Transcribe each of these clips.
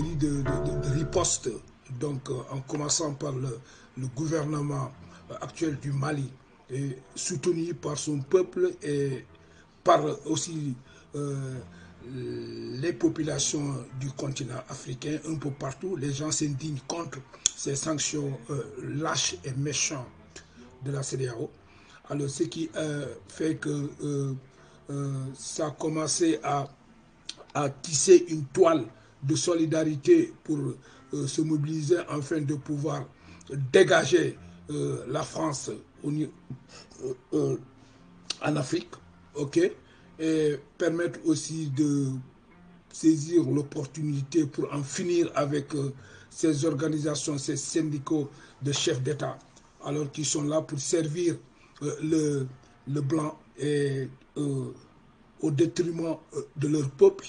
de, ripostes, donc euh, en commençant par le, gouvernement euh, actuel du Mali, et soutenu par son peuple et par aussi euh, les populations du continent africain, un peu partout, les gens s'indignent contre ces sanctions lâches et méchantes de la CDAO. Alors, ce qui fait que ça a commencé à, à tisser une toile de solidarité pour euh, se mobiliser afin de pouvoir dégager euh, la France euh, en Afrique, ok, et permettre aussi de saisir l'opportunité pour en finir avec ces organisations, ces syndicats de chefs d'État, alors qu'ils sont là pour servir le, le blanc et au détriment de leur peuple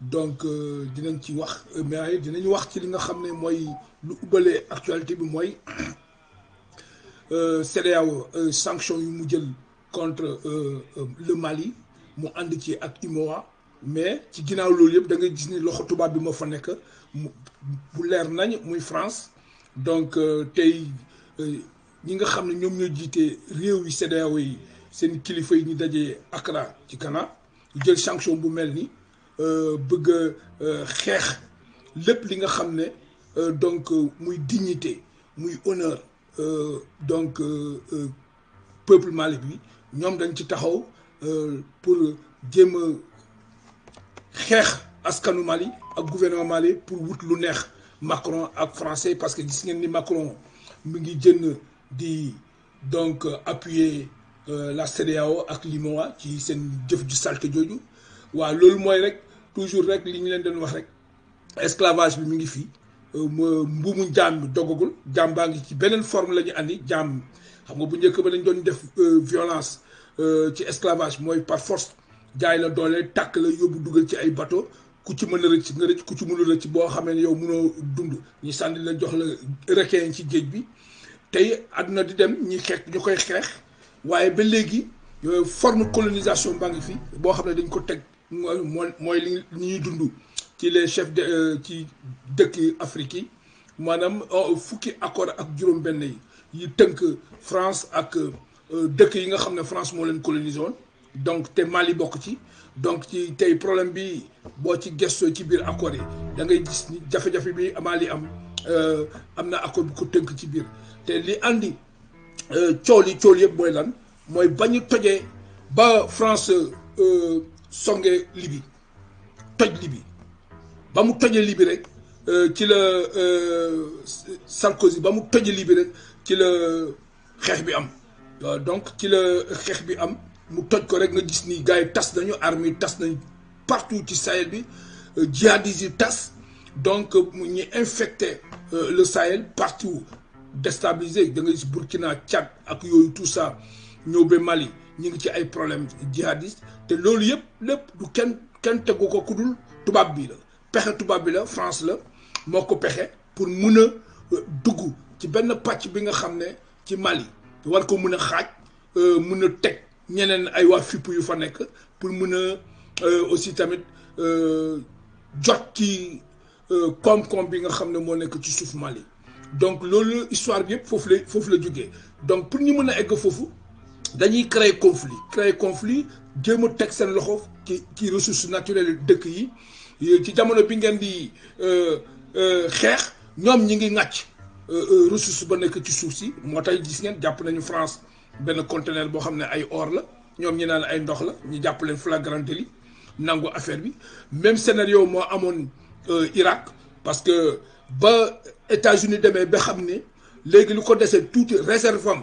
donc euh, dinañ ci wax mais dinañ wax ci li nga xam ne mooy lu ubbalee actualité bi mooy euh, CEDEAO euh, sanction yu mu jël contre le Mali mu ànd ci ak UMOA mais ci ginnaaw loolu yëpp da nga gis ni loxo tubaab bi moo fa nekk bu leer nañ muy France donc tey ñi nga xam ne ñoom ñoo jiite réew yi CEDEAO yi seen kilifa yi ñu dajee Accra ci Ghana jël sanction bu mel ni euh, bëgg a euh, xeex lépp li nga xam ne euh, donc muy dignité muy honneur donc peuple Mali bi ñoom dañ ci taxaw pour jéem a xeex askanu Mali ak gouvernement Mali pour wut lu neex Macron ak français parce que gis ngeen ni Macron mi ngi jënn di donc appuyer la cdao e ak l'UEMOA ci seen jëf ju salté jooju waaw loolu mooy rek toujours rek li leen doon wax rek esclavage bi euh, ngi ci forme la andi xam nga bu ba doon def euh, violence euh, ci esclavage par force jaay la doole tàkk la yóbbu dugal ci ay bateau ku ci mën a rëcc nga ku ci yow dund la jox la requin ci bi di dem ñi forme colonisation baa ngi fi dañ ko mooy mooy mooy li ñuy les chefs de qui euh, dëkk Afrique Madame, euh, au fukki accord ak juróom ben yi yi France ak deuk yi nga xam France mo len coloniser donc te Mali bok ci donc ci tay problème bi bo ci gestoo ci bir accord yi da ngay gis ni jafe-jafe bi Mali am euh, am na accord bu ko tënk ci bir te li andi euh li coow yeb mooy lan moy bañu tojee ba France songé libi toj libi bamou mu euh, euh, libi rek ci Sarkozy bamou mu libi rek ci am donc ci le xeex bi am mou ko rek tas armée tas partout ci Sahel bi euh, tas donc ñu infecté le Sahel partout déstabilisé da nga Burkina Tchad ak tout ça nous Mali ñu ngi ci ay problèmes djihadistes te loolu yëpp lépp du kenn kenn tegu ko kudul tubaab bi la pexe tubaab bi la France la moo ko pexe pour mun a euh, dugg ci benn pàcc bi nga xam ne ci Mali war ko mun a xaaj euh, mun a teg ñeneen ay waa fipp yu fa nekk pour mun a euh, aussi tamit jot ci koom-koom bi nga xam ne moo nekk ci suuf Mali donc loolu histoire bi yëpp foofu la foofu la jógee donc pour ñu mën a egg foofu dañuy créer conflit créer conflit jéem a teg seen loxo ci ci ressources naturelles dëkk yi ci jamono bi ngeen di euh, euh, xeex ñoom ñi ngi ŋàcc euh, ressource ba nekk ci suuf si moo tax gis ngeen jàpp nañu France benn conteneur boo xam ne ay or la ñoom ñi naan ay ndox la ñu jàpp leen flagrant délit nangu affaire bi même scénario à mon Irak parce que ba États-Unis de ba xam ne léegi lu ko desee réserve am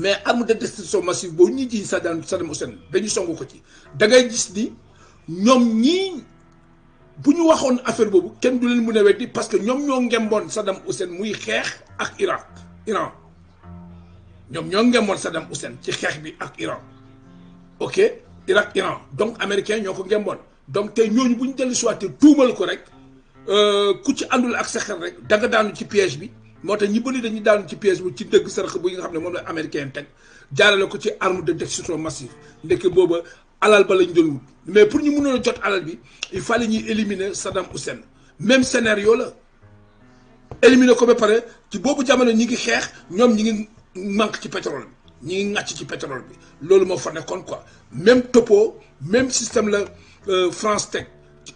mais arme de destruction massive bo ñi jiiñ Saddam Saddam Hussein dañu songu ko ci da ngay gis ni ñom ñi buñu ñu affaire du leen parce que ñom ñoo Saddam Hussein muy xeex ak Irak Iran ñom ñoo Saddam Hussein ci bi ak ok Irak Iran donc américain ñoko donc tay ñooñu buñu ko rek euh, ku ci ak sa xel rek daanu ci piège moo ñi ñu bëri dañuy daanu ci piège bu ci dëgg sarax bu nga xam ne moom la américain teg jaarale ko ci arme de destruction massive ndekk booba alal ba lañ doon wut mais pour ñu mënoon a jot alal bi il fallait ñuy éliminer Saddam Hussein même scénario la éliminer ko ba pare ci boobu jamono ñi ngi xeex ñoom ñi ngi manque ci pétrole bi ñi ngi ŋàcc ci pétrole bi loolu moo fa nekkoon quoi même topo même système la euh, France teg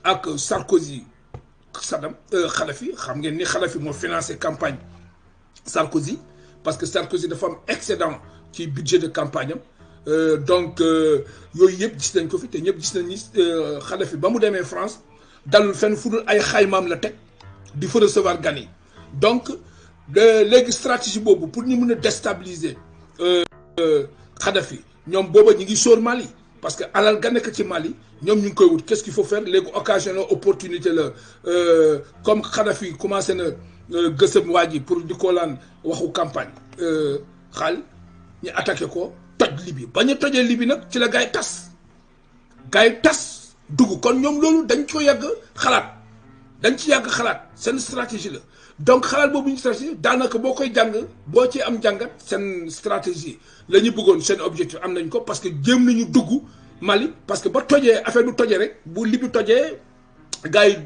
ak Sarkozy Saddam Xadafi euh, xam ngeen ni Xadafi moo financé campagne Sarkozy parce que Sarkozy de femme excédent qui budget de campagne euh, donc il y a des ko qui ont ñëpp des Kadhafi en France dans le fu de ay xaymaam la di recevoir gagner. donc les stratégie pour déstabiliser euh, euh, Kadhafi c'est booba ñu Mali parce que alal ga que ci Mali ñoom ñu qu'est-ce qu'il faut faire les occasions opportunités opportunité euh, comme Kadhafi commencé à Euh, gësëm waa ji pour di ko laan waxu campagne euh, xaal ñu attaqué ko toj Libye ba ñu tojee Libye nag ci la gaay tas gaay tas dugg kon ñoom loolu dañ ko yàgg xalaat dañ ci yàgg xalaat seen stratégie la donc xalaat boobu ñu stratégie daanaka boo koy jàng boo ci am jàngat seen stratégie la ñu bëggoon seen objectif am nañ ko parce que jéem nañu dugg Mali parce que ba tojee affaire bu tojee rek bu Libye tojee gaay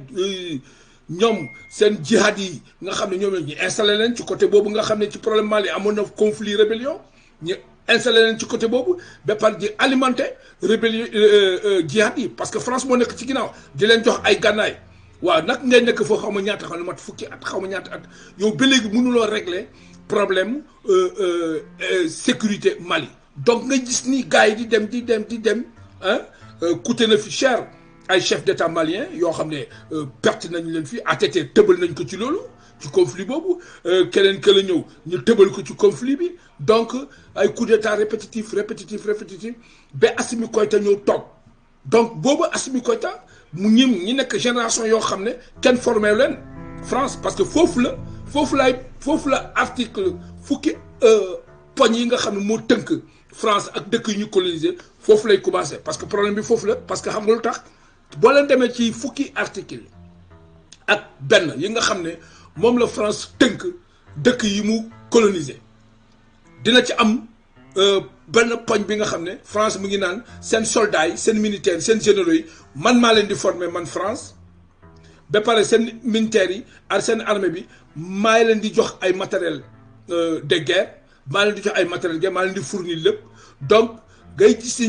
ñom sen jihad yi nga xamné ñom ñi la ñu installé leen ci côté bobu nga xamné ci problème Mali amoon conflit rébellion ñi installé len ci côté bobu ba pare di alimenté rébellion euh, euh, euh, jihad yi parce que France mo nek ci ginaaw di len jox ay gànnaay wa nak ngeen nek fo xaw ma ñaata xaw ma mat fukki at xaw ma ñaata at yow ba mënu lo régler problème euh euh sécurité Mali donc nga gis ni gaay di dem di dem di dem hein coûter na fi cher ay chef d'état malien yo xamné ne euh, perte nañ leen fi atété tëbal nañ ko ci lolu ci conflit boobu euh, keneen ke la ñëw ñu tëbal ko ci conflit bi donc ay coup d'état répétitif répétitif répétitif be Assimi Goïta ñëw top donc bobu Assimi Goïta mu ñim ñi nek génération yo xamné ken formé leen France parce que fofu la foofu laay la article fukki euh, poñ yi nga xamné mo teunk France ak dëkk yi ñu coloniser foofu lay parce que problème bi fofu la parce que xam nga lu tax boo leen demee ci fukki article ak ben yi nga xamné mom la France teunk de yi mu colonisé dina ci am ben poñ bi nga France mu ngi un sen soldats sen militaire, militaires sen généraux man malen len di former man France ba pare seen militaires yi ak seen armée bi ma len euh, di jox ay matériel de guerre ma len di jox ay matériel de guerre di fournir donc ngay gis ci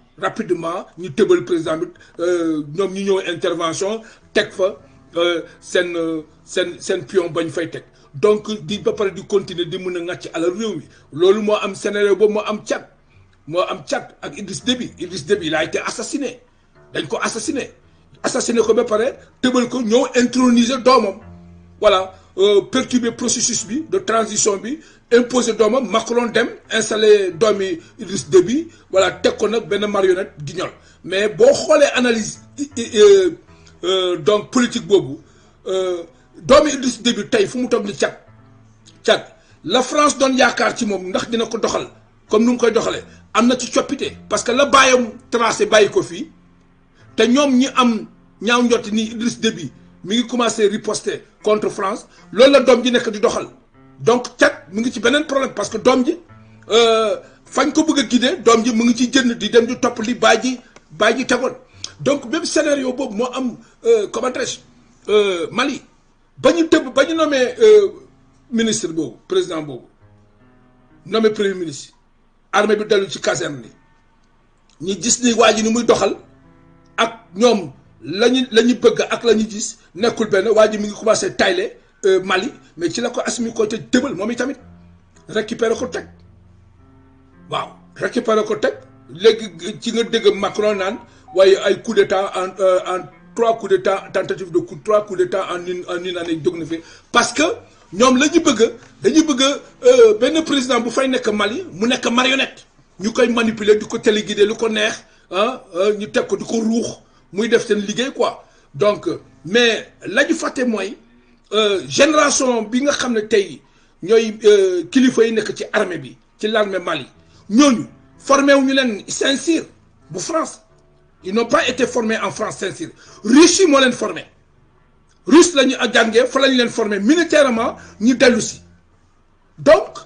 rapidement ñu tëbal président bi euh, ñoom ñu ñëw intervention teg fa euh, seen euh, seen seen pion bañ fay teg donc di ba pare di continuer di mën a ŋàcc alal réew mi loolu moo am scénario boobu moo am Tchad moo am Tchad ak Idriss Déby Idriss Déby il a été assassiné dañ ko assassiné assassiné ko ba pare tëbal ko ñëw introniser doomam voilà euh, perturber processus bi de transition bi imposer doomam Macron dem installer doomi Idriss Déby voilà teg ko nag benn marionnette guignol mais boo xoolee analyse euh, euh, donc politique euh, doomi Idriss Déby tey fu mu ni la France donne yakar ci mom ndax dina ko doxal comme nous mu koy doxalee am ci chopité parce que la bàyyam tracé bàyyi fi fii te ñoom ñi am ñaaw ñott ni Idriss Déby mi ngi commencé riposter contre France loolu la doom ji nekk di doxal donc Tchad mu ngi ci beneen problème parce que doom ji euh, fañ ko bëgg a guider doom ji mu ngi ci jënd di dem di topp li baay ji baay ji tegoon donc même scénario boobu moo am euh, comment dirais-je euh, Mali ba ñu tëb ba ñu nommé ministre boobu président boobu nommé premier ministre armée bi dellu ci caserne ni ñu gis ni waa ji ni muy doxal ak ñoom lañu la bëgg ak lañu gis nekkul benn waa ji mi ngi commencé tayle euh, Mali mais ci la ko Assimi Goïta dëbal moom itamit récupéré ko teg waaw récupéré ko teg léegi ci nga dégg Macron naan waaye ay coup d'état en euh, en trois coup d'état tentative de coup trois coup d'état en une en une année jóg na fi parce que ñoom la ñu bëgg dañu bëgg euh, benn président bu fay nekk Mali mu nekk marionnette ñu koy manipuler di ko téléguider lu ko neex ah ñu teg ko di ko ruux muy def sen ligue quoi donc mais la faté moy euh génération bi nga xamné tay ñoy ñooy euh, kilifa yi nek ci armée bi ci l'armée Mali ñooñu formé wu ñu leen Saint-Cyr bu France ils n'ont pas été formés en France Saint-Cyr russe mo len formé russe la à fa la len formé militairement ñu dellu donc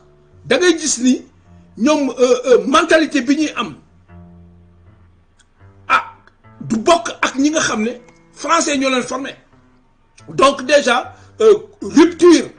da ngay gis ni euh, euh, mentalité bi ñuy am du bok ak ñi nga xam ne français ñoo leen formé donc déjà euh, rupture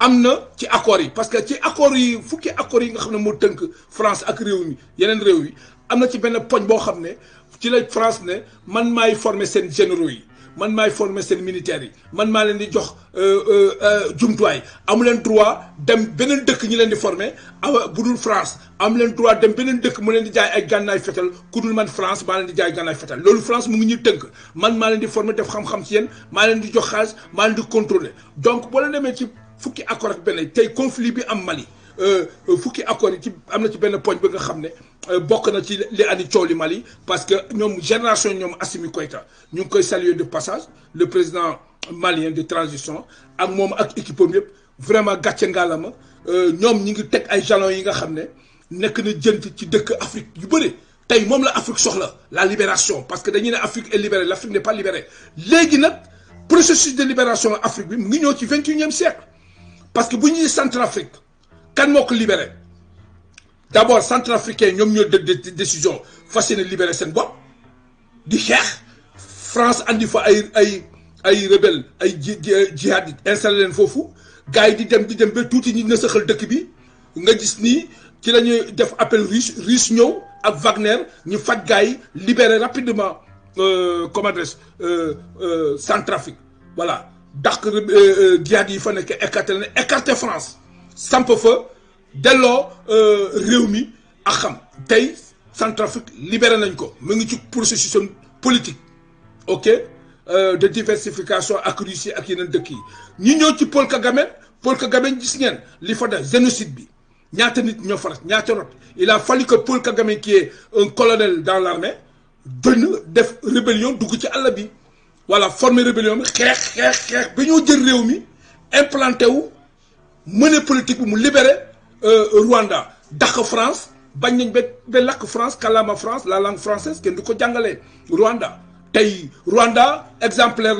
am na ci accord yi parce que ci accord yi fukki accord yi nga xam ne moo tënk France ak réew mi yeneen réew yi am na ci benn poñ boo xam ne ci la France ne man maay formé seen généraux yi man maay former seen militaires yi man maa leen di jox euh, euh, euh, jumtuwaay amu leen droit dem beneen dëkk ñi di France am leen droit dem beneen dëkk mu leen di Je ay fetal man France maa leen di jaay gànnaay fetal France mu ngi ñuy man di former def xam-xam contrôler donc boo leen demee ci fukki accord ak benn conflit bi Mali. Euh, euh, fukki accords ci amna ci benn poñ bi nga xamné euh, bokk na ci li ani Mali parce que ñom génération ñom Assimi Koïta ñu koy saluer de passage le président malien de transition ak mom ak équipe yëpp vraiment gatché ngalama ñom ñi ngi tek ay jalons yi nga xamné ne na jënt ci dëkk Afrique yu bëré tay mom la Afrique soxla la libération parce que dañuy né Afrique est libérée l'Afrique n'est pas libérée légui nak processus de libération en Afrique bi mu ngi ñëw ci 21e siècle parce que bu ñuy Centrafrique kan moi que libéré D'abord, abord centrafricain ñoom ñoo de décision Facile de libérer seen bopp di France andi fa ay ay rebelle ay jihadiste installé leen foofu gars yi di dem di dem ba tuuti ñi nasaxal dëkk bi nga gis nii ci la ñuy def appel russe russe ñëw ak Wagner ñu fat libérer rapidement, euh, rapidement adresse, euh, euh, Centrafrique voilà dàq euh, euh, jihad yi fa nekk écarté écarter France samp fa delloo euh, réew mi akham xam tey Centrafrique libéré nañ ko mu ngi ci politique ok euh, de diversification accrue Russie ak yeneen dëkk yi ñu ñëw ci Paul Kagame Paul Kagame gis ngeen li fa def génocide bi ñaata nit ñoo farat ñaata rot il a fallu que Paul Kagame qui est un colonel dans l'armée dënn def rébellion dugg ci àll bi voilà former rébellion bi xeex xeex xeex ñoo jël implanté wu mener politique pour libérer euh, Rwanda Dakh France bañ nañ France kalama France la langue française qui du ko Rwanda Tay Rwanda exemplaire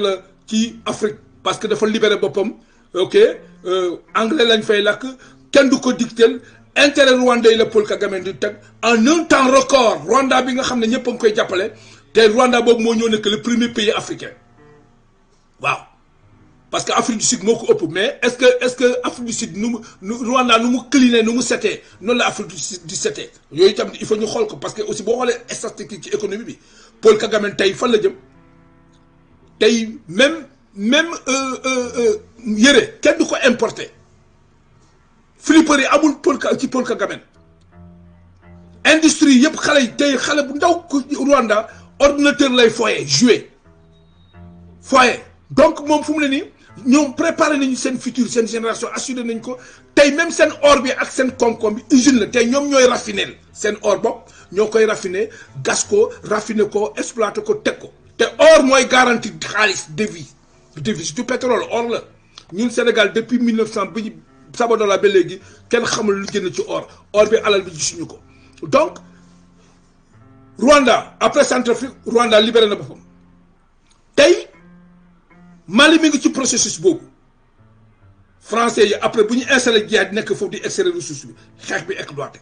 qui qui Afrique parce que de dafa libérer boppam ok euh, anglais lañ fay làkk kenn du dictel intérêt rwandais le la Paul Kagame di en un temps record Rwanda bi nga xam ne ñëpp koy Rwanda boobu moo ñëw le premier pays africain waaw parce que Afrique du Sud moo ko mais est-ce que est-ce que Afrique du Sud nous Rwanda nous mu cleané nous nous setee non la Afrique du Sud di setee il faut ñu xool ko parce que aussi boo xoolee statistique ci économie bi Paul Kagame tey fan la jëm tey même même hier euh, euh, euh, kenn du ko importer flipper yi amul Paul ci Paul Kagame industrie yëpp xale yi tey xale bu ndaw Rwanda ordinateur lay foyee jouer foyee donc mon fu mu ñoom préparé nañu seen futur seen génération assuré nañ ko tey même seen or bi ak seen koom-koom bi usine la tey ñoom ñooy raffiner seen or bopp ñoo koy raffiner gas ko raffiner ko exploité ko teg ko te or mooy garantie xaalis devise devise du pétrole or la ñun Sénégal depuis 1900 bi ñu Sabodala ba léegi kenn xamul lu jënd ci or or bi alal bi gisuñu ko donc Rwanda après Centrafrique Rwanda libéré na boppam tey. Mali processus bobu français après buñu ñu installé nek fofu di extraire ressources bi xex bi exploité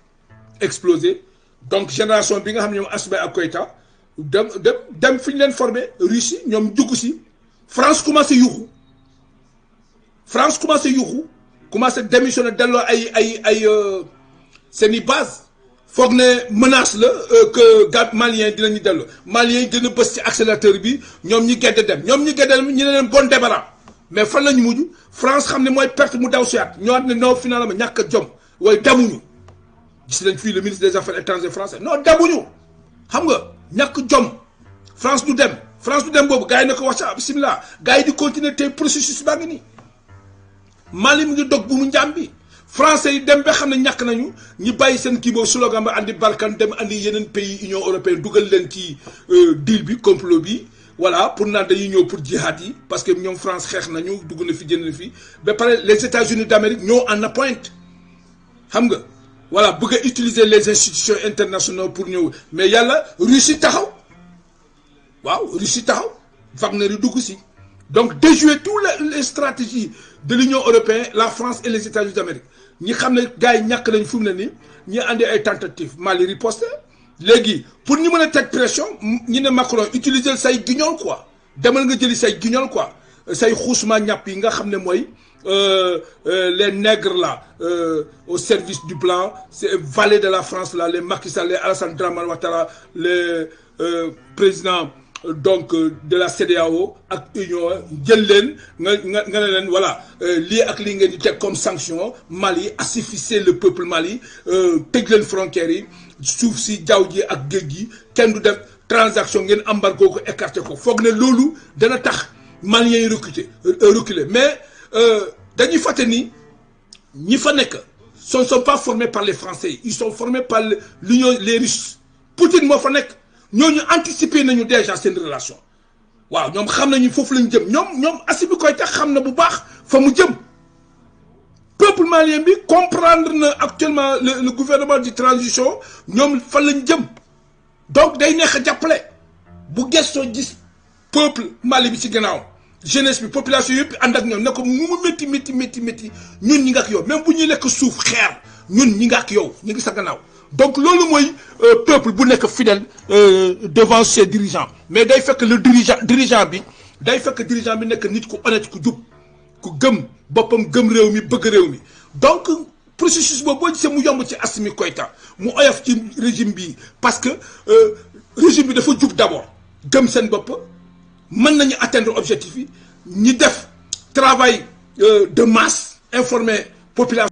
explosé donc génération bi nga xam ñom ak dem dem dem leen former Russie ñom dugg France commencé yuxu France commencé à commencé démissionné dello ay ay ay c'est euh, base foog ne menace la euh, que ga malien dinañu dellu malien yi gën ci accélérateur bi ñom ñi gedde dem ñom ñi gedde ñi ne leen bon débarras mais fa la muju France xamné moy perte mu daw suyaat ñoo xam ne non finalement ñàkk jom way damuñu gis lañ fi le ministre des affaires étrangères français no damuñu xam nga ñàkk jom France du dem France du dem bobu gaay yi ko wax bismillah gaay di continuer tey processus baa ngi nii Mali mu ngi dog bu mu njàm français est dem ba xam ne nañu ñi bayyi seen kii boobu slogan ba andi Balkan dem andi pays union européenne duggal leen ci euh, deal bi complot bi voilà pour na dañuy pour jihad yi parce que ñom France xex nañu dugg na fi jënd fi ba les États-Unis d'Amérique ñoo en appointe xam nga voilà bëgg utiliser les institutions internationales pour nous, mais yalla Russie taxaw waaw Russie taxaw Wagner yi dugg si donc déjouer tous les stratégies de l'Union européenne la France et les États-Unis d'Amérique ñi xam ne gars yi ñàkk nañ fu mu ne nii ñi andi ay tentatives Mali riposté léegi pour ñu mën a pression ñi ne Macron utiliser say guignol quoi demal nga jëli say guignol quoi say xuusma ñàpp yi nga xam ne mooy euh, euh, les nègres là euh, au service du blanc c'est valet de la France là les Macky Sall les Alassane Dramane Ouattara les présidents donc euh, de la CDAO ak union jël nga nga voilà euh, lié ak li comme sanction Mali suffisé le peuple Mali euh, tek leen frontières yi suuf si jaww ak géej ken du def transaction ngeen embargo ko écarter ko les ne dana tax Maliens reculer reculer mais dañuy faté ni ñi fa ce ne sont pas formés par les Français ils sont formés par l'union les Russes Poutine mo fa nek ñoñu anticiper nañu déjà cette relation waaw ñom xam nañu fofu lañu jëm ñom ñoom Assimi Goïta xam na bu baax fa mu jëm peuple malien bi comprendre actuellement le gouvernement de transition ñom fa lañu jëm donc day neex a bu gesso gis peuple Mali bi ci gënaaw jeunesse bi population yëpp ak ne mu mu metti metti un les ñun ñi yow même bu ñu lek souf xeer ñun ñi yow donc loolu mooy euh, peuple bu nek fidèle euh, devant ses dirigeants mais day que le dirigeant dirigeant bi day que dirigeant bi nek nit ku honnête ku djub ku gëm bopam gëm réew mi bëgg réew mi donc processus bo bo ci mu yomb ci Assimi Goïta mu oyof ci régime bi parce que euh, régime bi dafa jub d'abord gëm s'en bop mën nañu atteindre objectif yi ñi def travail de masse informer population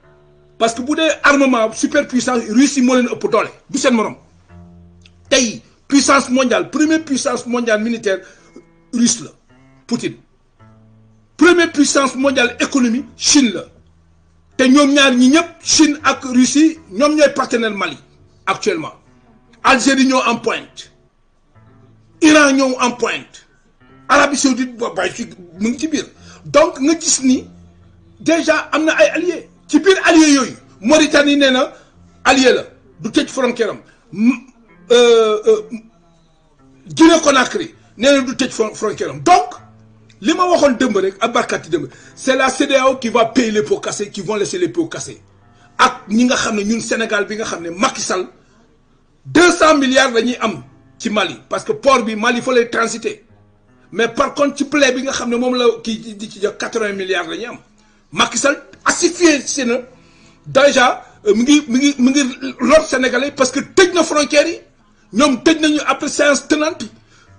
parce que des armements armement superpuissance Russie moo leen que Vous du mon morom puissance mondiale première puissance mondiale militaire Russie. la Poutine première puissance mondiale économique, Chine la Et nous ñaar Chine ak Russie nous partenaires partenaire Mali actuellement Algérie ñoo en pointe Iran en pointe Arabie Saoudite ba bay donc nous gis déjà des alliés ci biir allié yooyu Mauritanie nee allié la du tëj frontière euh, euh Guinée Conakry nee du tëj frontière donc lima waxone waxoon rek abarkati c'est la cdao qui va payer les pots cassés qui vont laisser les pots cassés ak ñi nga ñun Sénégal bi nga xamné Macky Sall 200 milliards la am ci Mali parce que port bi Mali fa lay transiter mais par contre ci blé bi nga xamné mom la ki di ci 80 milliards la am Macky Sall asphyxié na déjà euh, mu ngi mu ngi sénégalais parce que tëj na frontières yi ñoom tëj nañu après séance tenante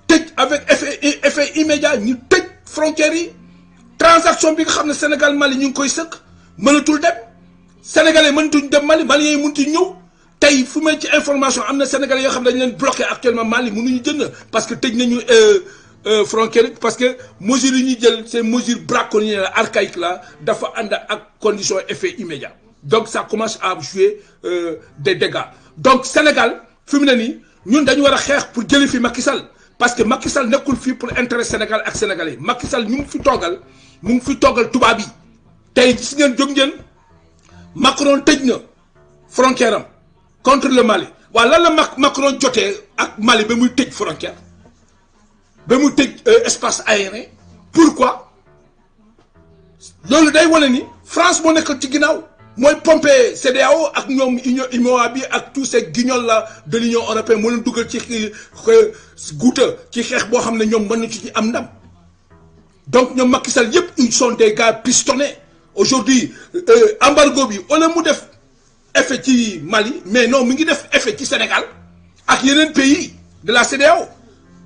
tëj avec effet effet immédiat ñu tëj frontières yi transaction bi nga xam Sénégal Mali ñu ngi koy sëkk mënatul dem sénégalais mënatuñ dem Mali maliens yi mënatuñ ñëw tey fu may ci information am sénégalais yoo xam ne dañ leen bloqué actuellement Mali mënuñu jënd parce que tëj nañu. Euh, euh, frontières parce que mesures yi ces mesures braconnières archaïques archaïque la dafa ak condition effet immédiat donc ça commence à jouer euh, des dégâts donc Sénégal fi nous ne nii ñun pour gérer fi parce que Macky Sall pas fii pour intérêt Sénégal ak sénégalais Macky Sall ñu ngi fi toogal mu ngi fi toogal tubaab yi tey ngeen Macron a fait frontière contre le Mali voilà la Macron jotee ak Mali mais muy le frontière ba mu euh, espace aérien pourquoi loolu day wane ni France mo nek ci ginnaaw moy pompé cdao ak ñom union UEMOA bi ak tous ces guignols là de l'union européenne mo leen dugal ci goutte ci xex bo xamné ñom ñoom ci am ndam donc ñom Macky Sall yëpp ils sont des gars pistonnés aujourd'hui euh, embargo bi on mu def effet ci Mali mais non mi ngi def effet ci Sénégal ak yenen pays de la cdao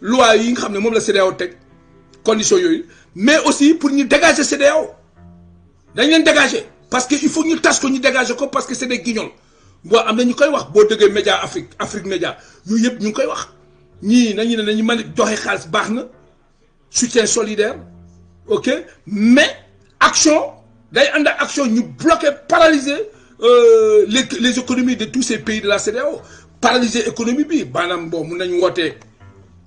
loi yi nga la CEDEAO mais aussi pour nous dégager CEDEAO dañ Nous dégager parce que il faut ñu tas ko ñu dégager parce que c'est des guignols bo am ñu koy wax bo dëggee média Afrique Afrique média ni, ñu koy wax ni, nañu nañu joxe soutien solidaire ok mais action day ànd action bloquer paralyser euh, les les économies de tous ces pays de la CDAO. paralyser économie bi banam bo nañu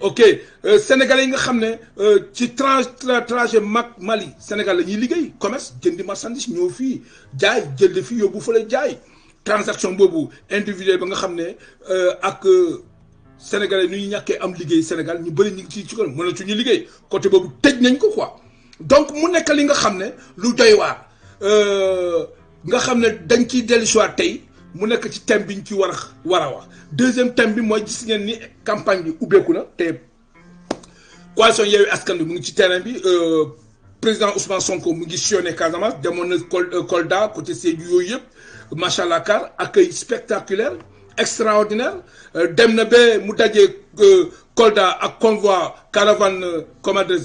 ok euh, sénégalais yi nga xam ne euh, ci trans trajet Mac Mali Sénégal la liggéey commerce jëndi marchandise ñoo fii jaay jënd fii yóbbu fële jaay transaction boobu individuel ba nga xam ne euh, ak sénégalais nu ñuy ñàkkee am liggéey Sénégal ñu bëri ñu ngi ci ci kon mënatuñu liggéey côté boobu tëj nañ ko quoi donc mu nekk li nga xam ne lu doy waar nga xam ne dañ ciy dellu si tey. mu nekk ci thème bi ñu ci war a war a wax deuxième thème bi mooy gis ngeen ni campagne bi ubbeeku na te coalition Yewwi Askan Wi mu ngi ci terrain bi euh, président Ousmane Sonko mu ngi sillonné Casamance demoon na euh, Kolda côté Sédhiou yooyu yëpp macha allah car accueil spectaculaire extraordinaire euh, dem na ba mu dajee Kolda ak convoi caravane commandeur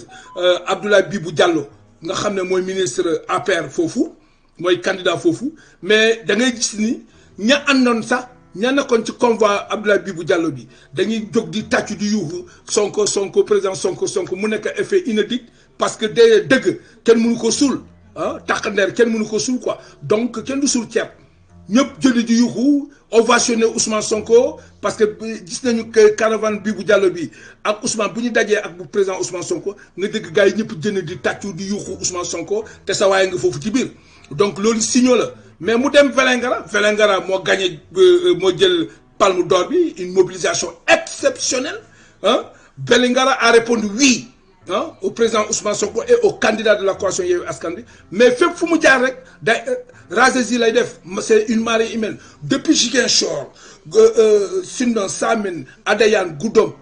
Abdoulaye Bibou Diallo nga xam ne mooy ministre APR foofu mooy candidat foofu mais da ngay gis ni ña a sa ña ci convoi Abdoulaye Bibou Diallo bi dañuy jóg di di Sonko Sonko président Sonko Sonko mu nekk effet inédit parce que dee dëgg kenn mënu ko sul ah taq kenn mënu ko sul quoi donc que du di ovationné Ousmane Sonko parce que gis que caravane Diallo bi ak Ousmane bu ñu ak bu président Ousmane Sonko nga gars yi ñëpp di Ousmane Sonko sa nga donc l'on signale la mais mu dem Belengara Vélingara mo gagné euh, mo jël palme d'or une mobilisation exceptionnelle hein a répondu oui hein, au président Ousmane Sonko et au candidat de la coalition Yewwi Askandi mais fépp fu mu jaar rek euh, c'est une marée humaine depuis euh, euh Sindon Samin Adayan Goudom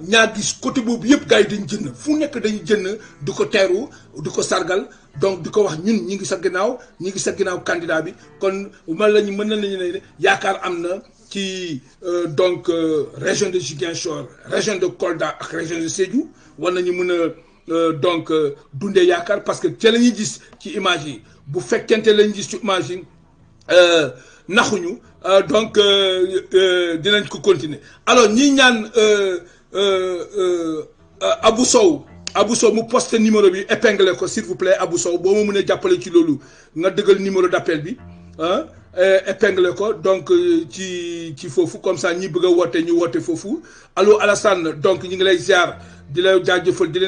ñaa gis côté boobu yëpp gars yi dañ jënd fu nekk dañu jënd du ko teeru du ko sargal donc di ko wax ñun ñi ngi sa ginnaaw ñi ngi sa ginnaaw candidat bi kon man lañu mën nañu ne yaakaar am na ci euh, donc euh, région de Ziguinchor région de Kolda ak région de Sédhiou war nañu mën a euh, donc dundee yaakaar parce que ca la ñuy gis ci image yi bu fekkente lañu gis ci image yi naxuñu donc dinañ ko continuer alors ñi ñaan Euh, euh, euh, Abou Sow Abou Sow mu poste numéro bi épinglé s'il vous plaît Abou Sow numéro d'appel bi hein, épinglé donc ci ci comme ça ni bëgg ni ñu allo Alassane donc ñi ngi lay ziar di la jaajëfal di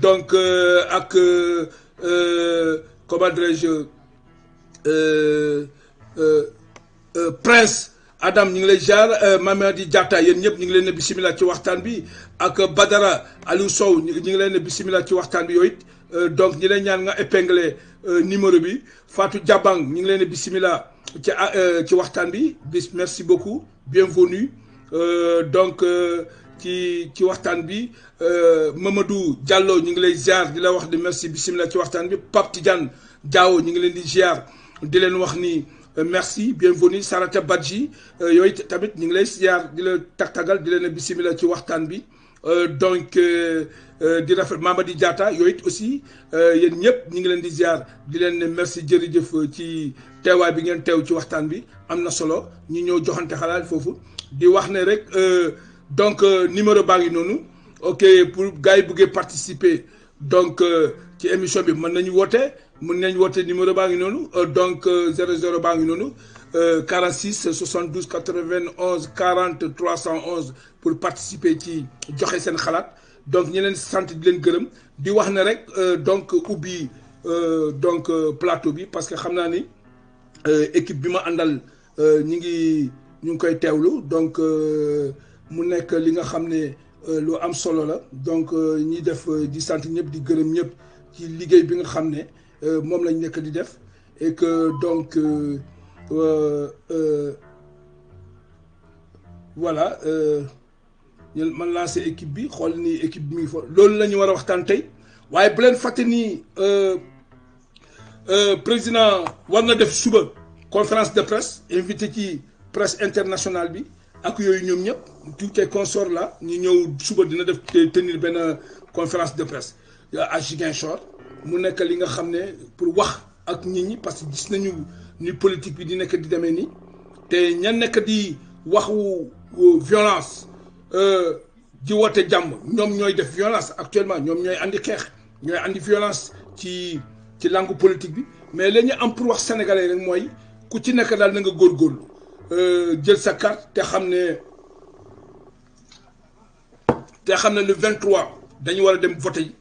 donc ak comment dirais-je prince. adam ñu ngi lay jaar euh, Mamadi Jatta yeen ñep ñu ngi leen ne ci waxtaan bi ak Badara Aliou Sow ñu ngi leen ne ci waxtaan bi yooyu euh, donc ñi lay ñaan nga épinglé euh, numéro bi Fatou Diabang ñu ngi leen ne bisimilah ci ci waxtaan bi bis merci beaucoup bienvenue donc ci ci waxtaan bi Mamadou Diallo ñu ngi lay jaar di la wax di merci bismillah ci waxtaan bi pap Tidiane Diaw ñu ngi leen di jaar di leen wax ni. Euh, merci bienvenue Sarata Badji euh, yooyu tamit ñu ngi lay siyaar di le de di leen bisimila ci bi euh, donc di rafet Mamadi Diatta yooyu aussi yéen ñep ñu ngi di ziar di leen ne merci Jerry ci teewaay bi ngeen tew ci waxtan bi amna solo ñu ñew joxante xalaat fofu di wax ne rek donc numéro baa Nonu, ok pour gars yi participer donc ci émission bi mën nañu woté mën nañ woote numéro baa ngi noonu euh, donc 00 euh, baa ngi noonu 46 72 91 40 311 pour participer ci joxe seen xalaat donc ñi leen sant di leen gërëm di wax ne rek euh, donc ubbi donc plateau bi parce que xam naa ni équipe bi ma àndal ñi ngi ñu ngi koy teewlu donc mu nekk li nga xam ne lu am solo la donc ñi def di sant ñëpp di gërëm ñëpp ci liggéey bi nga xam ne euh, mom lañ nek di def et que donc euh, euh, voilà ñu man lancé équipe bi xool ni équipe mi ngi lolou lañu wara waxtan tay waye bu len waaye bu euh, président war na def suba conférence de presse invité ci presse internationale bi ak yooyu ñom ñep tout les consorts là ñu ñew suba dina def tenir ben conférence de presse achigan short mu nekk li nga xam ne pour wax ak nit ñi parce que gis nañu ni politique bi di nekk di demee nii te ña nekk di waxu euh, violence euh, di woote jàmm ñoom ñooy def violence actuellement ñoom ñooy andi xeex ñooy andi violence ci ci langue politique bi mais la ñu am pour wax sénégalais rek mooy ku ci nekk daal na nga góorgóorlu euh, jël sa carte te xam ne te xam ne le 23 dañu war a dem voté yi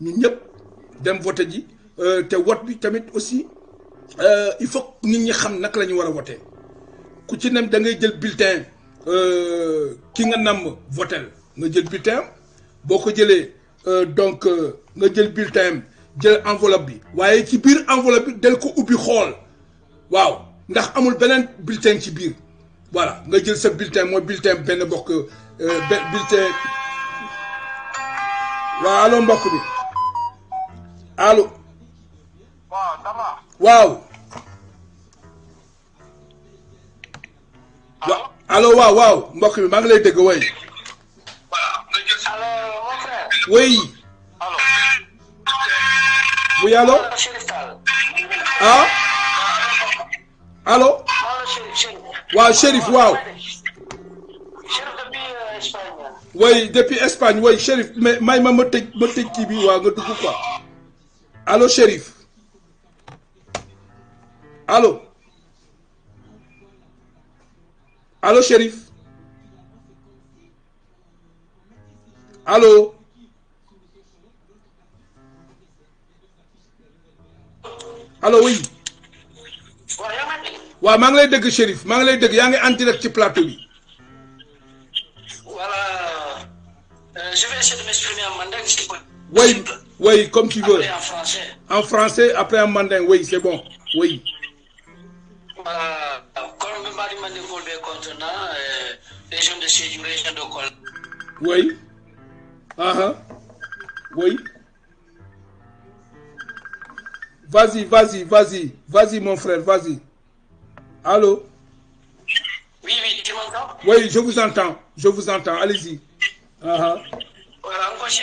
ñun ñëpp dem voter euh, aussi euh, il faut nit ñi xam nak lañu wara voter ku ci nem da ngay jël bulletin euh, ki nga nga bulletin ko euh donc nga jël bulletin jël enveloppe bi ci biir enveloppe del ko xol waaw ndax amul bulletin ci voilà nga jël sa bulletin bulletin bulletin allo waaw waaw mbokk mi maa ngi lay dégg way way bu yàlla ah allo waaw Chérif waaw euh, way depuis Espagne way Chérif may ma ma tëj ma waaw nga dugg quoi Allô, shérif Allô Allô, shérif Allô Allô, oui. Wa maa wa lay deug shérif maa ngi lay dégg yaa ngi en direct ci plateau bi. voilà euh, je vais essayer de m'exprimer en mandingue si possible. Oui, comme tu veux. en français. En français, après en mandin, oui, c'est bon. Oui. Oui. Ah ah. Oui. Vas-y, vas-y, vas-y. Vas-y, mon frère, vas-y. Allô? Oui, oui, tu m'entends? Oui, je vous entends. Je vous entends. Allez-y. Ah ah. encore, c'est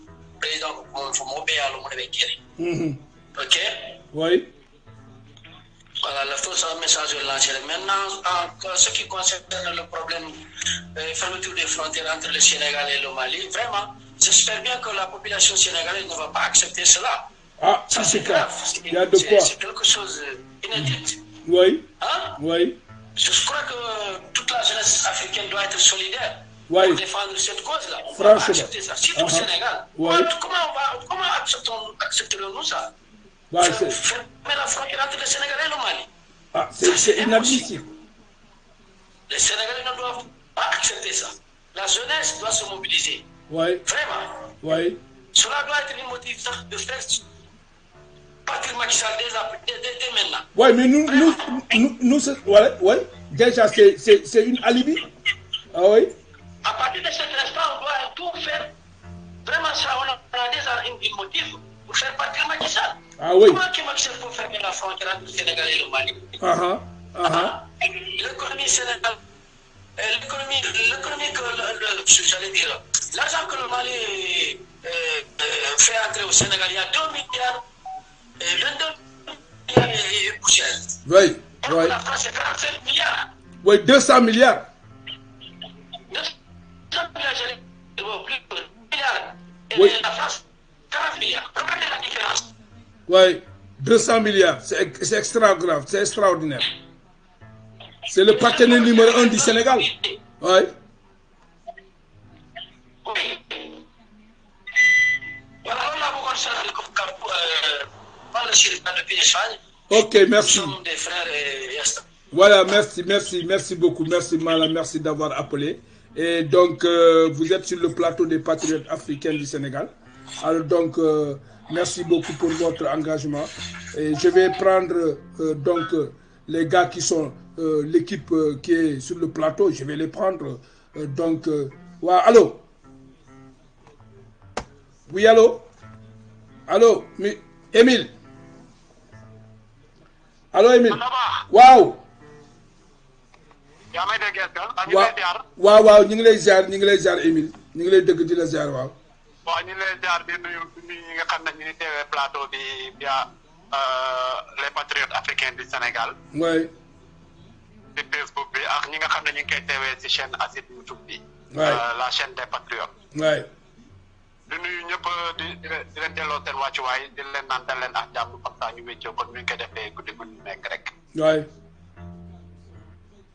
président ɗo fo mo à yaalo mone ɓe keri mm-hmm. ok oui voilà le ça message de lancé maintenant en ce qui concerne le problème euh, fermeture des frontières entre le Sénégal et le Mali vraiment j'espère bien que la population sénégalaise ne va pas accepter cela ah ça c'est grave il y a de quoi c'est quelque chose inédit mm-hmm. oui hein? oui je crois que toute la jeunesse africaine doit être solidaire pour défendre cette cause-là. On ne peut pas accepter ça. Si uh Sénégal. Comment, on va, comment acceptons, accepterons-nous ça Faire Fermer la frontière entre le Sénégal et le Mali. Ah, c'est inadmissible. Les Sénégalais ne doivent pas accepter ça. La jeunesse doit se mobiliser. Ouais. Vraiment. Ouais. Cela doit être une motivation de faire partir Macky Sall dès, dès, maintenant. Oui, mais nous, nous, nous, nous ouais, déjà, c'est une alibi. Ah oui. À partir de cet instant, on doit tout faire. Vraiment, ça, on a, des un motifs pour faire partir Macky Sall. Ah Comment que Macky Sall peut fermer la frontière entre le Sénégal et le Mali ah ah, ah L'économie sénégalaise, euh, l'économie, l'économie que j'allais dire, l'argent que le Mali euh, euh, fait entrer au Sénégal, il y a 2 milliards, et 22 milliards et poussières. Oui, oui. La France, c'est 45 milliards. Oui, 200 milliards. Oui. 200 milliards, c'est extra grave, c'est extraordinaire. C'est le partenaire numéro un du Sénégal. Oui. Ok, merci. Voilà, merci, merci, merci beaucoup. Merci, Mala, merci d'avoir appelé. Et donc, euh, vous êtes sur le plateau des patriotes africains du Sénégal. Alors donc, euh, merci beaucoup pour votre engagement. Et je vais prendre euh, donc les gars qui sont l'équipe qui est sur le plateau. Je vais les prendre. donc, ouais, allô. Oui, allô. Allô, mais Émile. Allô, Émile. Waouh. yaa may dégg est-ce que. wow, lay ziar waaw waaw ñu ngi lay ziar ñu ngi lay ziar Émile ñu ngi lay dëgg di la ziar waaw. waaw ñu ngi lay ziar di nuyu ñi nga xam ne ñu ngi teewee plateau bi via euh, les patriotes africains du Sénégal. Facebook bi ak ñi nga xam ne ñu ngi koy teewee si chaîne ASID YouTube bi. Euh, la chaîne des patriotes. waay. di nuyu ñëpp di di leen delloo seen wàccuwaay di leen naan dal leen ak jàmm comme ça ñu wéccee kon ñu ngi koy defee guddi nekk rek.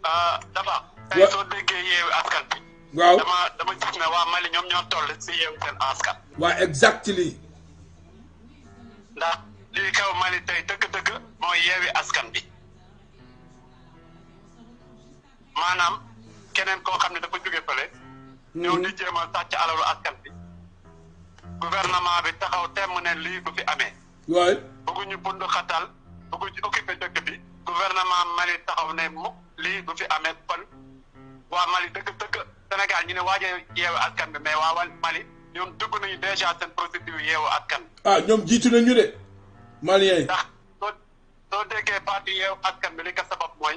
Euh, dafa tey soo déggee yeewu askan bi. waaw dama dama gis waa Mali ñoom ñoo toll si yeewu seen askan. waaw exactly. ndax lii xew Mali tey dëgg-dëgg mooy yeewi askan bi maanaam keneen koo xam ne dafa jóge fële. ñëw hmm. di jéem a sàcc alalu askan bi. gouvernement bi taxaw temm ne lii bu fi amee. waay bëgguñu bund xatal bëgguñu occupé dëkk bi. gouvernement Mali taxaw ne mukk lii bu fi amee pol waa Mali dëgg dëgg Sénégal ñu ne waaj a yeewu askan bi mais waa wal Mali ñoom dugg nañu déjà seen procédure yeewu askan. ah ñoom jiitu nañu de Maliens yi. ndax soo soo déggee parti yeewu askan bi li ko sabab mooy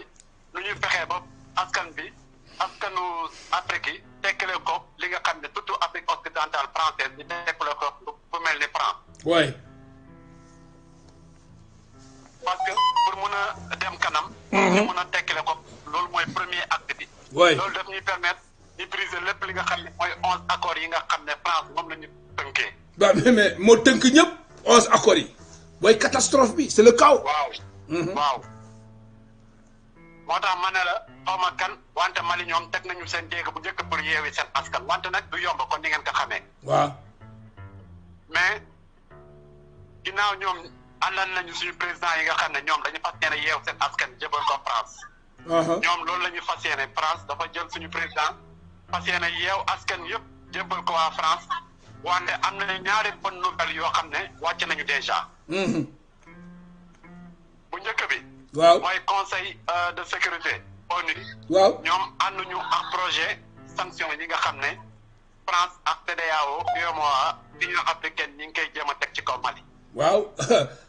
lu ñuy fexee ba askan bi askanu Afrique yi tekkale ko li nga xam ne surtout Afrique occidentale française ñu tekkale ko fu mel ni France. waay. parce que pour mën a dem kanam ñu mhm. mën a tekkale ko loolu mooy premier acte bi loolu daf ñuy permettre ñu briser lépp li nga xam ne mooy onze accords yi nga xam ne france moom la ñu tënkee ba mais moo tënk ñëpp onze accords yi mooy catastrophe bi c'est le chaos waaw mhm. waaw motax mané la xawma kan wante mali ñom tek nañu seen dégg bu jëk pour yéwi seen askan wante nak du yomb kon ni ngeen ko xamé waaw mais ginaaw ñom àndal nañu suñu président yi nga xam ne ñoom dañu fas yéene yeew seen askan jëbal ko France. ñoom loolu la ñu fas yéene France dafa jël suñu président fas yéene yeew askan yëpp jëbal ko waa France wante am nañu ñaari bonne nouvelle yoo xam ne wàcce nañu déjà. Mhm. bu njëkk bi. waaw mooy conseil euh, de sécurité ONU. waaw ñoom ànduñu ak projet sanction yi nga xam ne France ak CEDEAO UEMOA Union africaine ñi ngi koy jéem a teg ci kaw Mali. waaw.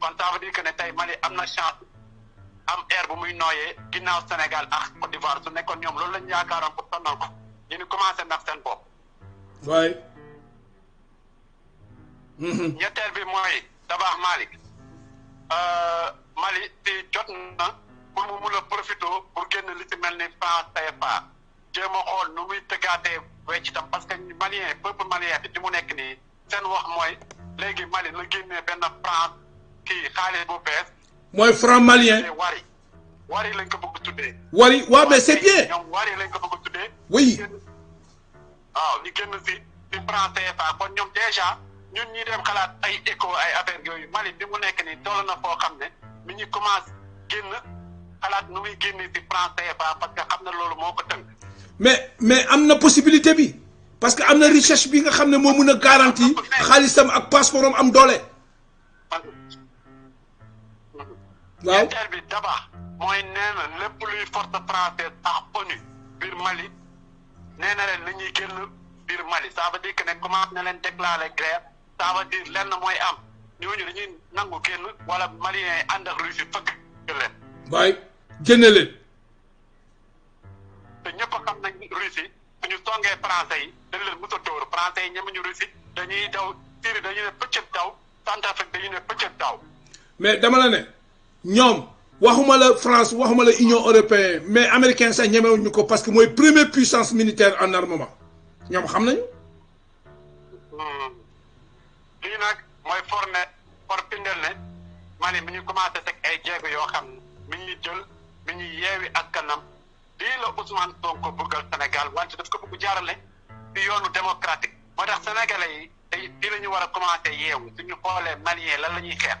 kon ça veut dire ne tey Mali am na chance am air bu muy nooyee ginnaaw Sénégal ak Côte d'Ivoire su nekkoon ñoom loolu lañu yaakaaroon pour sonal ko ñu commencé ndax seen bopp. waaye. Mhm. ñetteel bi mooy tabax euh, Mali Mali si jot na pour mu mun a profité pour génn li si mel ni France CFA jéem a xool nu muy tëggaatee weccitam parce que malien peuple malien bi di mu nekk nii seen wax mooy léegi Mali na génnee benn France. kii xaalis bu bees. mooy franc malien. wari wari lañ ko bëgg a tuddee. wari waaw mais c'est bien. ñoom wari lañ ko bëgg tuddee. oui. waaw ñu génn si si franc CFA kon ñoom déjà ñun ñi dem xalaat ay écho ay affaire yooyu Mali bi mu nekk nii toll na foo xam ne mi ñu commence génn xalaat nu muy génnee si franc CFA parce que xam na loolu moo ko tënk. mais mais am na possibilité bi parce que am na recherche bi nga xam ne moo mën a garantie xaalisam ak passeport am doole. waaw ñetteel bi daba mooy nee na lépp luy force française ak ONU biir Mali nee na leen nañuy génn biir Mali ça veut dire que commencé na leen déclarer guerre ça veut leen lenn mooy am ñooñu dañuy nangu génn wala maliens yi ànd ak Russie fëgg leen. waaye génne leen. te ñëpp xam nañ Russie suñu songee français yi dañ leen mos a dóor français yi ñemuñu dañuy daw Syrie dañu ne pëccët daw Centrafrique dañuy ne pëccët daw. mais dama la ne. ñom waxuma la France waxuma la Union européenne mais américain sax ñemewuñu ko parce que moy première puissance militaire en armement ñoom xam nañu. Hmm. lii nag mooy former for pindel ne Mali mi ñu commencé tek ay jéego yo xam ne mi ñuy jël mi yéwi ak kanam di la Ousmane Sonko bëggal Sénégal wante daf ko bëgg jaarale ci yoonu démocratique moo tax sénégalais yi di lañu wara commencé yéwu suñu xolé malien lan lañuy ñuy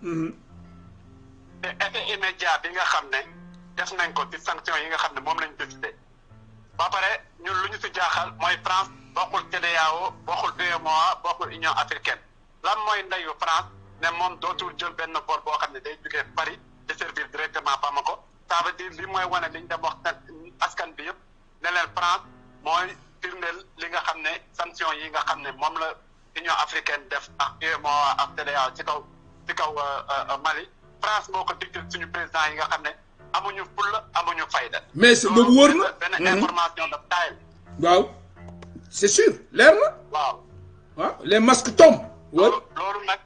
te mm-hmm. effet immédiat bi nga xam ne def nañ ko ci sanction yi nga xam ne moom lañ décidé ba pare ñun lu ñu si jaaxal mooy France bokkul CEDEAO bokkul UEMOA bokkul Union africaine lan mooy ndeyu France ne moom dootul jël benn bor boo xam ne day jugee Paris di servir directement Bamako ça veut dire li mooy wane li ñu dem wax askan bi yëpp ne leen mooy firndeel li nga xam ne sanction yi nga xam ne moom la Union africaine def ak UEMOA ak CEDEAO ci kaw. ci kaw euh, euh, Mali France moo ko dicté suñu président yi nga xam ne amuñu fulla amuñu fayda. mais loolu wóor na benn information de taille. waaw c' est sûr leer na. waaw waaw ah, les masques tombent. loolu nag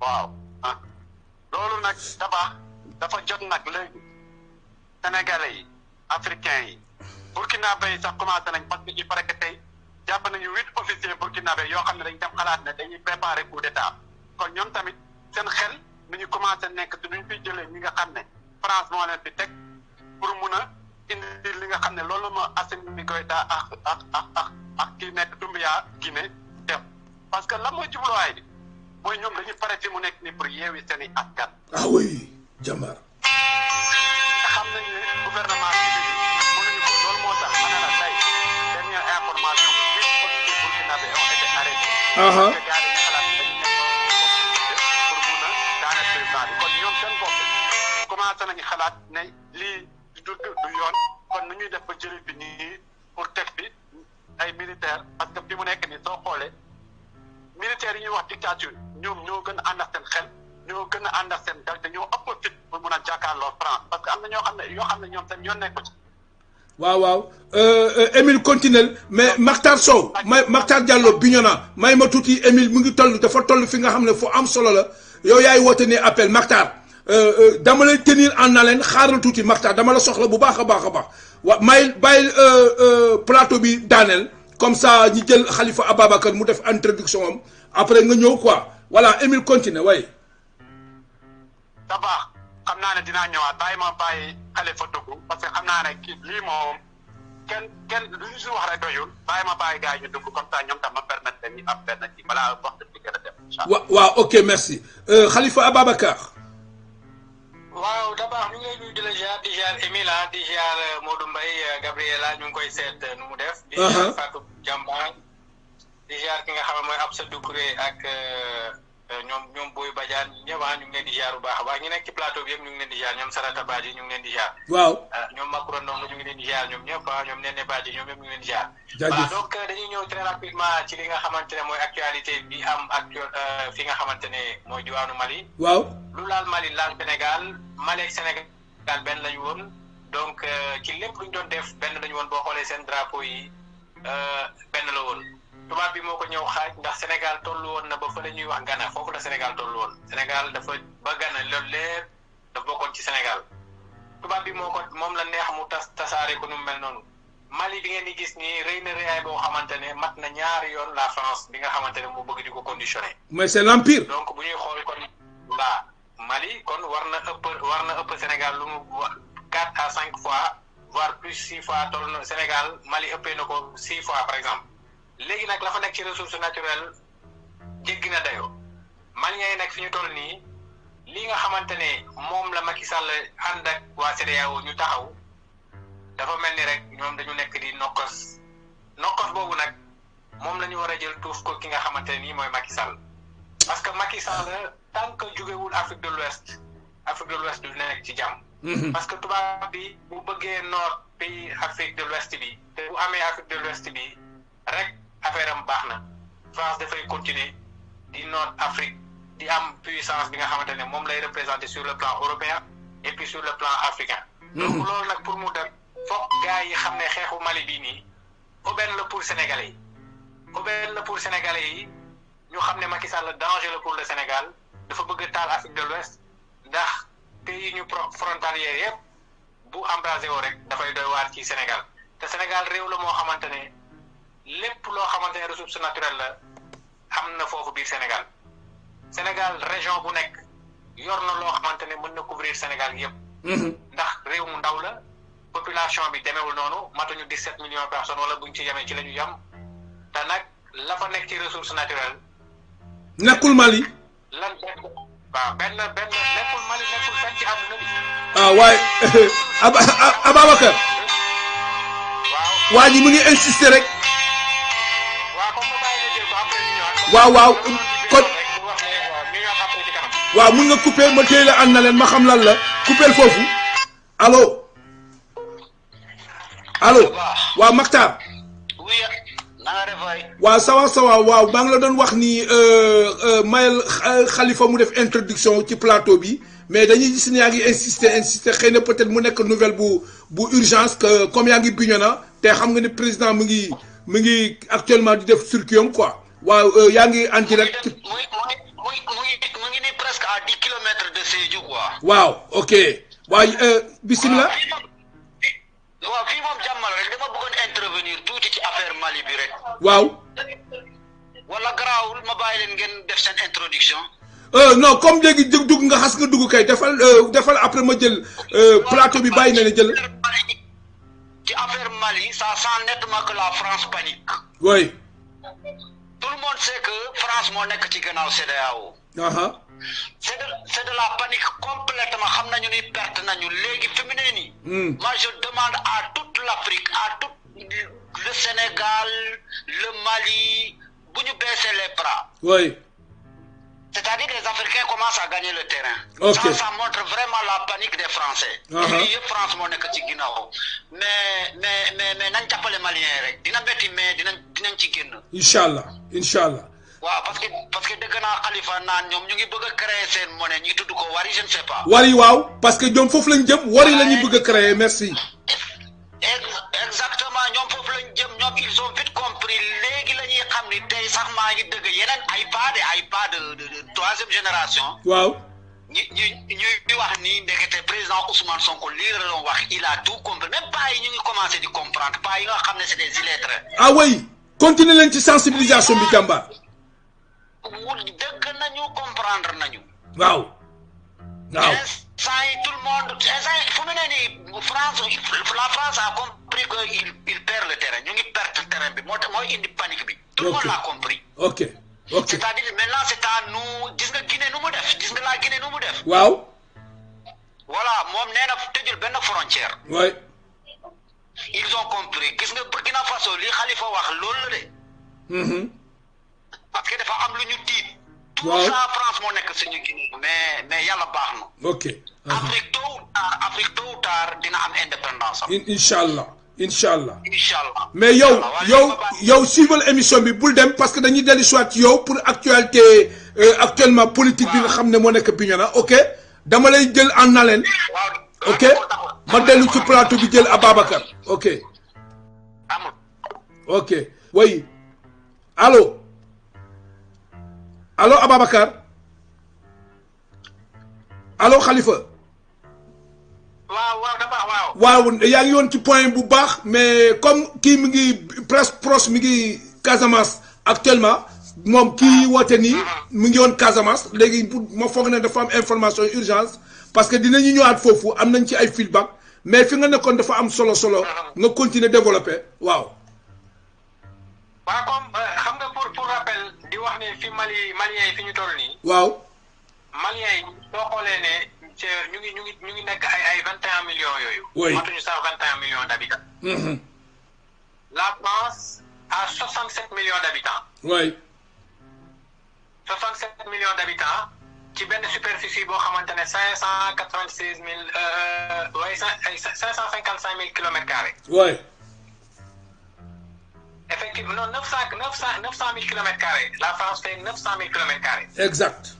waaw ah. loolu nag dafa dafa jot nag léegi sénégalais yi africains yi Burkina Faye sax commencé nañ parce que il que tey jàpp nañu huit officiers Burkina Faye yoo xam ne dañ dem xalaat ne dañuy préparer coup d' état kon ñoom tamit. seen xel ni ñu commencé nekk te duñ fi jëlee ñi nga xam ne France moo leen fi teg pour mun a indi li nga xam ne loolu ma Assane mi koy daa ak ak ak ak ak kii nekk Dumbuya Guinée def parce que lan mooy jubluwaay bi mooy ñoom dañu pare fi mu nekk ni pour yeewi seen i askan. ah oui jàmbaar. xam nañ ne gouvernement bi mënuñu ko commencé nañu xalaat ne lii du yoon kon nu ñuy def ba jëlee bi nii pour teg bi ay militaire parce que fi mu nekk nii soo xoolee militaires yi ñuy wax dictature ñoom ñoo gën a ànd ak seen xel ñoo gën a ànd ak seen dal te ñoo ëpp fit pour mun a jàkkaarloo France parce que am na ñoo xam ne yoo xam ne ñoom seen yoon nekku ci. waaw waaw euh, euh, Émile continuel mais Makhtar Sow may Makhtar Diallo Bignona may ma tuuti Émile mu ngi toll dafa toll fi nga xam ne fu am solo la yow yaay woote ne appel Euh, euh, dama lay tenir en haleine xaaral tuuti Maxtaar dama la soxla bu baax a baax a baax wa may bàyyi euh, plateau bi daaneel comme ça ñi jël Khalifa Ababacar mu def introduction am après nga ñëw quoi voilà emile continue way ça va xam naa ne dinaa ñëwaat bàyyi ma bàyyi Khalifa dugg parce que xam naa ne kii lii moom kenn kenn lu ñu si wax rek doyul bàyyi ma bàyyi gars ñu dugg comme ça ñoom tam ma permettre ñu am benn kii balaa waxtu bi gën a dem. waaw waaw ok merci Khalifa Ababacar. waaw d'abord ñu ngi lay nuyu di la ziar di ziar ah, di ziar euh, Modou Mbaye euh, Gabriela ah, ñu ngi koy seet euh, nu mu def. di ziar uh-huh. Fatou Diambang di ziar ki nga xam ne mooy Absa Doucouré ak. Euh, ñoom ñoom Boy bajaan ñëpp ah, ñu ngi leen di jaar baax a baax ñu nekk ci plateau bi yëpp ñu ngi leen ñoom Sarata Badji ñu ngi leen di jaar. waaw euh, ñoom Makura Ndong ñu ngi leen di jaar ñoom ñëpp ah ñoom Nene Badji ñoom ñëpp ñu ngi leen waaw donc euh, dañuy ñëw très rapidement ci nga xamante ne mooy actualité bi am actuel fi nga xamante ne mooy diwaanu Mali. waaw lu laal Mali laal Sénégal Mali Sénégal benn lañu woon donc ci lépp lu ñu doon def benn lañu woon boo xoolee seen drapeau yi benn la tubaab bi moo ko ñëw xaaj ndax sénégal tollu woon na ba fa la wax gana foofu la sénégal tollu woon sénégal dafa ba gana lool lépp dafa bokkoon ci sénégal tubaab bi moo ko moom la neex mu tas tasaare ko nu mel noonu mali bi ngeen di gis ni rëy na rëyaay boo xamante ne mat na ñaari yoon la france bi nga xamante ne mu bëgg di ko conditionné mais c'est l'empire donc bu ñuy xool kon la mali kon war na ëpp war na ëpp sénégal lu mu 4 à 5 fois voire plus 6 fois tol na sénégal mali ëppee na ko 6 fois par exemple léegi nag lafa nekk ci ressource naturelle jéggi na dayoo maliens yi nag fi ñu toll nii li nga xamante ne moom la Macky Sall ànd ak waa CEDEAO ñu taxaw dafa mel ni rek ñoom dañu nekk di nokkos nokkos boobu nag moom lañu ñu war a jël tuuf ko ki nga xamante ne nii mooy Macky Sall parce que Macky Sall tant que jógewul Afrique de l'Ouest Afrique de l'Ouest du nekk ci jàmm. Mhm. parce que tubaab bi bu bëggee noot pays Afrique de l'Ouest bi te bu amee Afrique de l'Ouest bi rek. affaire am baax na France dafay continuer di noot Afrique di am puissance bi nga xamante ne moom lay représenter sur le plan européen et puis sur le plan africain. Mhm. donc loolu nag pour mu dem foog gars yi xam ne xeexu Mali bii nii aubaine la pour sénégalais yi aubaine la pour sénégalais yi ñu xam ne Macky Sall danger la pour le Sénégal dafa bëgg taal Afrique de l'Ouest ndax pays ñu frontalière yëpp bu embrasé woo rek dafay doy waar ci Sénégal te Sénégal réew la moo xamante ne. lépp loo xamante ne ressource naturelle la am na foofu biir Sénégal Sénégal région bu nekk yor na loo xamante ne mën na couvrir Sénégal yëpp. Mhm. ndax réew mu ndaw la population bi demeewul noonu matuñu dix-sept millions de personnes wala buñ ci yemee ci la ñu yem te nag la nekk ci ressource naturelle. nekkul Mali. lan benn waaw benn benn nekkul Mali nekkul benn ci àdduna bi. ah waaye Ababacar. waaw waa ji mu ngi insister rek. waaw waaw um, kon waaw mun nga couper ma téye la ànd ma xam lan la couper foofu allo allo waaw Makhtar waaw sawa sawa waaw maa ngi la doon wax ni euh euh Mayel euh, Khalifa mu def introduction ci plateau bi mais dañuy gis ne yaa ngi insister insister xëy peut-être mu nekk nouvelle bu bu urgence que comme yaa ngi Bignona te xam nga ne président mu ngi mu ngi actuellement di def circuit quoi waaw yaa ngi en rek muy ngi ni presque à 10 km de Sédhiou quoi waaw ok waay bismillah waaw fii moom jàmmal rek dama bëggoon intervenir tuuti ci affaire Mali bi rek waaw wala garaawul ma bàyyi leen ngeen def seen introduction euh non comme légui dug nga xass nga dug kay defal eh, defal après ma jël euh plateau bi bayina la jël ci affaire Mali ça sent nettement que la France panique oui tout le monde sait que France mon ci de la panique complètement xam nañu ni perte nañu hmm. je demande à toute l'Afrique, à tout le Sénégal le Mali de les bras. C'est-à-dire que les Africains commencent à gagner le terrain. Ça, montre vraiment la panique des Français. Uh France, mon Mais, mais, mais, mais, n'en pas les Maliens, Rek. Dina Betty, mais, dina, Inch'Allah, Inch'Allah. Wa parce que, parce que, dès que na Khalifa, nan, yom, créer cette monnaie, ni tout, du Wari, je ne sais pas. Wari, parce que, yom, avons Wari, créer, merci exactement ñom foofu lañu jëm ñom ils ont vite compris légui lañuy ñuy xam ni tey sax ma ngi dëgg yeneen ay pas de ay pas de de troisième génération. waaw. ñu ñu ñuy wax ni ndekete président Ousmane Sonko lii la doon wax il a tout compris même pas yi ñu ngi commencé di comprendre pas yi nga xam ne c'est des illettrés. ah oui continuer leen ci sensibilisation bi Tamba. dëgg nañu comprendre nañu. waaw waaw. ça y est tout le monde ça fu mu ne France la France a compris que il il perd ñu ngi perte terrain bi moo tax mooy indi panique bi. tout le monde l'a compris. ok ok c'est-à-dire maintenant c'est à nous gis nga Guinée nu mu def gis nga la Guinée nu mu def. waaw. voilà moom nee na tëjul benn frontière. oui. ils ont compris gis nga Burkina Faso li Khalifa wax loolu la de. Mm-hmm. parce que dafa am lu ñu tiit. tout ça France moo nekk suñu Guinée. mais mais yàlla baax na. ok. Ah. Afrique tout ou tard Afrique tout ou tard dina am indépendance am. incha allah incha allah. incha allah mais yow yow yow suivre émission bi bul dem parce que dañuy dellu soit yow pour actualité euh, actuellement politique bi nga xam ne moo nekk Bignona ok dama lay jël en haleine. ok ma dellu ci plateau bi jël Ababacar ok. ok way Allô. Allô Ababakar allô Khalifa. Waouh Waouh waouh Waouh. waaw. waaw a point mais comme qui me presque proche de actuellement qui kii ah. woote nii ah. mu ngi pour information urgence parce que dinañu ñëwaat faux am feedback mais fi nga nekkoon dafa solo solo. Ah. no continuer développer waaw. Euh, wax ne fi Mali Maliens yi fi ñu toll nii. waaw. Maliens yi soo xoolee ne ñu ngi ñu ngi ñu ngi nekk ay ay vingt et un millions yooyu. oui matuñu sax vingt et un millions d' habitants. Mhm. la France a soixante sept millions d' habitants. oui. soixante sept millions d' habitants ci benn superficie boo xamante ne cinq cent quatre vingt seize mille waaye euh, euh, cinq cent cinquante cinq mille kilomètres carrés. oui effectivement 900 000 km. la France fait 900 000 km exact.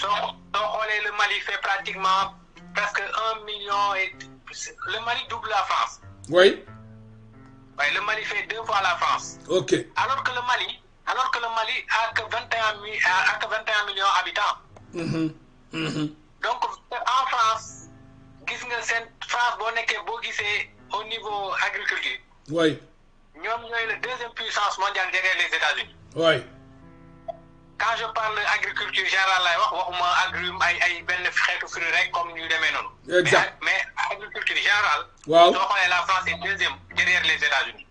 Donc, le Mali fait pratiquement presque 1 million et le Mali double la France. oui. le Mali fait deux fois la France. ok alors que le Mali alors que le Mali a que 21 millions d'habitants. a mm-hmm. que mm-hmm. donc en France gis nga France boo nekkee que au niveau agriculture. oui ñoom ñooy la deuxième puissance mondiale derrière les États-Unis. oui. quand je parle agriculture générale lay wax waxuma agrume, ay ay benn xeetu fruit rek comme nous demee noonu. exact mais agriculture générale. waaw soo la France est deuxième derrière les États-Unis.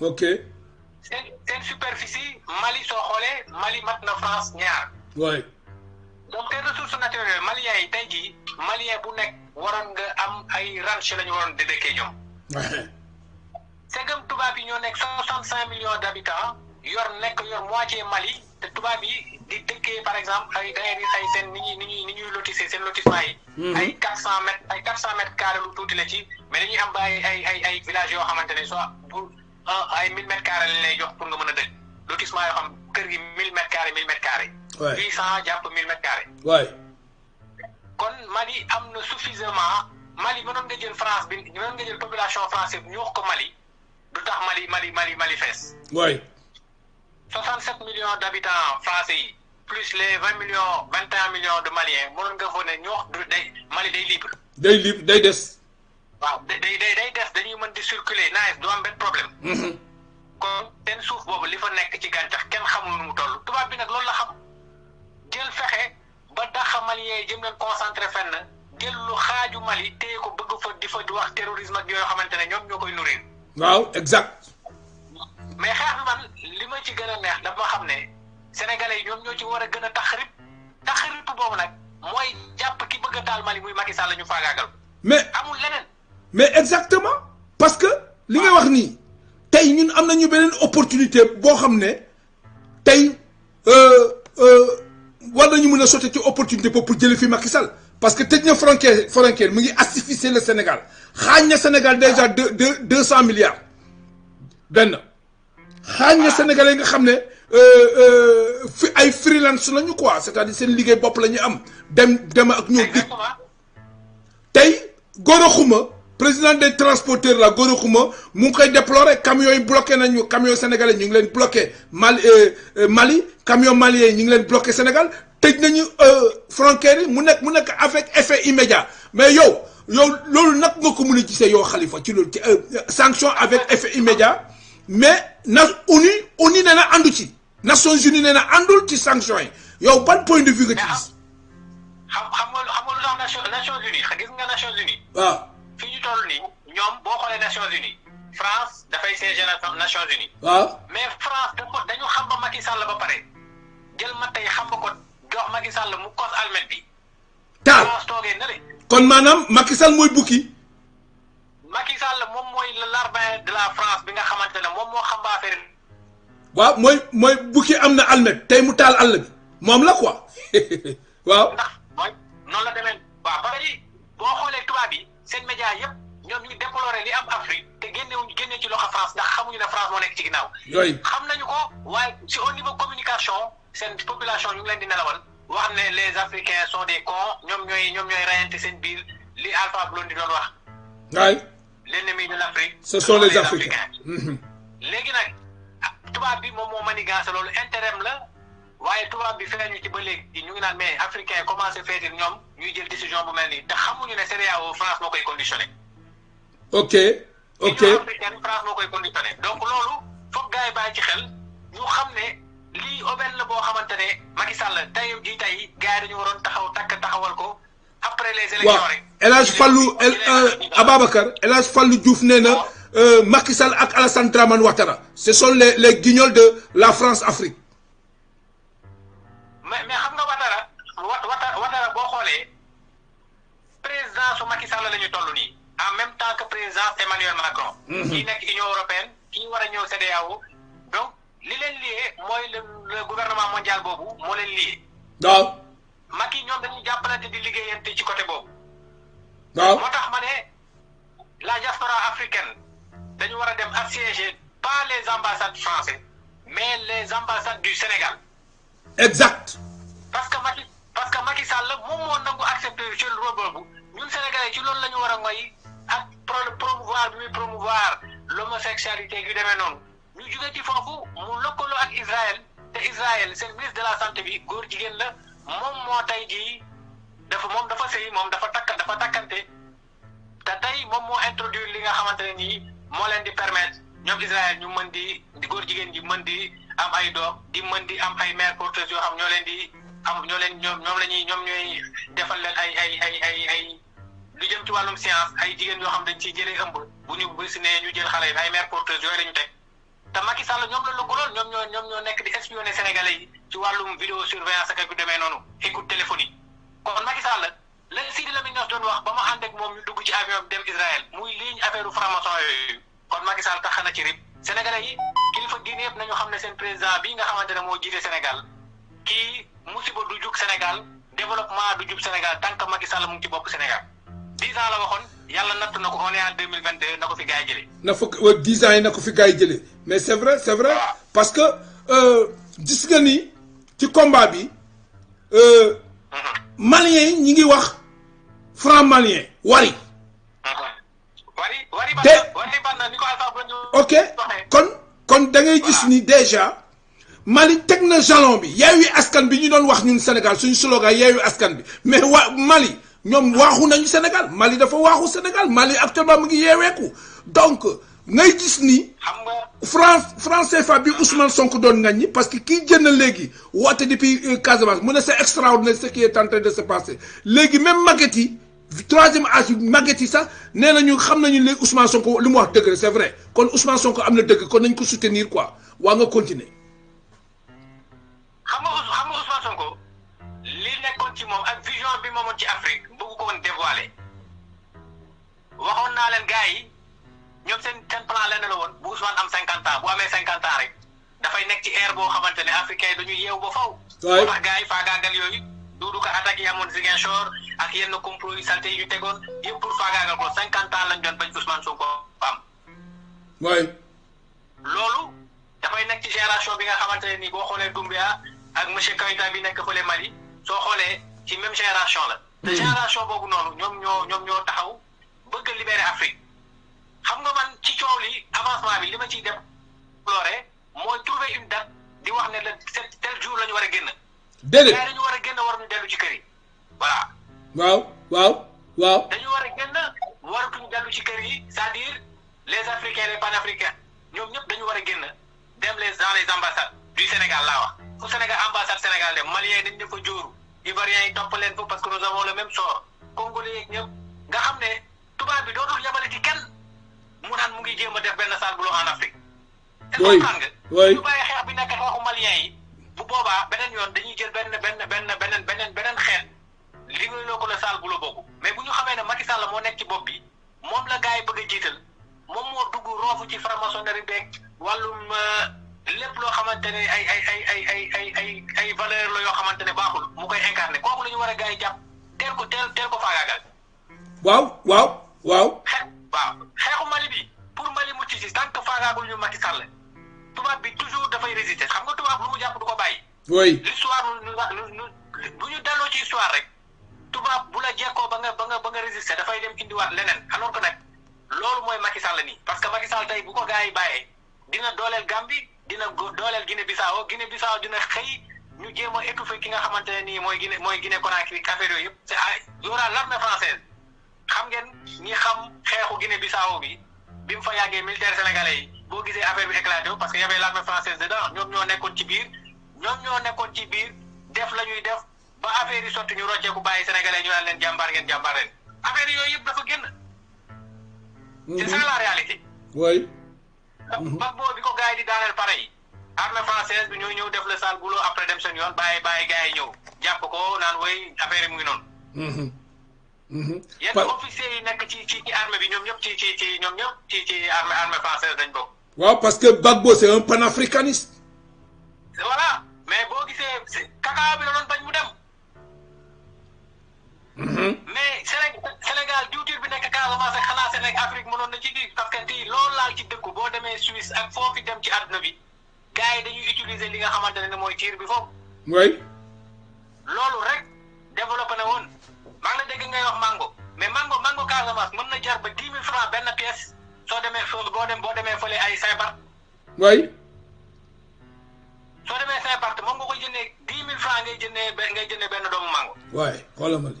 ok. C'est seen superficie Mali soo xoolee Mali mat na France ñaar. oui. donc les ressources naturelles yooyu Maliens yi tey jii Malien bu nekk waroon nga am ay ranch la ñu waroon di segam tubaab yi ñoo nekk 65 soixante-cinq millions d'habitants yor nekk yor moitié Mali te tubaab yi di dëkkee par exemple ay da ngay gis ay seen ni ñuy ni ñuy ni ñuy lotisser seen lotissement yi. ay 400 cent mètres ay 400 cent mètres carrés lu tuuti la ci mais dañuy am ba ay ay ay village villages yoo xamante ne soit pour ay 1000 mètres carré la lay jox pour nga mën a dëkk lotissement yoo xam kër gi 1000 mètres carré 1000 mètres carré. ouais 800 cent jàpp mille mètres carrés. waay. kon Mali am na suffisamment Mali mënoon nga jël France bi mënoon nga jël population française ñu wax ko Mali. du tax Mali Mali Mali Mali fees. waay. 67 millions d' habitants français yi plus les 20 million de maliens mënoon nga foog ne ñu wax du day Mali day libre. day libre day des. waaw day day des dañuy mën di circuler naaj du am problème. Mhm. kon seen suuf boobu li fa nekk ci gàncax kenn xamul nu mu toll tubaab bi nag loolu la xam jël fexe ba daxa malien yi jëm leen concentré fenn jël lu xaaju Mali téye ko bëgg fa di fa di wax terrorisme ak yooyu xamante ne ñoom ñoo koy nourrir. waaw exact. mais xeex bi man li ma ci gën a neex dafa xam ne sénégalais ñoom ñoo ci war a gën a taxarib taxarib boobu nag mooy jàpp ki bëgg a taal Mali muy Macky Sall ñu faagaagal. mais amul leneen. mais exactement parce que li nga wax nii tey ñun am nañu beneen opportunité boo xam ne tey euh, euh, war nañu mën a sotti ci opportunité boobu pour jëlee fi Macky Sall parce que tëj na le Sénégal Sénégal déjà 200 milliards Ben, Sénégalais euh, euh, freelance quoi c'est-à-dire que une ligue la dem dem président des transporteurs la Khouma camions camions sénégalais ñu bloqué Mali euh, camions maliens bloqué Sénégal tëj nañu euh, frontière yi mu nekk mu nekk avec effet immédiat mais yow yow loolu nag nga ko mën a yow xalifa ci loolu ci euh, sanction avec effet immédiat mais na ONU ONU nee na àndu ci Nations Unies ne na àndul ci sanction yi yow ban point de vue nga ci gis. Ah, xam xam nga xam nga lu tax Nations Unies gis nga Nations Unies. waaw ah. fi ñu toll nii ñoom boo xoolee Nations Unies. France dafay siégé Nations Unies. waaw ah. mais France dañu xam ba Macky Sall ba pare jël ma tey xam nga ko. jox Macky Sall mu kos almet bi. taal toogee na le. kon maanaam Macky Sall mooy bukki. Macky Sall moom mooy le larbin de la France bi nga xamante ne moom moo xam ba affaire waaw mooy mooy bukki am na almet tey mu taal àll bi moom la quoi waaw. ndax mooy noonu la demee waaw ba léegi boo xoolee tubaab yi seen média yëpp ñoom ñu déploré li am Afrique te génnewuñ génne ci loxo France ndax xamuñu ne France moo nekk ci ginnaaw. yooyu xam nañu ko waaye ci au niveau communication. sen population ñu ngi leen di nelawal wax ne les africains sont des cons ñom ñoy ñom ñoy reyante seen biir li Alpha Blondy doon wax. waay. l'ennemi de l'Afrique. ce sont les africains légui nak tuba bi mo moo manigance lolu intérêt la waaye tuba bi feeñu ci ba léegi ñu ngi naan mais africain commencé feetir ñoom ñuy jël décision bu mel nii te xamuñu ne CEDEAO France moo koy conditionné. ok ok France moo koy conditionné donc loolu foog gars yi bàyyi ci xel ñu xam ne lii aubaine la boo xamante ne Macky Sall tayam ji tey gars yi dañu waroon taxaw takk taxawal ko après les élections rek. waaw El Hadj Fallou El euh, Ababacar El Hadj Fallou Diouf nee na euh, Macky Sall ak Alassane Dramane Ouattara ce sont les les guignols de la France Afrique. mais mais xam nga Ouattara Ouattara Ouattara boo xoolee président su Macky Sall la ñu toll nii. en même temps que président Emmanuel Macron. Mhm. kii nekk Union européenne kii war a ñëw CEDEAO donc li leen liyee mooy le gouvernement mondial boobu moo leen liyee. waaw. Macky ñoom dañuy jàppalante di liggéeyante ci côté boobu. Non. moo tax ma ne la diaspora africaine dañu war a dem assiéger pas les ambassades françaises mais les ambassades du Sénégal. exact. parce que Macky parce que Macky Sall moom moo nangu accepter ci rôle boobu ñun sénégalais ci loolu la ñu war a ngoy ak promouvoir bi muy promouvoir l'homosexualité gi demee noonu. ñu jugee ci foofu mu lëkkaloo ak Israël te Israël service de la santé bi góor jigéen la moom moo tey jii dafa moom dafa sëy moom dafa takk dafa takkante te tey moom moo introduire li nga xamante ne nii moo leen di permettre ñoom Israël ñu mën di di góor jigéen ji mën di am ay doom di mën di am ay mères porteuses yoo am ñoo leen di am ñoo leen ñoom ñoom la ñuy ñoom ñooy defal leen ay ay ay ay ay lu jëm ci wàllum science ay jigéen yoo xam dañ ciy jëlee ëmb bu ñu bu si nee ñu jël xale yi ay mères porteuses ñu teg. te Macky Sall ñoom la lëkkaloon ñoom ñoo ñoom ñoo nekk di espionner sénégalais yi ci wàllum vidéo surveillance ak ak yu demee noonu écoute téléphonique kon Macky Sall la Sidi Lamine Niass doon wax ba ma ànd ak moom ñu dugg ci avion dem Israël muy ligne affaire u franc-maçon yooyu kon Macky Sall tax na ci rib sénégalais yi kilifa diine yëpp nañu xam ne seen président bi nga xamante ne moo jiite Sénégal kii musiba du jug Sénégal développement du jub Sénégal tant que Macky Sall mu ngi ci bopp Sénégal 10 ans la waxoon yalla nat nako on est en 2021 nako et fi gay yi na fa ans yi na fi gay yi mais c'est vrai c'est vrai parce que euh, gis nga ni ci combat bi euh, mm-hmm. maliens yi ñi ngi wax franc malien wari. Mm-hmm. wari wari ba wari ban ni ko Alpha ba ñu. ok kon kon da ngay gis ni déjà Mali teg na jalon bi yeewi askan bi ñu doon wax ñun Sénégal suñu slogan yeewi askan bi mais Mali. ñoom waaxu nañu Sénégal Mali dafa waaxu Sénégal Mali actuellement mu ngi yeeweeku donc ngay gis ni. xam nga France France CFA bi Ousmane Sonko doon ngañ ñi parce que kii jënd léegi woote depuis euh, Casamance mu ne c'est extraordinaire ce qui est en train de se passer léegi même maquette yi troisième âge bi maquette yi sax nee nañu xam nañu léegi Ousmane Sonko li mu wax dëgg c'est vrai kon Ousmane sonk am na dëgg kon nañ ko soutenir quoi waa nga continuer. xam nga nekkoon ci moom ak vision bi moomoon ci Afrique bëgg ko woon waxoon naa leen gars yi ñoom seen seen plan lenn woon bu Ousmane am cinquante ans bu amee cinquante ans rek dafay nekk ci air boo xamante ne africain yi dañuy yeew ba faw moo tax gars yi faagaagal yooyu duudu ko attaques yi amoon Ziguinchor ak yenn complot yu salté yi ñu tegoon yëpp pour faagaagal ko cinquante ans lañ doon bañ Ousmane Sonko am waay loolu dafay nekk ci génération bi nga xamante ne nii boo xoolee Doumbouya ak monsieur Kawita bi nekk fële Mali soo xoolee ci même génération la. Hmm. te génération boobu noonu ñoom ñoo ñoom ñoo taxaw bëgg a libérer Afrique xam nga man ci coow li avancement bi li ma ciy def loré mooy trouver une date di wax ne la tel jour la ñu war a génna déedéet dañu war a génn war ñu dellu ci kër yi waaw dañu war a génn waratuñu dellu ci kër yi c'est-à-dire les africains les panafricains ñoom ñëpp dañu war a génn dem les dans les ambassades du Sénégal laa wax. fu Sénégal ambassade Sénégal dem Maliens dañ ne fa jooru Ivoiriens yi topp leen fa parce que nous avons le même sort Congolais yeeg ñëpp nga xam ne tubaab bi dootul yabale ci kenn mu naan mu ngi jéem a def benn saal bu en Afrique. oui oui ñu bàyyi xeex bi nekk xeexu Maliens yi bu boobaa beneen yoon dañuy jël benn benn benn beneen beneen beneen xeet li muy loo ko la saal bu la mais bu ñu xamee ne Macky la moo nekk ci bopp bi moom la gars yi bëgg a jiital moom moo dugg roofu ci franc-maçonnerie beeg euh, lépp loo xamante ne ay ay ay ay ay ay ay ay valeur la yoo xamante ne baaxul mu koy incarné kooku la ñu war a gars yi jàpp teel ko teel teel ko faagaagal. waaw waaw waaw. xeex waaw xeexu Mali bi pour Mali mucc si tant que faagaagul ñu Macky Sall tubaab bi toujours dafay résister xam nga tubaab lu mu jàpp du ko bàyyi. oui l'histoire bu ñu delloo ci histoire rek tubaab bu la jekkoo ba nga ba nga ba résister dafay dem indiwaat leneen alors que nag loolu mooy Macky la nii parce que Macky Sall tey bu ko gars yi bàyyee dina dooleel Gambie. dina dooleel Guinée Bissau Guinée Bissau dina xëy ñu jéem a étouffer ki nga xamante ne nii mooy Guinée mooy Guinée Conakry affaire yooyu yëpp. c' est à y aura xam ngeen ñi xam xeexu Guinée Bissau bi bi mu fa yàggee militaire sénégalais yi boo gisee affaire bi éclaté wu parce que y avait l' armée ñoom ñoo nekkoon ci biir ñoom ñoo nekkoon ci biir def la ñuy def ba affaire yi sotti ñu rocceeku bàyyi sénégalais ñu naan leen jàmbaar ngeen jàmbaar leen affaire yooyu yëpp dafa génn. c' Gbagbo mm-hmm. bi ko gars yi di daaneel pare yi. armée française bi ñoo ñëw def le sale boulot après dem seen yoon bàyyi bàyyi gars yi ñëw jàpp ko naan way affaire yi mu ngi noonu. Mm-hmm. Mm-hmm. yenn officiers yi nekk ci ci ci armée bi ñoom ñëpp ci ci ci ñoom ñëpp ci ci armée armée française dañ waaw parce que Gbagbo c'est un panafricaniste. voilà mais boo gisee Kaka bi la bañ mu dem. Mm-hmm. mais Sénégal Sénégal diwtiir bi nekk Casamance ak xanaa Sénégal Afrique mënoon na ci di parce que tey loolu laal ci dëkku boo demee Suisse ak foo fi dem ci àdduna bi gars yi dañuy utiliser li nga xamante ne mooy tiir bi foofu. oui. loolu rek développé na woon maa na la dégg ngay wax mango mais mango ka Casamance mën na jar ba dix mille francs benn pièce soo demee fële boo dem boo demee fële ay saybar. oui. soo demee saybar te moom nga ko jëndee dix mille francs ngay jëndee ngay jëndee benn doomu mango.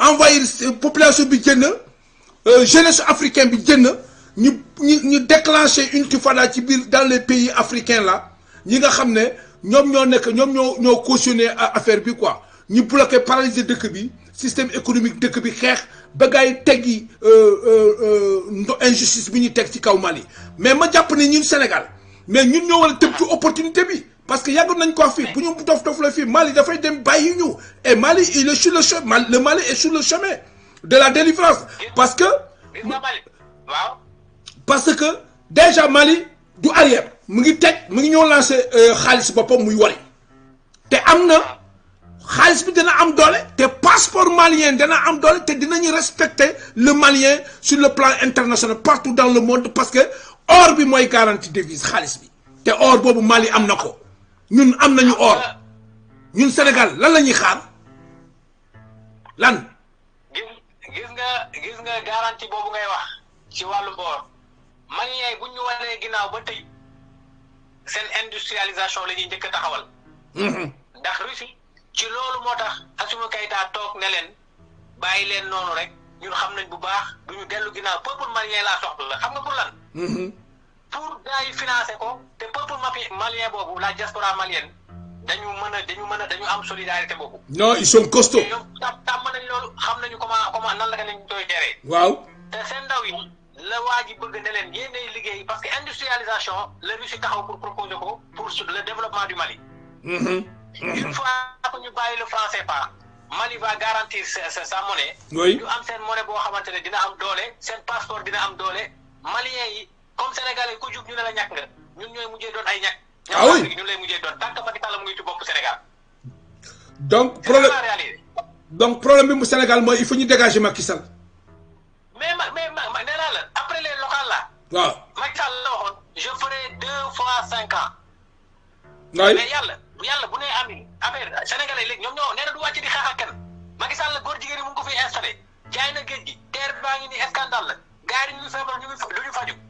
la euh, population bi génn euh, jeunesse africain bi génn ñu ñu ñu ci dans les pays africains là ñi nga xamné ne ñoom ñoo nekk ñoom ñoo ñoo cautionné affaire bi quoi ñi bloquer paralyser dëkk bi système économique dëkk bi xex ba gars euh euh, euh injustice bi ñuy teg ci kaw Mali mais ma japp ni ñun Sénégal mais ñun ñoo wala tepp ci opportunité bi parce que yàgg nañ ko wax fii bu ñu dof dof la fii Mali dafay dem bàyyi ñu et Mali il est sur le chemin le Mali est sur le chemin de la délivrance parce que parce que déjà Mali du arrière mu ngi teg mu ngi ñoo lancé Khalis euh, boppam muy wari te am na amdole? bi dina am doole te passeport malien dana am doole te dinañu respecter le malien sur le plan international partout dans le monde parce que or bi mooy garantie devise Khalis. bi te or boobu Mali am ñun am nañu or ñun Sénégal lan la ñuy xaar lan. gis gis nga gis nga boobu ngay wax ci wàllu boor maliens yi bu ñu ginnaaw ba tey seen industrialisation la ñuy njëkk taxawal. Mm-hmm. ndax Russie ci loolu moo tax Assimi Goïta toog ne leen bàyyi leen noonu rek ñun xam nañ bu baax du ñu dellu ginnaaw peuple malien laa soxla xam nga pour lan. Mm-hmm. pour gars financé ko te peuple malien boobu la diaspora malienne dañu mën a dañu mën dañu am solidarité boobu. non ils sont costauds. ñoom tam loolu xam nañu comment comment nan la ka leen koy géré. waaw te seen ndaw yi la waa ji bëgg ne leen yéenay liggéey parce que industrialisation la Russie taxaw pour proposer ko pour le développement du Mali. Mm-hmm. une mm-hmm. fois que ñu bàyyi la franc CFA Mali va garantir sa sa sa monnaie. ñu am seen monnaie boo xamante ne dina am doole seen passeport dina am doole comme sénégalais ñu la nga ñun doon ay ah oui lay doon tant que Macky Sall mu ngi ci Sénégal donc problème donc problème bi mu Sénégal moy il faut ñu dégager Macky Sall mais ma mais ma nee naa la après les locales là wa Macky Sall la je ferai deux fois cinq ans oui mais bu yalla bu né ami affaire sénégalais léegi ñom ñoo nee na du wacc di xaxa kenn Macky Sall gor jigéen mu ngi ko fi installé jaay na gi terre baangi ni scandale gaari ñu ñu ñu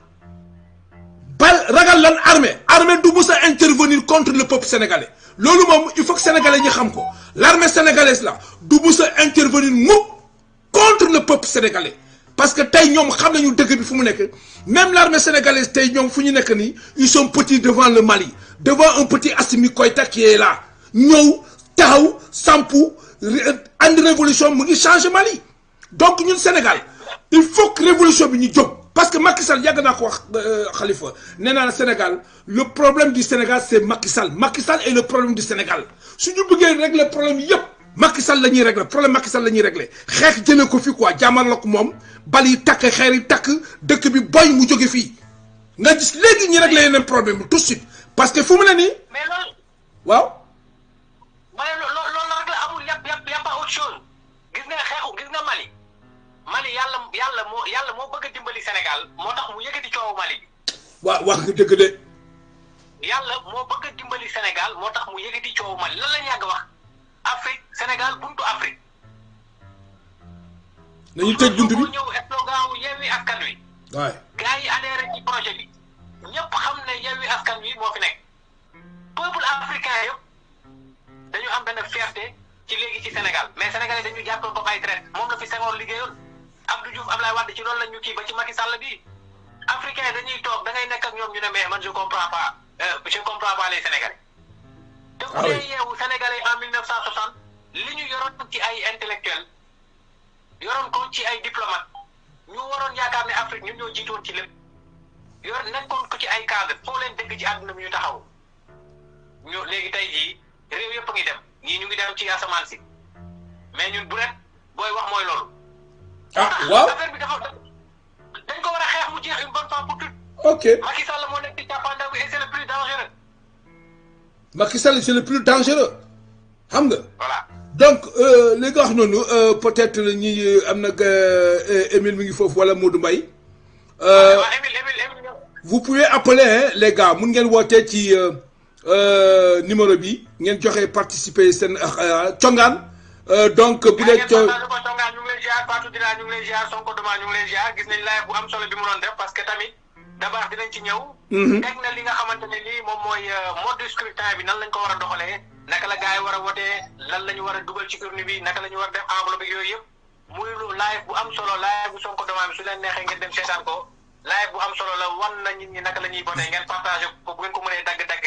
par ragal L'armée armée armée du intervenir contre le peuple sénégalais il faut que sénégalais ñi xam l'armée sénégalaise là du intervenir contre le peuple sénégalais parce que tay ñom xam nañu dëgg bi fu même l'armée sénégalaise tay ñom ils sont petits devant le Mali devant un petit Assimi Koyta qui est là Nous, Tao, sampu une révolution mu change le Mali donc ñun Sénégal il faut que révolution bi ñu parce que Macky Sall a un ko euh, Khalifa le le Sénégal le problème du Sénégal c'est makissal Macky Sall Macky Sall est le problème du Sénégal Si vous bëggee régler le problème yëpp Macky Sall la réglé. régler problème Macky Sall la ñuy régler xeex jëlee ko fi quoi jaamal la ko moom bal yi takk problème. Il takk a bi boy mu jóge fii nga gis léegi ñu régler problème tout de suite parce que fu mu Waouh. Mais waaw. Mali yàlla yàlla moo yàlla moo bëgg a dimbali Sénégal moo tax mu yëkkati coowu Mali bi. waaw wax nga dëgg de. yàlla moo bëgg a dimbali Sénégal moo tax mu yëkkati coowu Mali lan lañ yàgg wax Afrique Sénégal buntu Afrique. nañu tëj buntu bi ñëw slogan wu Yewwi Askan Wi. waay yi adhéré ci projet bi ñëpp xam ne Yewwi Askan Wi moo fi nekk. peuple africain yëpp dañu am benn fierté ci léegi ci Sénégal mais sénégalais dañu jàppoon bopp ay traite moom la fi Senghor liggéeyoon. Abdou am Abdoulaye Wade ci loolu la ñu kii ba ci Macky Sall bi africain yi dañuy toog da nekk ak ñoom ñu ne mais man je comprends pas euh, je comprends pas les sénégalais. Ah te ku dee yeewu sénégalais en 1960 li ñu yoroon ci ay intellectuels yoroon ko ci ay diplomates ñu waroon yaakaar ne Afrique ñun ñoo jiitoon ci lépp yor nekkoon ko ci ay cadres foo leen dégg ci àdduna bi ñu taxaw ñu léegi tey jii réew yëpp a ngi dem ñii ñu ngi dem ci asamaan si mais ñun bu ret booy wax mooy loolu. ah waaw affaire dañ ko war a xeex mu jeex une bonne fois pour tout. ok Macky Sall moo nekk ci jàppandaw bi et c'est le plus dangereux. Macky Sall c'est le plus dangereux xam nga. voilà donc li nga wax noonu euh, peut-être ñi euh, am na euh, Émile mi ngi foofu wala Modou Mbaye. waaw ah, Émile Émile Émile. vous pouvez appeler hein, les gars mun ngeen wootee ci numéro bi ngeen joxe participer seen congaan. Euh, donc bi la coow songaa ñu ngi lay ziar Fatou Dina ñu ngi lay ziar Sonko Duma ñu ngi lay ziar gis nañ laaj bu am solo bi mu doon def parce que tamit d'abord dinañ ci ñëw mhm. teg na li nga xamante ne lii moom mooy euh, mode scrutin bi nan lañ ko war a doxalee naka la gars yi war a wotee lan la ñu war a dugal ci urne bi naka la ñu war a def enveloppe yooyu yëpp muy lu live bu am solo live bu Sonko Duma bi su leen neexee ngeen dem seetaan ko live bu am solo la wan na nit ñi naka la ñuy voté ngeen partagé ko bu ngeen ko mënee dagg-dagg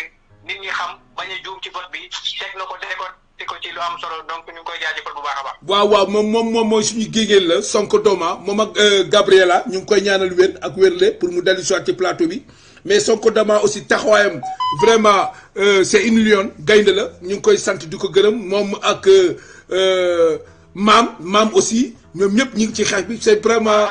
nit ñi xam bañ a juum ci vote bi teg na ko décote te ko ci lu am solo donc ñu koy jaajëfal bu baax a waaw waaw moom moom moom mooy suñu géegeel la Sonko Doma moom ak euh, Gabriela ñu ngi koy ñaanal wér ak wérle pour mu dellu si ci plateau bi mais Sonko Doma aussi taxawaayam vraiment euh, c'est une lionne gaynde la ñu ngi koy sant di ko gërëm moom ak euh, maam maam aussi. ñoom ñëpp ñu ngi ci xeex bi c'est vraiment.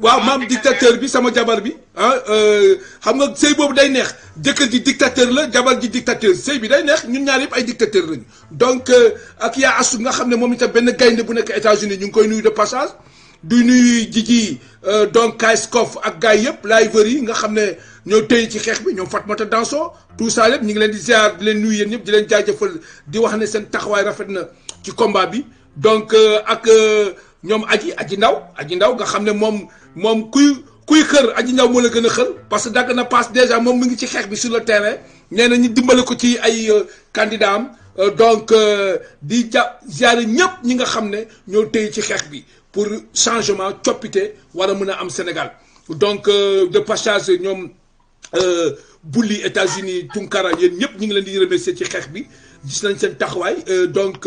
waaw maam dictateur bi sama jabar bi ah euh, xam nga sëy boobu day neex jëkkër ji dictateur la jabar ji dictateur sëy bi day neex ñun ñaar yëpp ay dictateur lañu. donc euh, ak yaa astu nga xam ne moom itam benn gaynde bu nekk États-Unis ñu ngi koy nuyu de passage du nuyu jiji euh, donc Kayskof ak gars yëpp liveur yi nga xam ne ñoo téye ci xeex bi ñoom fat Fatmata Danso tout saa yëpp ñu ngi leen di ziar di leen nuyu yéen ñëpp di leen jaajëfal di wax seen taxawaay rafet na ci combat bi. donc euh, ak euh, ñom aji ndaw aji ndaw nga kuy kuy xër aji parce que na déjà sur le terrain na ko ci euh, candidat donc di a ñi nga ñoo pour changement Sénégal donc de passage nous, Bulli États-Unis Tunkara nous ñëpp ñi ngi di remercier ci bi gis donc.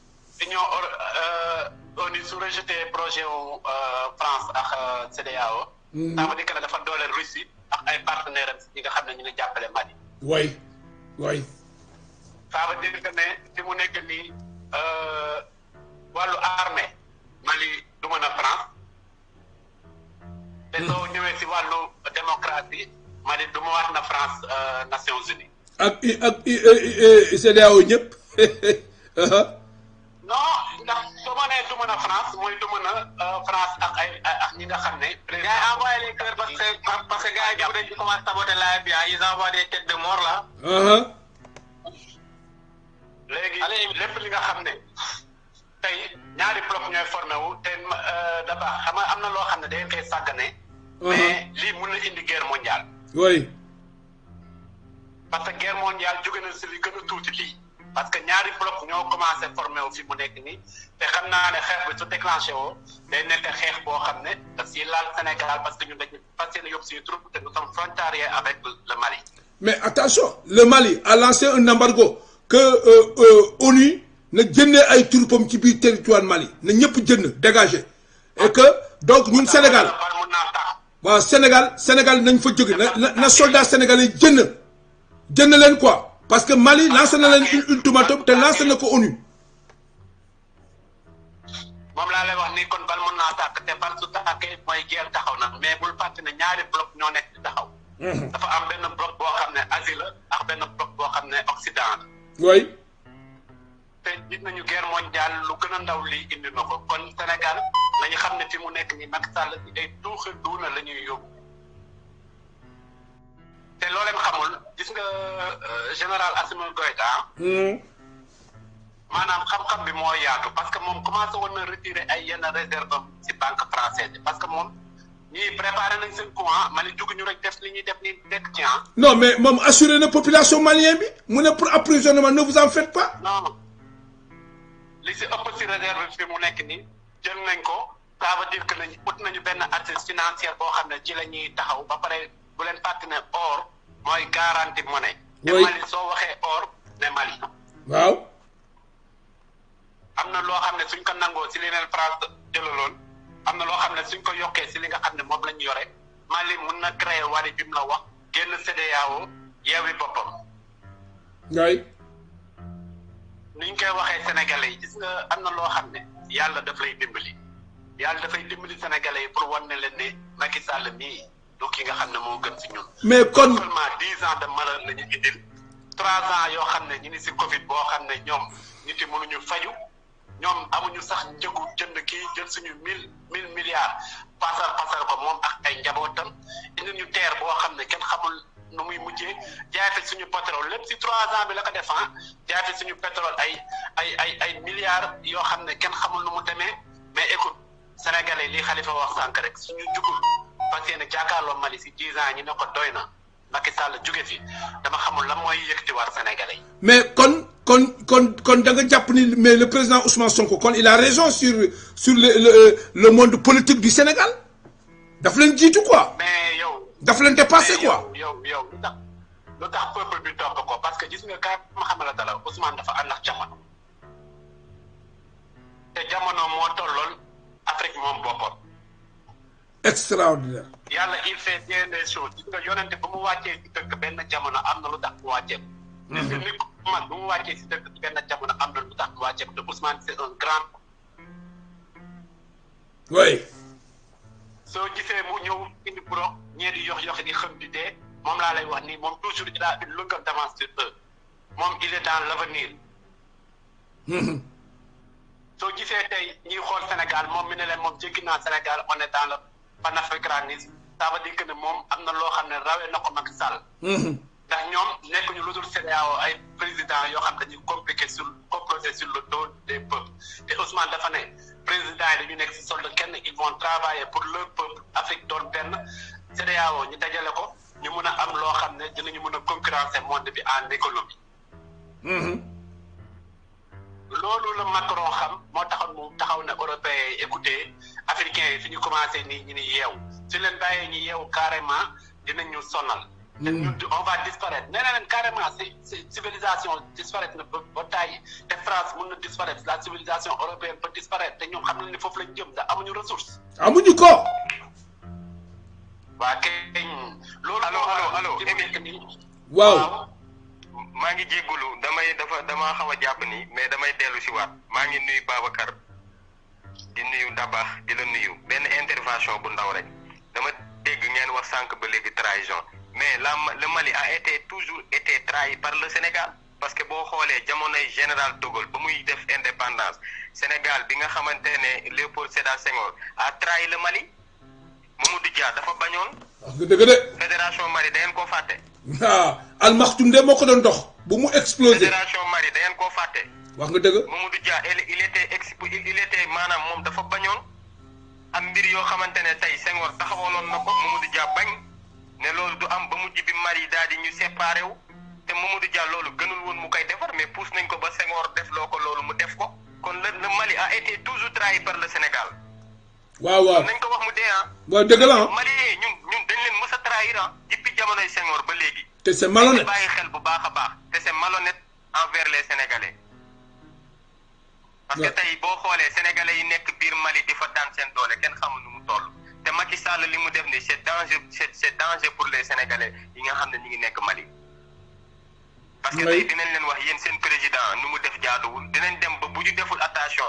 Euh, on avons sous rejeté projet en euh, France ak euh, CEDEAO. Mm. ça veut dire que dafa Russie ak ay yi nga Mali. Oui, ça veut dire que armée Mali du France. nous démocratie Mali du na France Nations Unies. ak ak non ndax soo ma nee du France mooy du mën euh, France ak ay ak ñi nga xam ne. gars les cœurs parce que parce que gars yi dugg ci commencé saboter live bi ah, ils envoient des têtes de mort là. Uh-huh. léegi lépp li nga xam ne ñaari bloc ñooy formé wu te euh, da xam na loo xam ne day koy uh-huh. mais indi guerre mondiale. oui. parce que guerre mondiale na li tuuti parce que ñaari bloc ñoo commencé formé wu fi mu nekk nii te xam naa ne xeex bi su déclenché woo day nekk xeex boo xam ne daf siy laal Sénégal parce que ñun dañu fas yéene yóbbu suñu troupe te nous sommes frontaliers avec le Mali. mais attention le Mali a lancé un embargo que euh, euh, ONU ne jëndee ay troupam ci biir territoire Mali ne ñëpp jënd dégagé et que donc ñun Sénégal waaw Sénégal Sénégal nañ fa jóge na na soldats sénégalais jënd jënd leen quoi. parce que Mali lancé na leen une ultimatum te lancé na ko ONU. moom laa lay wax ni kon bal mën naa tàkk te bal su tàkkee mooy guerre taxaw na mais bul fàtte ne ñaari bloc ñoo nekk taxaw. Mhm. dafa am benn bloc boo xam ne Asie la ak benn bloc boo xam ne Occident la. oui. te gis nañu guerre mondiale lu gën a ndaw lii indi na ko kon Sénégal nañu xam ne fi mu nekk nii Macky Sall ay tuuxi duuna la ñuy yóbbu. te loo leen xamul gis nga euh, général Assimi Goïta hmm. maanaam xam-xam bi moo yaatu parce que moom commencé woon na retirer ay yenn réserve ci banque française parce que moom ñii préparé nañ seen coup ma ne dugg ñu rek def li ñuy def ni nekk ci ah. non mais moom assuré na population malien bi mu ne pour approvisionnement ne vous en faites pas. non li si ëpp si réserve bi mu nekk ni jël nañ ko ça veut dire que nañ ut nañu benn artiste financière boo xam ne ci la ñuy taxaw ba pare. bu leen fàtte ne or mooy garantie monnaie. soo waxee or ne waaw. am na loo xam ne suñ ko nangoo si li leen France jëlaloon am na loo xam ne suñ ko yokkee si li nga xam ne moom lañ yore Mali mun na créer wari bi mu la wax génn CEDEAO yeewi boppam. ngay. niñ koy waxee sénégalais yi gis nga am na loo xam ne yàlla daf lay dimbali yàlla dafay dimbali sénégalais yi pour wan leen ne Macky Sall mii du ki nga xam ne moo gën si ñun. mais kon seulement dix ans de malheur la ñu indil trois ans yoo xam ne ñu ngi si Covid boo xam ne ñoom nit nu ñu faju ñoom amuñu sax njëgu jënd kii jël suñu mille mille milliards pasar pasar ko moom ak ay njabootam indi ñu teer boo xam ne kenn xamul nu muy mujjee jaay fi suñu pétrole lépp si trois ans bi la ko defee ah. jaay fi suñu pétrole ay ay ay ay milliards yoo xam ne kenn xamul nu mu demee mais écoute sénégalais lii xalifa wax sànq rek suñu jugul. fas yéene jàkkaarloo Mali si 10 ans ñu ne ko doy na Macky fi dama xamul lan mooy yëkkatiwaat Sénégalais yi. mais kon kon kon kon da nga japp ni mais le président Ousmane Sonko kon il a raison sur sur le le, le monde politique du Sénégal daf leen jiitu quoi. mais yow daf leen dépasser quoi. yow yow lu tax lu tax peuple bi topp ko parce que gis nga kaa ma xamal la dara Ousmane dafa andax ak jamono te jamono mo tollol Afrique mom boppam. extraordinaire. yàlla il fait bien des choses gis mu wàccee ci dëkk benn jamono am na lu tax mu wàccee mm-hmm. mu wàccee ci dëkk benn jamono am na lu tax mu wàccee ko te Ousmane c'est un grand. oui. soo gisee mu ñëw burok ñee yox yox di xam di moom laa lay wax nii moom toujours il a une longueur d'avance sur eux moom il est dans l'avenir. Mm-hmm. soo gisee tey ñuy xool Sénégal moom mu ne leen moom jéggi naa Sénégal on est panafricanisme ça veut dire que ne moom am na loo xam ne rawee na ko Macky Sall mhm. ndax ñoom nekkuñu lu dul CEDEAO ay président yoo xam dañuy compliqué sur comploter sur le dos des peuples te Ousmane dafa ne président yi dañu nekk si solde kenn ils vont travailler pour leur peuple Afrique doon benn CEDEAO ñu dajale ko ñu mën a am loo xam ne dinañu mën a concurrencer monde bi en économie mhm. loolu la Macron xam moo taxoon mu taxaw ne européens yi africains fi ñu commencé nii ñu ni yeewu suñ leen bàyyee ñu yeewu carrément dinañ ñu sonal mm. te ñun on va disparaître nee na leen carrément si civilisation disparaître na ba tàyyi te France mën na disparaître la civilisation européenne peut disparaître te ñoom xam nañ ni foofu lañ jëm ndax amuñu ressource amuñu ko waa kay loolu allo allo maa ngi jéggulu damay dafa damaa xaw a jàpp ni mais damay dellu si waat maa ngi nuyu Babacar di nuyu daba di la nuyu benn intervention bu ndaw rek dama dégg ngeen wax sànq ba léegi trahison mais la le Mali a été toujours été trahi par le Sénégal parce que boo xoolee jamonoy général de ba muy def indépendance Sénégal bi nga xamante ne Léopold Sédar Senghor a trahi le Mali Mamadou Dia dafa bañoon. wax nga dëgg de. fédération Mali da ngeen koo fàtte. waaw ah, almaxtum de moo ko doon dox. bu mu explosé fédération Mali da ngeen koo fàtte. wax nga dëgg Mamadou Dia il était ex il était manam mom dafa bañoon am mbir yo xamantene tay Senghor taxawaloon na ko Mamadou Dia bañ ne loolu du am ba mu jibi mari daal ñu séparé wu te Mamadou Dia loolu gënul woon mu koy defar mais pousse nañ ko ba Senghor def loo ko loolu mu def ko kon le le Mali a été toujours trahi par le Sénégal. waaw waaw nañ ko wax mu dé ah. waaw dëgg la ah. Mali ñun ñun dañ leen mësa trahir ah depuis jamono Senghor ba léegi. te c'est malhonnête bàyyi xel bu baax a baax te c'est malhonnête envers les Sénégalais. parce que tay boo xoolee sénégalais yi nekk biir Mali di fa daan seen doole kenn xam nu mu toll te Macky Sall li mu def ni c'est danger c'est c'est danger pour les sénégalais yi nga xam ne ñu ngi nekk Mali. parce que tey dinañ leen wax yéen seen président nu mu def jaaduwul dinañ dem ba bu ñu deful attention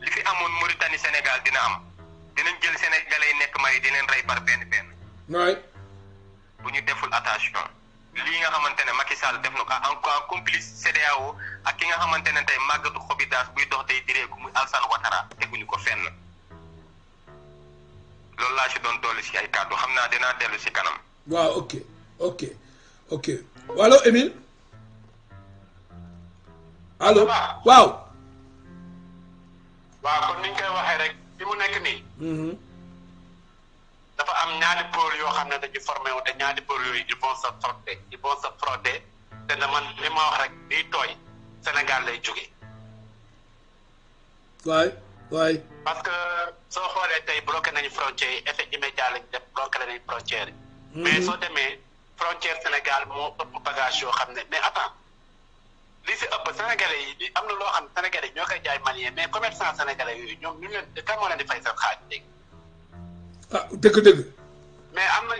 li fi amoon Mauritanie Sénégal dina am dinañ jël sénégalais yi nekk Mali dinañ leen rey par benn benn. bu ñu deful attention. lii nga xamante ne Macky Sall def na ko en en complice CEDEAO ak ki nga xamante ne tey màggatu xobidaas buy dox tey day direeku muy Alassane Ouattara teguñu ko fenn loolu laa ci doon dolli ci ay kàddu xam naa dinaa dellu si kanam. waaw ok ok ok allo Émile allo. waaw. waaw kon ni ñu koy waxee rek fi mu nekk nii. Mm-hmm. dafa am ñaari pôle yoo xam ne dañu formé wu te ñaari pôle yooyu ils vont se frotter ils vont se frotter te na man li ma rek liy tooy Sénégal lay jóge waay waay parce que soo xoolee tey bloqué nañu frontières yi effet immédiat lañ def bloqué nañu frontières yi mm-hmm. mais soo demee frontière Sénégal moo ëpp bagage yoo xam ne mais attends li si ëpp sénégalais yi li am na loo xam sénégalais yi ñoo koy jaay malien mais commerçant sénégalais yooyu ñoom ñu leen kan moo leen di fay seen xaaj ah dëgg-dëgg. mais am na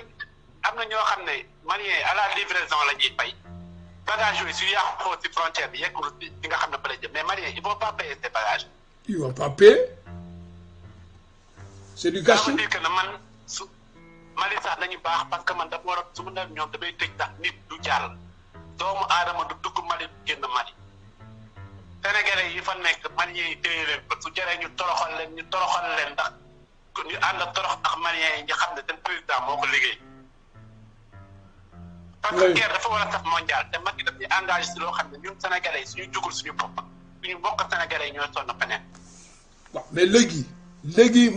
am na ñoo xam ne malien à la livraison la ñuy fay bagage yooyu su yàqoo si frontière bi yegg nga xam ne fa la jëm mais malien ils vont pas payer ces bagages. ils vont pas payer. c'est man su Mali sax dañu baax parce man dafa war su ma nee ñoom damay tëj sax nit du jàll doomu aadama du dugg Mali génn Mali. Sénégalais yi fa nekk malien yi téye leen ba su jëree ñu toroxal leen ñu toroxal leen ndax. kon ñu ànd torox ak malien yi nga xam ne seen président ko liggéey. parce que guerre tax mondial te mag yi loo xam ne ñun sénégalais yi suñu jugul suñu bopp suñu mbokk sénégalais yi ñooy sonn feneen.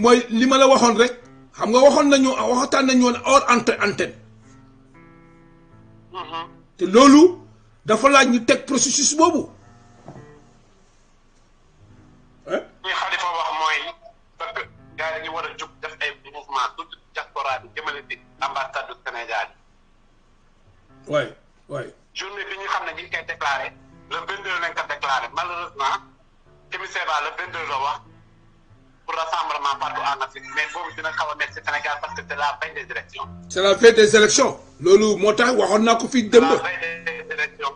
mooy li ma la waxoon rek xam nga waxoon nañu waxataan nañu woon hors ante antenne. Mhm. loolu dafa laaj ñu teg processus boobu. gars yi dañu war a jóg def ay mouvement tout diaspora bi jëmale ci ambassade du Sénégal yi. waay journée bi ñu xam ne ñu ngi koy déclaré le 22 lañ ko déclaré malheureusement commissaire ba le 22 la wax pour rassemblement partout en Afrique mais boobu dina xaw a nekk ci Sénégal parce que c' est la veille des élections. c' est la veille des élections. loolu moo tax waxoon naa ko fii démb. la veille des élections.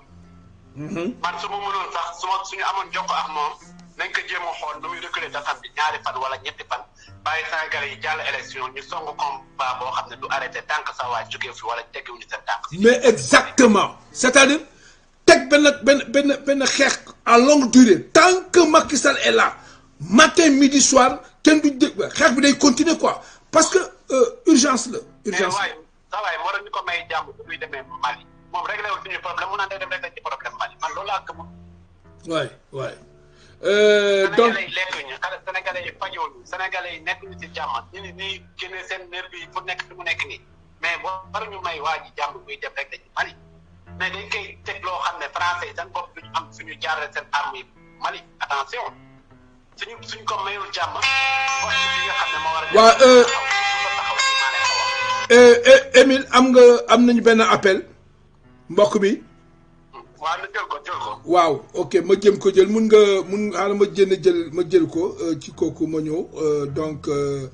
Mhm. man su ma mënoon sax su ma suñu amoon jokko ak moom nañ ko jéem a xool nu muy reculer datam bi ñaari fan wala ñetti fan bàyyi Sénégalais yi jàll élection ñu song combat boo xam ne du arrêté tànk sa waa jógee fi wala teggiwuñu seen tànk. mais exactement c'est-à-dire teg benn benn benn benn xeex à longue durée tant que Macky Sall est là matin midi soir kenn du dégg xeex bi day continuer quoi parce que euh, urgence la. urgence la saa waay moo doon ñu ko may jàmm bu muy demee Mali moom réglé wul suñu problème mu naan day dem rek ci problème Mali man loolu laa gëm. waay waay. Euh, donc sénégalais yi lekkuñu sénégalais yi fajooñu sénégalais yi nekkuñu ci jàmm ñu ni seen nerf yi fu nekk fi mu nekk nii mais boo waruñu may waa ji jàmm buy def rek dañu mais dañ teg loo xam ne français yi seen bopp duñu am suñu jaarale seen armes Mali attention suñu suñ ko mayul jàmm euh, ci nga a euh, Émile am nga am nañu benn appel mbokk bi waaw jël ko jël ko. waaw ok ma jëm ko jël mun nga mun xaaral ma jën jël ma jël ko euh, ci kooku ma ñëw euh, donc euh,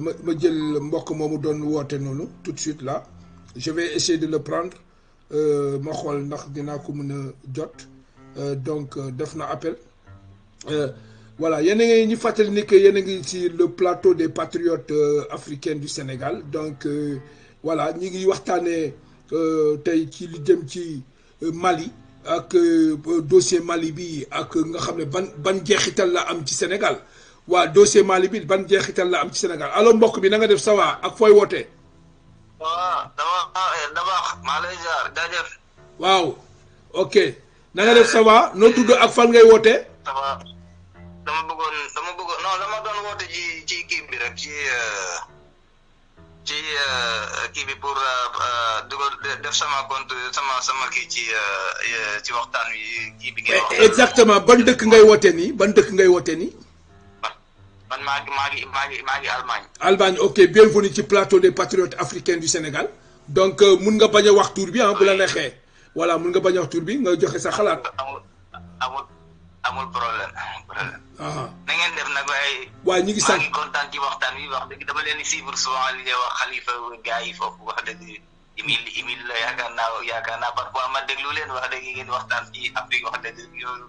ma ma jël mbokk moomu doon woote noonu tout de suite là je vais essayer de le prendre ma xool ndax dinaa ko mën a jot donc def na appel voilà yéen a ngi ñu fàttali ni que yéen a ngi ci le plateau des patriotes africains du Sénégal donc voilà ñi ngi waxtaanee tey ci li jëm ci. Euh, Mali ak euh, dossier Mali bi ak nga xam ban ban jeexital la am ci Sénégal wa dossier Mali bi ban jeexital la am ci Sénégal allo mbokk bi na nga def ça va ak foy wootee. wa dama dama maa lay jaar waaw ok na nga def ça va noo tudd ak fan ngay wootee. dama bëggoon dama bëggoon non dama doon wote ci ci kim bi rek ci. Euh, ci euh, kii bi euh, euh, def sama compte sama sama kii ci ci waxtaan wi kii bi. ngeen wax exactement ban dëkk ngay woote nii ban dëkk ngay woote nii. man maa ngi maa ngi maa ngi maa ngi Allemagne. Allemagne ok bienvenue ci plateau des patriotes africains du Sénégal donc mun nga bañ a wax tur bi ah bu la neexee voilà mun nga bañ a wax tur bi nga joxe sa xalaat. amul amul problem, problem. ngeen def nag waaye waaye ñu ngi sant ngi kontaan ci waxtaan bi wax dëgg dama leen souvent li wax wax imil imil la yaakaar naa yaakaar naa parfois ma déglu leen wax dëgg ngeen waxtaan ci afrique wax dëgg yooyu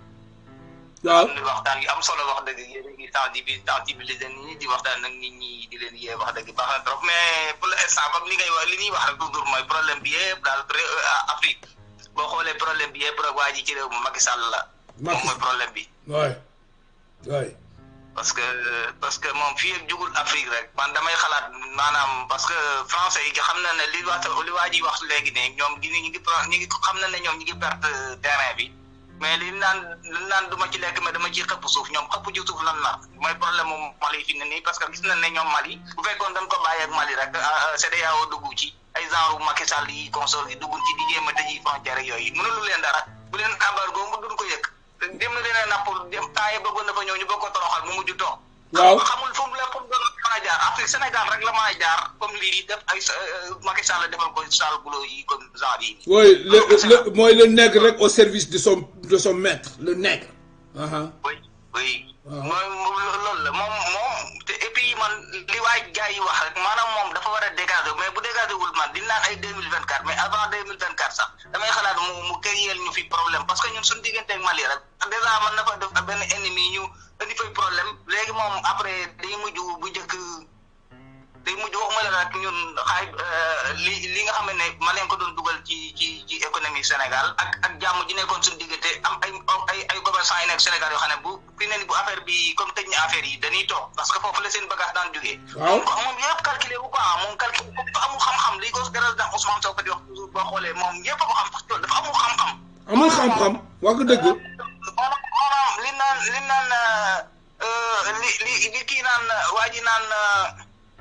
waaw waxtaan am solo wax dëgg yéen a di sensibiliser sensibiliser nit di waxtaan nag nit ñi di leen yee wax dëgg baax na trop mais pour l'instant comme li ngay wax li ñuy wax rek toujours mooy problème bi yëpp daal euh, Afrique boo problème bi rek ci Macky Sall la mo mooy problème bi. waay waay. parce que parce que moom fii ak jugul Afrique rek man damay xalaat maanaam parce que français yi xam na ne li waa li waa ji wax léegi ne ñoom ñu ngi ñu ngi xam na ne ñoom ñu ngi perte terrain bi mais li naan li naan du ma ci lekk mais dama ciy xëpp suuf ñoom xëpp ci suuf lan la mooy problème mu Mali fi ne parce que gis nañ ne ñoom Mali bu fekkoon dañ ko bàyyi ak Mali rek ah, ah, CEDEAO dugg ci ay genre Macky Sall yi consort yi dugg ci di jéem a tëj frontière yooyu mënul leen dara bu leen embargo mu duñ ko yëg. dimbali na napp dem taaye bëggoon na fa ñëw ñu bëgg ko toroxal mu mujj toog. waaw xamul fu mu la fu mu doon mën a jaar Afrique Sénégal rek la mën jaar comme lii def ay euh, Macky Sall defal ko sal bulo yi comme genre yi. oui le le mooy le nègre rek au service de son de son maître le nègre. oui oui. mooy loolu la moom moom te et man li waay gars wax rek maanaam moom dafa war a dégager mais bu dégager wul man di naan ay deux mille vingt quatre mais avant deux mille vingt quatre sax damay xalaat mu mu créer ñu fi problème parce que ñun suñu diggante ak Mali rek dèjà mën na fa def benn ennemi ñu indi fay problème léegi moom après day mujj bu day mujj waxuma la rek ñun xaay euh, li li nga xam ne ma leen ko doon dugal ci ci ci économie Sénégal ak ak jàmm ji nekkoon suñu diggante am ay ay ay commerçant yi nekk Sénégal yoo xam ne bu fi ne bu affaire bi comme tëj na affaire yi dañuy toog parce que foofu la seen bagage daan jógee. waaw donc moom yëpp calculé wu quoi moom calculé dafa amul xam-xam li ko gëral daan Ousmane Sow ko di wax toujours boo xoolee moom yëpp ko xam sax dafa amul xam-xam. amul xam-xam wax dëgg. maanaam maanaam li naan li naan euh, euh, li li kii naan waa ji naan.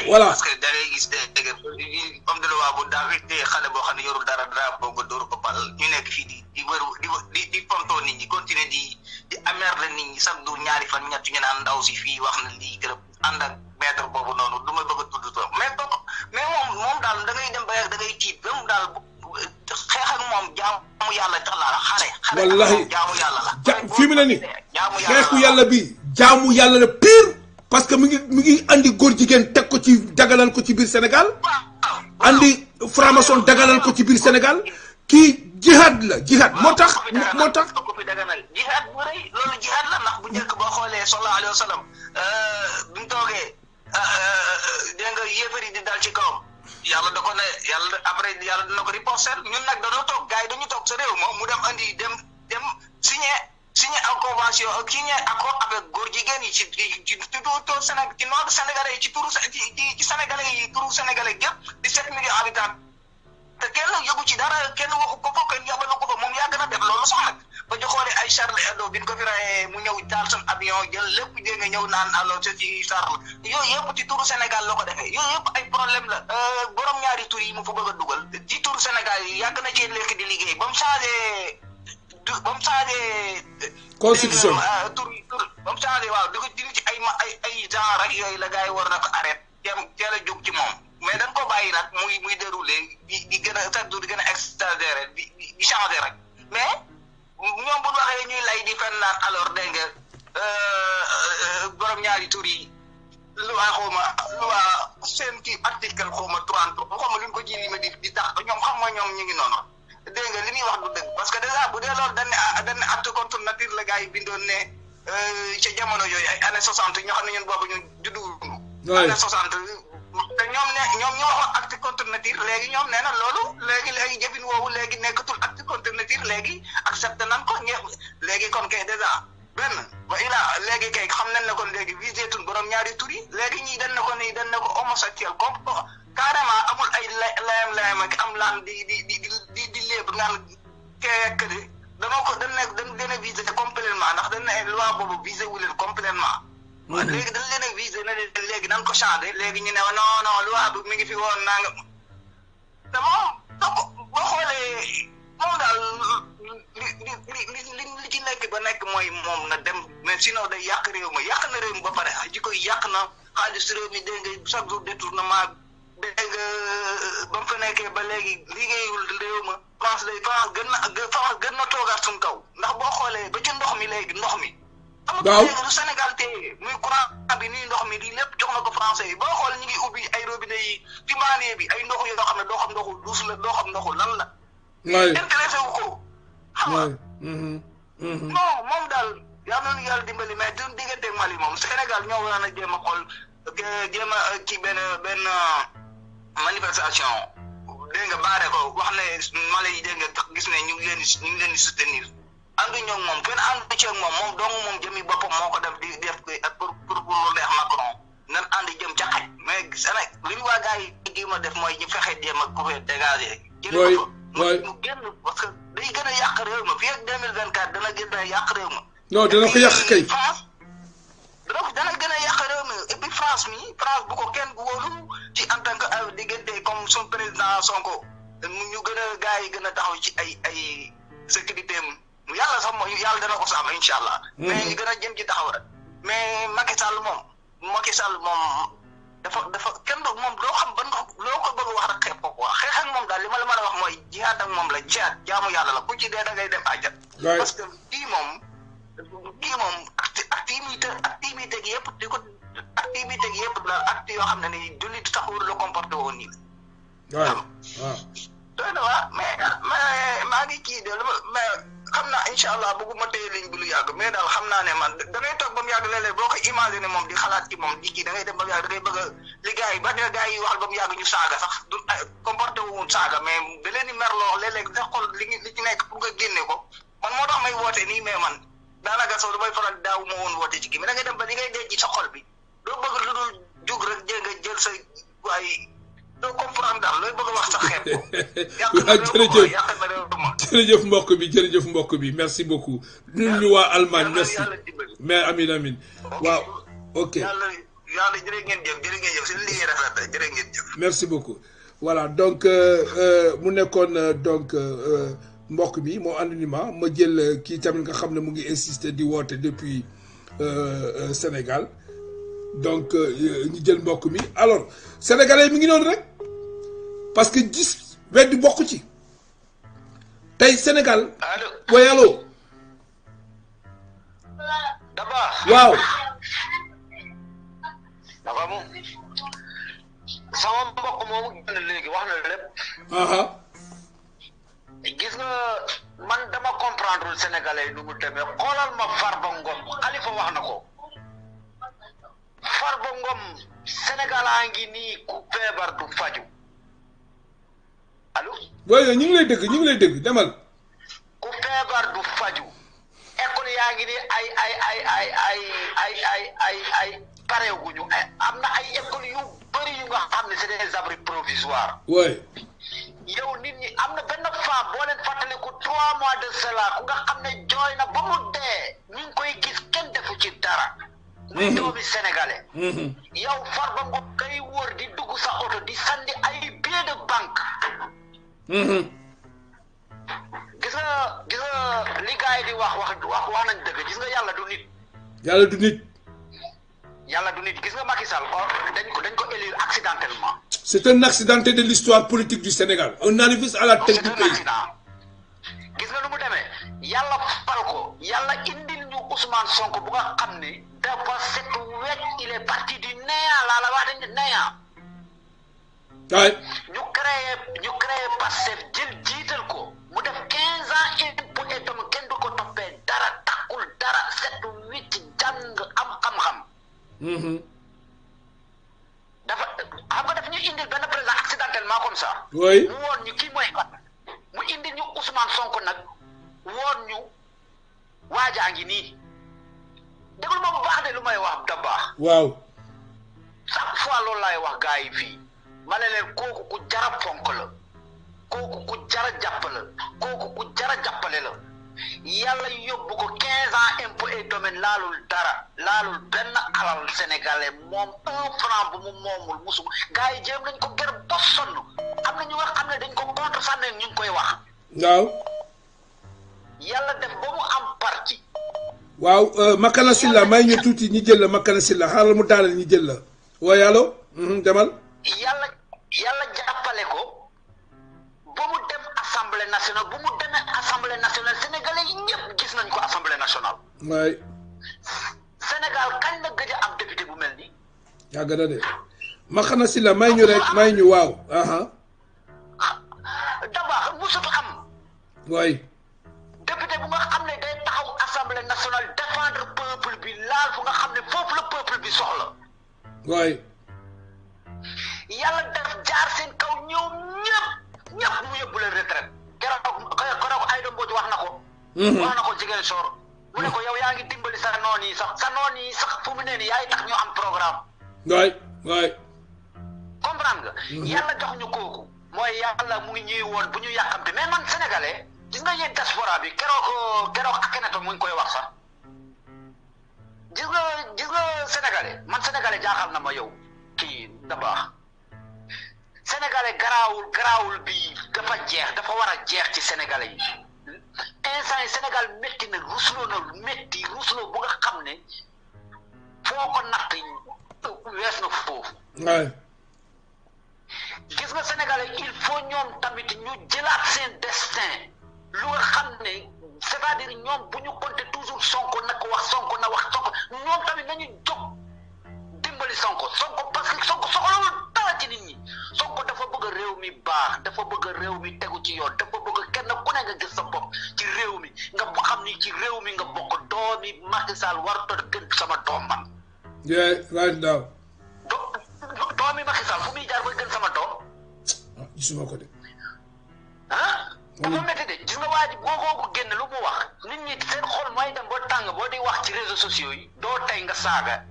xale yi. voilà da ngay xale boo xam ne yorul dara drapeau nga dóor bal ñu nekk fii di di wër di di fontoo nit ñi continuer di di amer la nit ñi sax du ñaari fan ñett ñu naan ndaw si fii wax na lii gërëm ànd boobu noonu du ma bëgg a tudd trop mais donc mais moom moom daal da ngay dem ba da ngay tiit ba mu daal xeex ak moom jaamu yàlla tax la xale. xale jaamu yàlla la wallahi ja fi mu ne nii. jaamu xeexu yàlla bi jaamu yàlla la pire. parce que mi ngi mi ngi andi góor jigéen teg ko ci dagalal ko ci biir Sénégal andi franc dagalal ko ci biir Sénégal kii jihad la jihad moo tax moo tax ko fi daganal jihad bu rëy loolu jihad bu njëkk boo xoolee sallallahu alayhi wa sallam euh, bi mu toogee euh, dégg nga yéefar yi di dal ci kawam yàlla da ko ne yàlla après yàlla dina ko riposter ñun nag dañoo toog gars yi dañu toog sa réew moom mu dem andi dem dem signé ak convention euh, ak signé accord avec góor jigéen yi ci ci ci turu Sénégal ci noor Sénégalais yi ci turu ci ci Sénégalais yi turu Sénégalais yëpp di sept millions habitants te kenn yëgu ci dara kenn waxu ko fa kenn yabalu ko fa moom yaa gën a def loolu sax nag ba ñu xoolee ay Charlie Hebdo bi ñu ko fi rayee mu ñëw taal son avion jël lépp dégg nga ñëw naan alors ci ci Charles yooyu yëpp ci turu Sénégal la ko defee yooyu yëpp ay problème la euh, borom ñaari tur yi mu fa bëgg a dugal ci turu Sénégal yi yàgg na cee lekk di liggéey ba mu changé. du ba mu changé. Eh, constitution ah, tur tur ba mu changé waaw di ko ci ay ma ay ay genre yooyu la gars yi na ko arrêté. teel teel a jóg ci moom mais dañ ko bàyyi nag muy muy déroulé di di gën a chaque jour di gën a exagéré di di changé rek mais ñoom bu ñu waxee ñuy lay di fenn naan alors dégg nga euh, euh, borom ñaari tur yi. lu waa xaw ma lu waa seen kii article xaw ma 33 xaw ma ko ji li ma di di tax ñoom xam nga ñoom ñu ngi noonu. dégg nga li muy wax du dëgg parce que dèjà bu dee loolu dañ ne dañ ne acte contre nature la gars yi bindoon ne ci e, jamono yooyu ay année soixante ñoo xam ne ñun boobu ñun juddu année soixante te ñoom ne ñoom ñoo waxoon acte contre nature léegi ñoom nee na loolu léegi léegi jëfin woowu léegi nekkatul acte contre nature léegi accepté nan ko léegi kon kay benn wa ilaa léegi kay xam nañ na kon léegi visé tun borom ñaari tur yi léegi ñii dañ na ko nii dañ na ko homosexuel comme carrément amul ay layam layam ak am laan di di di di di léeb naan kee ak de danoo ko dañ ne dañ leen a visé complètement ndax dañ ne loi boobu visé wu leen complètement waaw léegi dañ leen a visé ne leen léegi nan ko changé léegi ñu ne non non loi mi ngi fi woon naa nga dama boo xoolee moom daal li li li li li ci nekk ba nekk mooy moom na dem mais sinon day yàq réew ma yàq na réew mi ba pare ah, ji koy yàq na xaalis réew mi dégg nga chaque jour de dégg nga ba mu fa nekkee ba léegi liggéeyul réew ma France day France gën na France gën na toogaat suñ kaw ndax boo xoolee ba ci ndox mi léegi ndox mi waaw xam nga Sénégal téye muy courant bi nii ndox mi lii lépp jox na ko français yi boo xool ñu ngi ubbi ay robinet yi ci maanee bi ay ndox yoo xam ne doo xam ndoxu duus la doo xam ndoxu lan la mooy intéressé wu ko. xam nga. Mm-hmm. Mm-hmm. non moom daal yal na nu yàlla dimbali mais du diggante Mali moom senegal ñoo waroon a jéem a xool jéem a ci euh, benn benn euh, manifestation baare ko wax ne yi dégg nga gis ne ñu ngi ñu ngi leen di soutenir. ànd ñoo ngi moom kenn ànd ceeg moom moom dong moom jëmi boppam moo ko def di def pour pour pour lu neex Macron nan ànd jëm ca xaj mais li ñu waa gars yi ma def mooy ñu fexe jéem a couper dégager. jëlee ko waaye ñu génn parce que day gën a yàq réew ma fii ak 2024 dana gën a yàq réew ma. non dana ko yàq kay. a yàq réew mi et puis France mi France bu ko kenn wóolu ci en tant que diggante comme son président Sonko ñu gën a gars yi gën a taxaw ci ay ay sécurité am yàlla sax mooy yàlla dana ko saam incha allah. Mm-hmm. mais ñu gën a jëm ci taxaw rek. mais Macky Sall moom Macky dafa dafa kenn du moom loo xam ba loo ko bëgg wax rek xeeb ko quoi xeex ak moom daal li ma la mën a wax mooy jihaad ak moom la jihaad jaamu yàlla la ku ci dee da ngay dem àjjat. parce que kii moom kii moom acti activité activité gi yëpp di ko activité gi yëpp daal acte yoo xam ne nii jullit taxul la comporté woon nii. waaw waaw. doy na waa mais mais maa ngi kii de lu ma mais. xam naa incha allah bëgguma téye ligne bi lu yàgg daal xam naa ne man da ngay toog ba mu yàgg léeg-léeg boo ko imaginer moom di xalaat ci moom di kii a li gars yi ba ñu saaga sax du comporté wuun saaga mais da leen di merloo léeg-léeg da xool nekk pour nga génne ko man moo tax may woote nii mais man daanaka soo damay faral daaw ma woon woote ci kii mais da ngay dem ba li ngay denc sa xol bi doo bëgg lu dul jug rek nga jël sa ay merci beaucoup. merci. mais merci beaucoup voilà donc euh, euh, mu nekkoon euh, donc mbokk bi anonymat ma jël kii nga depuis Sénégal donc ñu jël alors sénégalais mi ngi parce que 10 wedd bokku ci tay sénégal way allo waaw dafa mo sama bokku moomu gën léegi waxna lepp aha gis nga man dama comprendre sénégalais yi nu mu témé xolal ma farba ngom khalifa wax ko farba ngom sénégalais a ngi ni ku feebar du faju allo. waaye ñu ngi lay dégg ñu ngi lay dégg demal. ku feebar du faju école yaa ngi ni ay ay ay ay ay ay ay ay ay pareeguñu ay am na ay école yu bëri yu nga xam ne c'est des abris provisoires. waay. yow nit ñi am na benn femme boo leen fàttaliku trois mois de cela ku nga xam ne jooy na ba mu ngi koy kiis kenn defu ci dara. muy doomi sénégalais. yow far ba nga koy wër di dugg sa oto di sandi ay billets de banque. Mm-hmm. gis nga gis nga li gars yi di wax wax wax wax nañ dëgg gis nga yàlla du nit. yàlla du nit. yàlla du nit gis nga Macky Sall dañ ko dañ ko élire accidentellement. c'est un accidenté de l'histoire politique du Sénégal un arriviste à la tête du pays. gis nga nu mu demee yàlla fal ko yàlla indil ñu Ousmane Sonko bu nga xam ne dafa set wecc il est parti du néant laa la wax dañ néant. waay ñu créé ñu créé Pastef jël jiital ko mu def quinze ans impôt et domaine kenn du ko toppee dara takkul dara sept huit jàng am xam-xam. Mm-hmm. dafa xam nga daf ñu indil benn président accidentellement comme ça. oui mu woon ñu kii mooy mu indil ñu Ousmane Sonko nag woon ñu waajaa ngi nii déglu ma bu baax de lu may wax da waaw. chaque fois loolu wax gars yi ma ne leen kooku ku jara fonk la kooku ku jara jàpp la kooku jàppale la yàlla yóbbu ko quinze ans impôt et domaine laalul dara laalul benn alal sénégalais moom un franc bu mu moomul musu gars yi jéem nañ ko ger ba sonn am na ñu wax xam ne dañ ko contre sànne ñu ngi koy wax waaw yàlla def ba mu am parti waaw euh, Makana Silla may ñu tuuti ñu jël la Makana Silla xaaral mu daaneel ñu jël la waaye allo mhm, yàlla yàlla jàppale ko ba mu dem assemblée nationale bu mu demee assemblée nationale sénégalais yi gis nañ ko assemblée nationale. waay. Sénégal kañ la gëj a am député bu mel nii. yàgg na de ma xana si la may ñu rek may ñu waaw. damaa musut am. waay. député bu nga xam ne day taxaw assemblée nationale défendre peuple bi laal fu nga xam ne foofu la peuple bi soxla. waay. yàlla daf jaar seen kaw ñoom ñëpp ñëpp mu yóbbu leen retraite keroog keroog Ayda Mbodj wax na ko. Mhm. wax na ko jigéen soor. mu ne ko yow yaa ngi dimbali sa noon yi sax sa noon yi sax fu mu ne nii yaay tax ñu am programme. waay waay. comprendre nga. Mhm. yàlla jox ñu kooku. mooy yàlla mu ngi ñuy woon bu ñu yàqamte mais man sénégalais gis nga yéen diaspora bi keroog keroog Akhenaton mu ngi koy wax sax. gis nga gis nga sénégalais man sénégalais jaaxal na ma yow kii da sénégalais graoul graoul bi dafa jeex dafa war a jeex ci sénégalais yi instant yi Sénégal métti na rusloo na métti rusloo bu nga xam ne foo ko natt wees na foofu. gis nga sénégalais il faut ñoom tamit ñu jëlaat seen destin lu nga xam c'est-à-dire ñoom bu ñu toujours Sonko na wax Sonko na wax Sonko ñoom tamit nañu jóg dimbali Sonko Sonko parce que Sonko dara ci nit ñi Sonko dafa bëgg réew mi baax dafa bëgg réew mi tegu ci yoon dafa bëgg kenn ku ne nga gis sa bopp ci réew mi nga xam ni ci réew mi nga bokk doomi Macky Sall warut a gën sama doom man. jërëjëf laaj daaw. do doomi sama doom. Ah, ko de. ah. dafa métti de gis nga waa boo kooku génn lu mu wax nit ñi seen xol mooy dem boo tàng boo di wax ci réseaux sociaux yi doo tey nga saaga.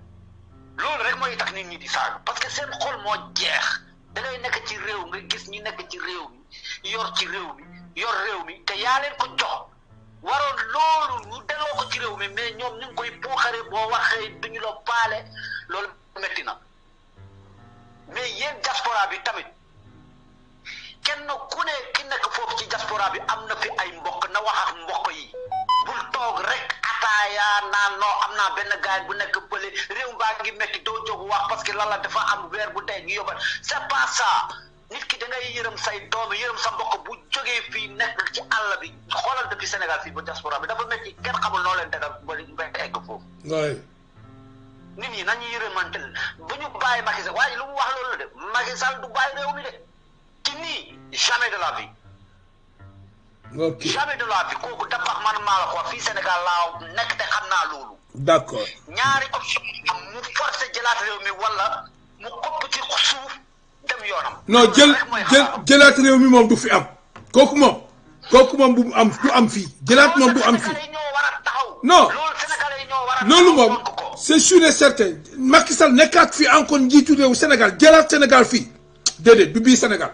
loolu rek mooy tax nit ñi di saaga parce que seen xol moo jeex da ngay nekk ci réew nga gis ñi nekk ci réew mi yor ci réew mi yor réew mi te yaa leen ko jox waroon loolu ñu delloo ko ci réew mi mais ñoom ñu ngi koy puuxare boo wax waxee duñu la paale loolu metti na mais yéen diaspora bi tamit kenn ku ne ki nekk foofu ci diaspora bi am na fi ay mbokk na wax mbokk yi bul toog rek ataaya naan noo am naa benn gaay bu nekk pële réew baa ngi métti doo jóg wax parce que lan la dafa am weer bu dee ñu yóbbal c'est pas ça nit ki da ngay yërëm say doom yërëm sa mbokk bu jógee fii nekk ci àll bi xoolal depuis Sénégal fii ba diaspora bi dafa métti kenn xamul noo leen dagal ba egg foofu nit ñi nañu yërëmante ba ñu bàyyi Macky Sall waaye lu wax loolu de Macky du bàyyi réew mi de Tini, jamais de la vie. ok jamais de la vie kooku tabax man maa la ko fii Sénégal laa nekk te xam naa D'accord. d' accord ñaari option am mu forcé jëlaat réew wala mu kopp ci suuf dem yoonam. non jël jël jëlaat réew mi du fi am. kooku moom kooku moom du am du am fii jëlaat moom du am fii. non loolu moom c' est sûr et certain Macky Sall nekkaat fii encore njiitu réew Sénégal gelat Sénégal fii déedéet du bii Sénégal.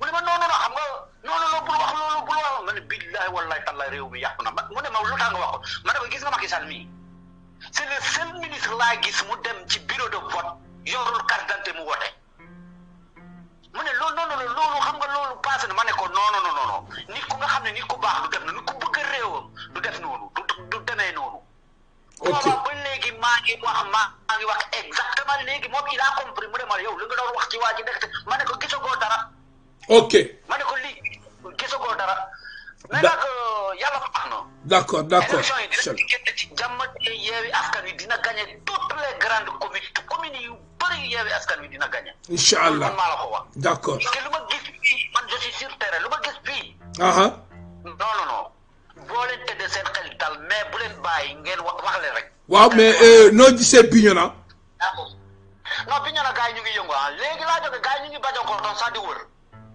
mu ne ma non non xam nga non non bul wax loolu bul wax ma ne billahi wallahi tallahi réew mi yàqu na ma mu ne ma lu tax nga wax ko ma ne ko gis nga Macky Sall mii c'est le seul ministre laa gis mu dem ci bureau de vote yorul carte d'identité mu wote mu ne loolu noonu la loolu xam nga loolu passé na ma ne ko non non non non nit ku nga xam ne nit ku baax du def na nit ku bëgg réewam du def noonu du du demee noonu. ok ba léegi maa ngi wax maa ngi wax exactement léegi moom il a compris mu ne ma yow li nga doon wax ci waa ji nekk ma ne ko gisagoo dara. ok ma ne ko li lii gisagoo dara. mais nag euh, yàlla baax na. d' accord d' accord élection yi dina ci génn ci jàmm wi dina gagné toutes les grandes communes communes yu bëri yu wi dina gagné. incha allah la ko wax. d' accord lu ma gis fii man je suis sur terrain lu ma gis fii. non non non. seen xel dal mais bu leen bàyyi ngeen wax wax leen rek. waaw mais euh, no gisee Bignona. Ah, non Bignona gars yi ñu ngi yëngu ah léegi laa jógee gars ñu ngi bajoo ko doon di wër.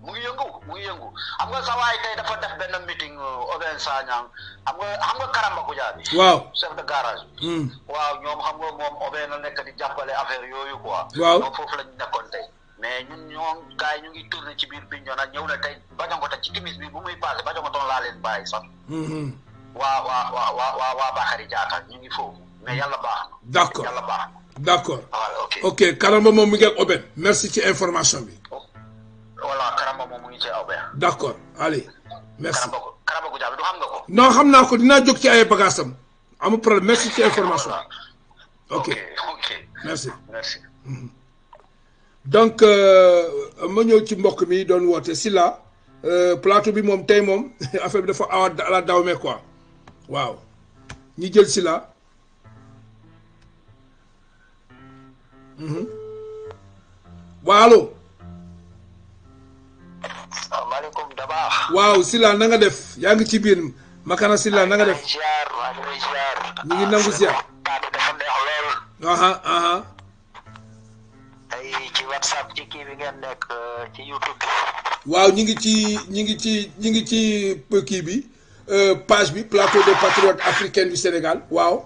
mu ngi yëngu mu ngi yëngu xam nga sa waay tey dafa def benn meeting uh, Oben Sagnang xam nga xam nga Karamba Goudia bi waaw chef de garage bi hmm. waaw ñoom xam nga moom Oben na nekk di jàppale affaire yooyu ko waaw ñoom foofu lañ nekkoon tey mais ñun ñoo gars yi ñu ngi tourné ci biir Bignona ñëw na tey bajongoto ci timis bi bu muy passé bajongotoon laa leen bàyyi sax hmm, hmm. waa waa waa waa waa waa Bakary Diatta ñu ngi foofu mais yàlla baax na d'accord yàlla baax na d'accord ok Karamba moom mi bi D'accord, allez. merci Karamba du xam nga ko. non xam na ko dina jog ci ay merci ci information. ok ok merci. Mhm. donc euh, ma ñëw ci mbokk mi doon woote si la euh, plateau bi moom tey moom affaire bi dafa awa la dawme quoi waaw ñi jël si la. Mhm. waaw maaleykum da baax. waaw Sylla na def yaa ngi ci biir Makana Sylla na nga def. ñu ngi nangu ziar. dafa neex lool. ay ci whatsapp ci kii bi ngeen nekk euh, ci YouTube bi. waaw ñu ngi ci ñu ngi ci ñu ngi ci euh, kii bi euh, page bi plateau des patriotes africains du Sénégal waaw.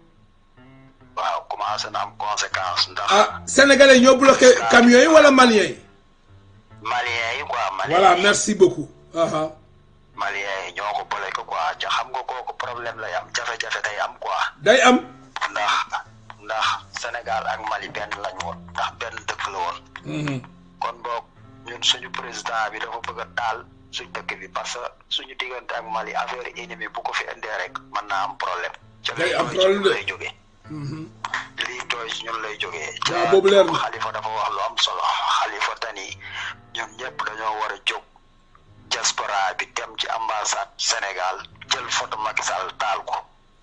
waaw commencé na am conséquence ndax. ah sénégalais ñoo bloqué camions wala maliens yi. maliens yi quoi. maliens yi voilà merci beaucoup. maliens yi ñoo ko bloqué ca xam nga kooku problème lay am jafe-jafe day am koi day am. ndax ndax Sénégal ak Mali benn lañ woon ndax benn dëkk la woon. Mhm. kon boog ñun suñu président bi dafa bëgg a taal. suñ dëkk bi parce que suñu diggante ak Mali affaire ennemi bu ko fi indee rek mën naa am problème. day am problème ca lay jógee. lii tooy si ñun lay jógee. waaw boobu leer na xalifa dafa wax lu am solo xalifa tani ñun ñëpp dañoo war a jóg diaspora bi dem ci ambassade Sénégal jël photo Macky Sall taal ko.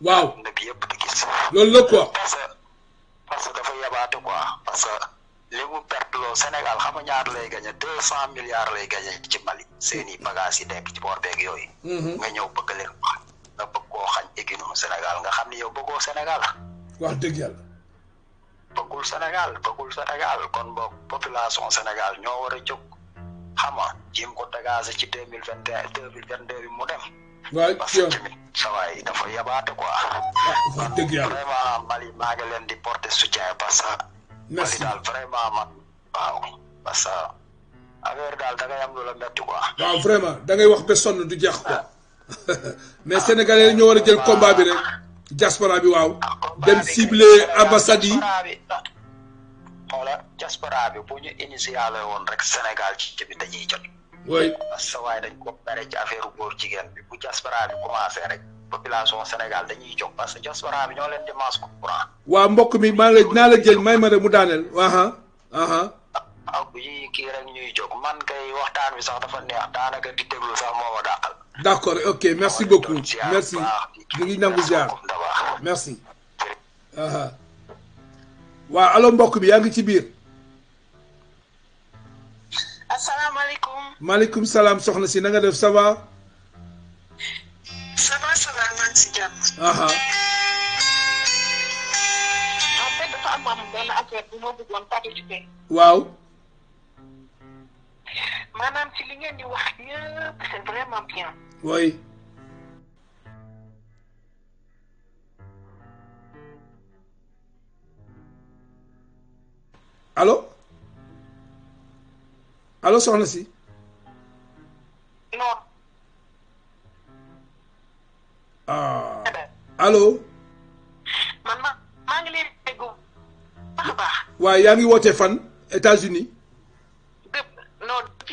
waaw na yëpp di gis. loolu la quoi parce que parce que dafa yabaate quoi parce que. li mu perte loo Sénégal xam nga ñaar lay gagné deux cent milliards lay gagné ci Mali seen i bagages ci boor beeg yooyu. Mm-hmm. nga ñëw bëgg leen nga bëgg koo xañ équipe Sénégal nga xam ni yow bëggoo Sénégal. wax dëgg yàlla. bëggul Sénégal bëggul Sénégal kon boog population Sénégal ñoo war a jóg xam nga jéem ko dagaase ci deux mille vingt et un deux mille vingt deux bi mu dem. waaw parce que tamit sa waay dafa yabaate ah, wax dëgg yàlla vraiment leen di porter soutien parce que. daal vraiment man waaw parce que affaire daal da ngay am lu la métti waaw vraiment da ngay wax ba sonn du jeex quoi ah. mais sénégalais ñoo war a jël ah. combat diaspora bi waaw. dem cibler ambassade yi. bu ñu initial woon rek Sénégal ci bi dañuy jot. oui parce que waaye dañ ko bare ci affaire góor jigéen bi bu diaspora commencé rek population Sénégal dañuy jóg parce que diaspora bi ñoo leen di mbokk mi naa la jël may ma mu daaneel. ak yii ñuy jóg man kay waxtaan bi sax dafa neex daanaka di déglu sax moo ma dàqal. d'accord ok merci beaucoup merci ñu nangu ziar merci. waaw allo mbokk bi yaa ngi ci biir. asalaamaaleykum. maaleykum salaam soxna si nanga nga def ça va. waaw. Maman, ci li ngeen wax yëpp c'est vraiment bien. oui. Allô? Allô, soxna si. non. ah eh ben. Allô? man ma maa ngi leen di déglu a yaa ngi woote fan États-Unis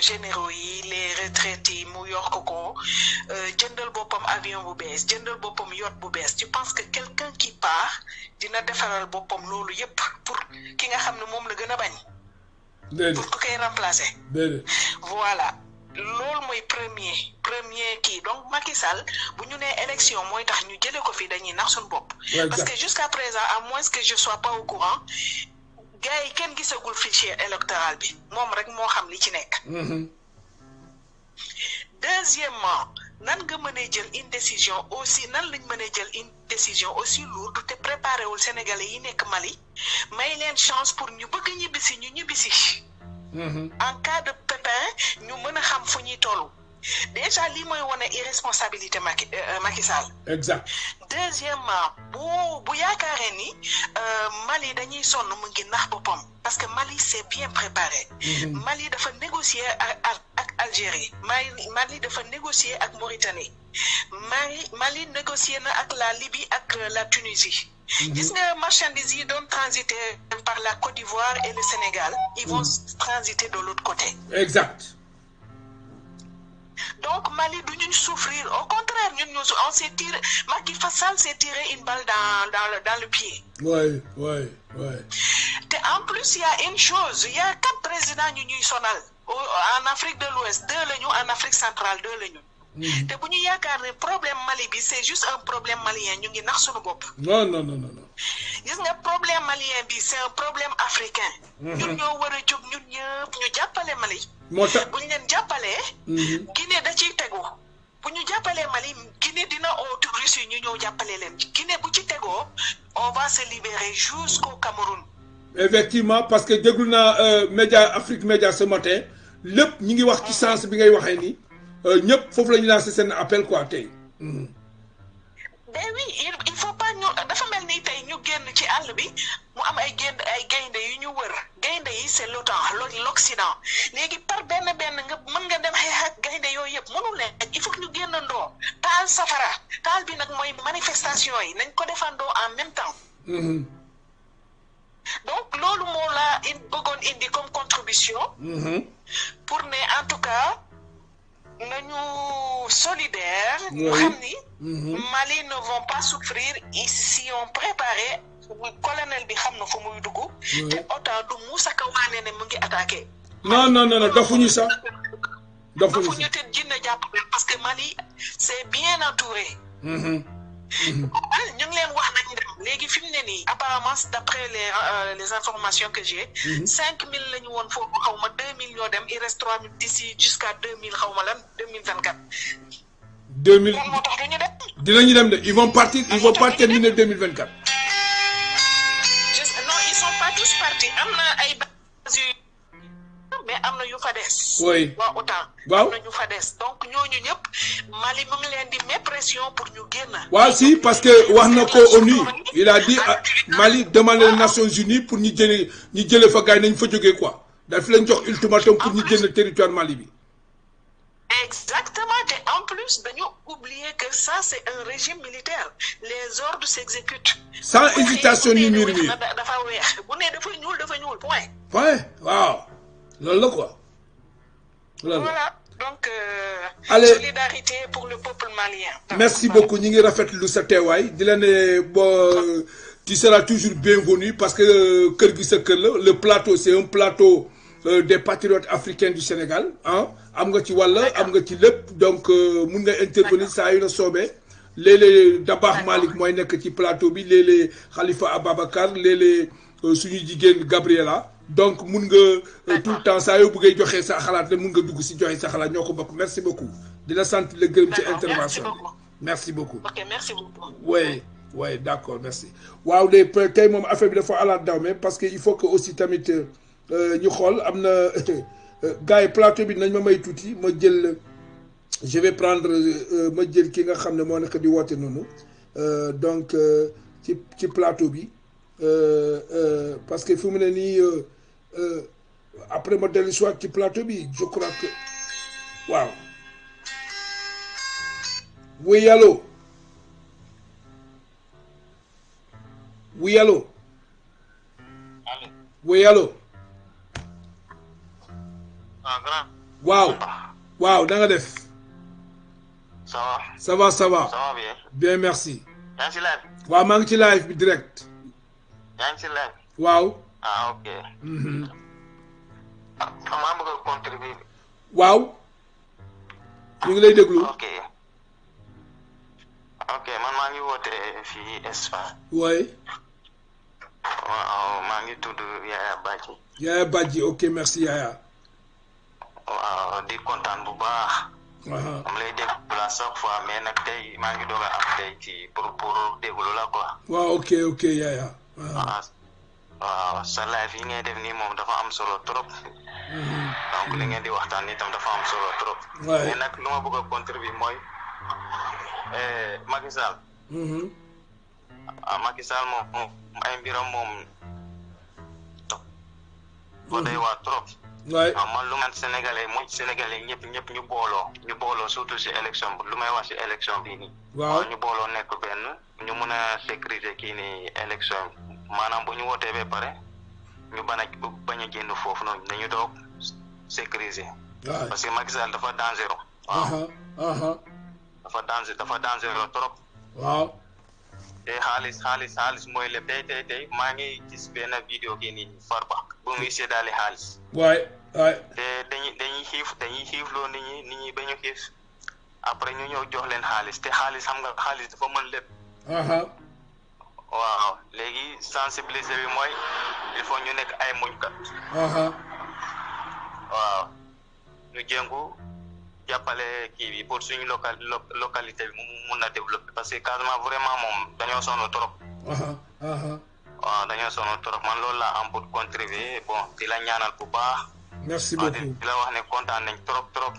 généraux yi les retraités yi mu yor ko ko euh, jëndal boppam avion bu bees jëndal boppam yacht bu bees je que quelqu'un qui part dina defaral boppam loolu yépp pour ki nga xam ne moom la gën a bañ pour ku koy remplacer voilà loolu mooy premier premier qui donc Macky Sall bu ñu nee élection mooy tax ñu jële ko fi dañuy nax suñu bopp parce que jusqu'à présent à moins que je sois pas au courant gars yi kenn gisagul fichier électoral bi moom rek moo xam li ci nekk. Mhm. deuxièmement nan nga mënee jël une décision aussi nan lañ mënee jël une décision aussi lourde te préparé wul sénégalais yi nekk Mali may leen chance pour ñu bëgg ñibbisi ñu ñibbisi. Mhm. en cas de pépin ñu mën a xam fu ñuy tollu. déjà y a une irresponsabilité Macky euh, euh, exact deuxièmement pour bu ni euh, Mali dañuy son, mu parce que Mali s'est bien préparé. Mhm. Mali dafa négocier avec l'Algérie. Mali Mali dafa négocier la Mauritanie. Mali Mali négocier avec la Libye et la Tunisie. Mhm. gis marchandises qui ont transiter par la Côte d'Ivoire et le Sénégal. ils vont mhm. transiter de l'autre côté. exact donc Mali du souffre. souffrir au contraire ñun on s'est tiré Macky Sall s'est tiré une balle dans dans le dans le pied. oui oui oui. en plus il y a une chose il y a quatre présidents ñuy en Afrique de l'Ouest deux en Afrique centrale deux la ñu. Mm. te bu ñu problème Mali c'est juste un problème malien ñu ngi nax pas bopp. non non non non. Le un problème malien c'est un problème africain. Mm-hmm. nous ñoo war le ñun ñëpp ñu Mali moo tax bu ñu leen jàppalee. Mm-hmm. Guinée da ciy tegu bu ñu jàppalee Mali Guinée dina oo touristes yi ñu ñëw jàppale leen Guinée bu ci tegoo on va se libérer jusqu'au Cameroun. effectivement parce que déglu naa euh, média Afrique média ce matin lépp ñi ngi wax ci mm-hmm. sens bi ngay waxee ni euh, ñëpp foofu la ñu lancé seen appel quoi tey. Mm-hmm. ben oui il faut pas ñu non non non ça parce que Mali c'est bien entouré. Mhm. Mhm. Hein, ñu ngi leen apparemment d'après euh, les informations que j'ai mhm. cinq mille la ñu il jusqu'à deux mille ils vont partir ils vont fa des. oui waa OTAN. ñu fa des donc ñooñu ñëpp Mali mu ngi leen di pression pour ñu génn. waaw si parce que wax na ko ONU il a dit Mali euh, demande les Nations Unies pour ñu jëlee ñu jëlee fa gars nañ fa jógee quoi fi leen jox ultimatum pour ñu génn territoire Mali bi. Exactement. Et en plus, nous oublier que ça, c'est un régime militaire. Les ordres s'exécutent. Sans hésitation ni murmure. Point. Wow. Lolo, quoi. Voilà. donc euh, allez solidarité pour le peuple malien. merci beaucoup ñu ngi rafetlu sa tu seras toujours bienvenu parce que euh, kër le plateau c'est un plateau euh, des patriotes africains du Sénégal Hein? am nga ci donc nous nga intervenir saa le sommet. soobee. léeg Dabakh Malick mooy nekk ci plateau bi Khalifa Ababakar, léeg-léeg suñu Gabriela donc mun nga euh, tout le temps saa yoo bëggee joxe sa xalaat la mun nga dugg si joxe sa xalaat ñoo ko bokk merci beaucoup di la sant le gërëm ci intervention merci beaucoup ok merci beaucoup oui oui d' accord merci waaw de tey moom affaire bi dafa alaat daw mais parce que il faut que aussi tamit euh, ñu xool am na euh, gars yi plateau bi nañ ma may tuuti ma jël je vais prendre ma jël ki nga xam ne moo nekk di woote noonu donc ci ci plateau bi parce que fu mu ne nii euh, après ma soit qui qui plateau je crois que waouh oui allo oui allo oui allo waouh waouh da nga va? ça va ça va ça va bien bien merci Merci, live Waouh, live direct Merci, live Waouh! ah ok. Mhm. ah maa bëgg a contribuer. waaw. ñu oke lay déglu. ok ok man maa ngi woote fii Espagne. waay. waaw ya, ya. ngi oke Yaya Badji. Yaya Badji ok Yaya. di kontaan bu baax. am lay déglu la chaque fois mais nag tey maa ngi doog a am ah, tey ci pour la ok ok Yaya waaw ah, sa live yi ngay def nii moom dafa am solo trop donc li ngeen di waxtaan nii tam dafa am solo trop mais nag lu ma bëgg a contribuer mooy Macky Sall ah Macky Sall moom ay mbiram moom ko day waa trop waay man lu man sénégalais mooy sénégalais ñëpp ñëpp ñu booloo ñu booloo surtout si élection lu may wax si élection bii nii waaw ñu booloo nekk benn ñu a sécuriser kii nii élection maanaam bu ñu wootee ba pare ñu bañ a bañ a génn foofu noonu nañu doog sécuriser. parce que Macky Sall dafa dangereux. waaw dafa danger dafa trop. waaw. te xaalis xaalis xaalis mooy lépp tey tey tey maa ngi gis benn vidéo kii nii Farba bu muy séddaale xaalis. te dañuy xiif dañuy xiif loo nit ñi nit ñi ba ñu xiif après ñu ñëw jox leen xaalis te xaalis xam nga xaalis dafa mën lépp. waaw léegi sensibiliser bi mooy il faut ñu nekk ay muñkat waaw ñu jéngu jàppale kii bi pour suñu local localité bi mu mun na développer parce que Casamance vraiment moom dañoo sonn trop waaw dañoo sonn trop man loolu laa am pour contribuer bon di la ñaanal bu baax merci beaucoup di la kontaan nañ trop trop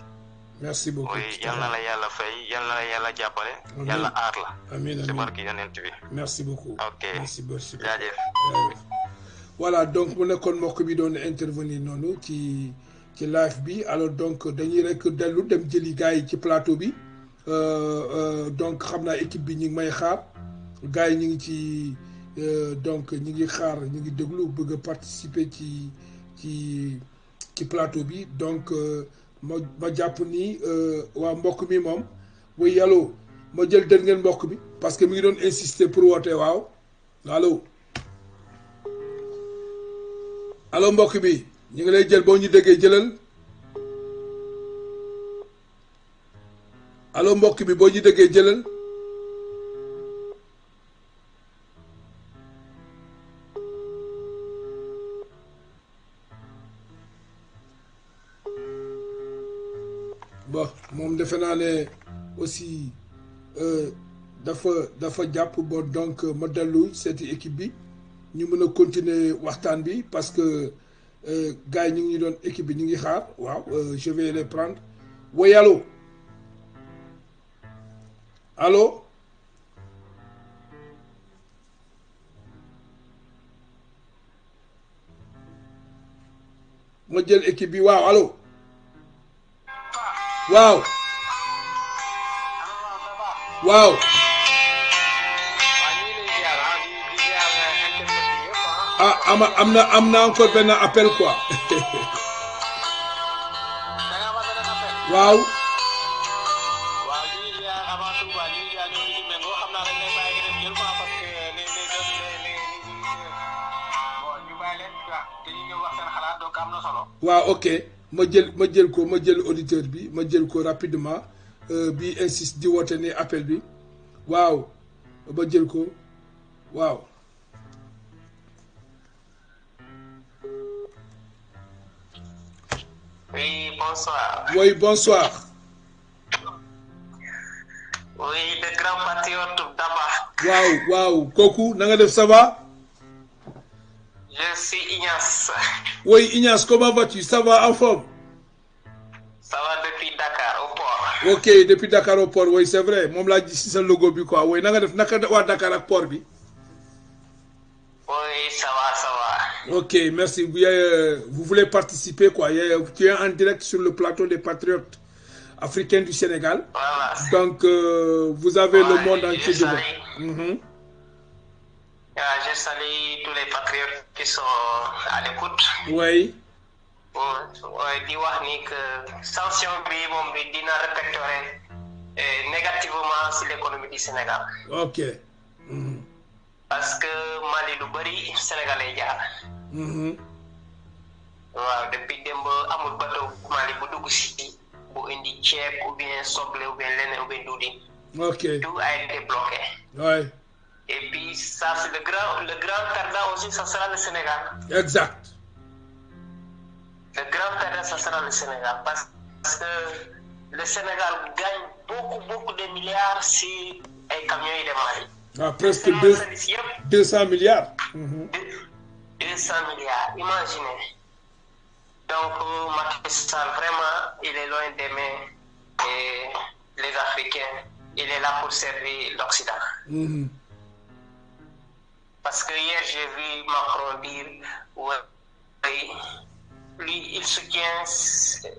merci beaucoup oui yalla na la yalla fay yalla la yalla jàppale. yalla ar la. amiin amiin yonent bi. merci beaucoup ok merci beaucoup jaajëf. Euh, voilà donc mu nekkoon mbokk bi doon intervenir noonu ci ci live bi alors donc dañuy rek dellu dem jëli gaay ci plateau bi euh, euh, donc xam naa équipe bi ñu ngi may xaar gaay yi ñu ngi ci donc ñu ngi xaar ñu ngi déglu bëgg a participer ci ci ci plateau bi donc. ma ma jàpp ni euh, waa mbokk mi moom wuy yàllo ma jël dën ngeen mbokk bi parce que mu ngi doon insister pour woote waaw allo allo mbokk bi ñu ngi lay jël boo ñu déggee jëlal allo mbokk bi boo ñu déggee jëlal defe aussi euh, dafa dafa donc euh, modèle lourd cette équipe nous ñu à continuer parce que euh, gars une ñu ngi équipe bi ñu ngi je vais les prendre Oui, allô allo ma équipe bi waaw allo waaw waaw. ah ama am na am benn appel quoi. waaw. waaw ok ma jël ma jël ko ma jël auditeur bi ma jël ko rapidement. Euh, bi insiste di woote ne appel bi waaw ba jël ko oui bonsoir oui bonsoir oui le grand patriote Daba waaw wow kooku na nga def ça va je suis Ignace oui Ignace comment vas-tu ça va en forme ça va depuis Dakar ok depuis Dakar au port oui c'est vrai moom la dit, c'est logo quoi oui Dakar au port oui ça va ça va. ok merci vous euh, voulez participer quoi tu es en direct sur le plateau des patriotes africains du Sénégal. voilà donc euh, vous avez le monde entier devant. Mhm. Ah, je salue tous les patriotes qui sont à l'écoute. oui. di wax ni que sanction bi moom bi dina répertorier eh, négativement sur l'économie du Sénégal. ok. parce mm. que Mali lu bëri Sénégal lay jaar. Mm-hmm. Ah, waaw depuis démb amul bateau Mali bu dugg si bu indi ceeb ou bien soble ou bien leneen ou bien duudi. ok tout a été bloqué. oui. et puis ça le grand le grand perdant aussi ça sera le Sénégal. exact. le grand terrain, ce sera le Sénégal. Parce que le Sénégal gagne beaucoup, beaucoup de milliards si un camion est marié Ah, presque 200 milliards. 200 mhm. milliards, imaginez. Donc, euh, ma vraiment, il est loin d'aimer les Africains. Il est là pour servir l'Occident. Mhm. Parce que hier, j'ai vu Macron dire lui, il soutient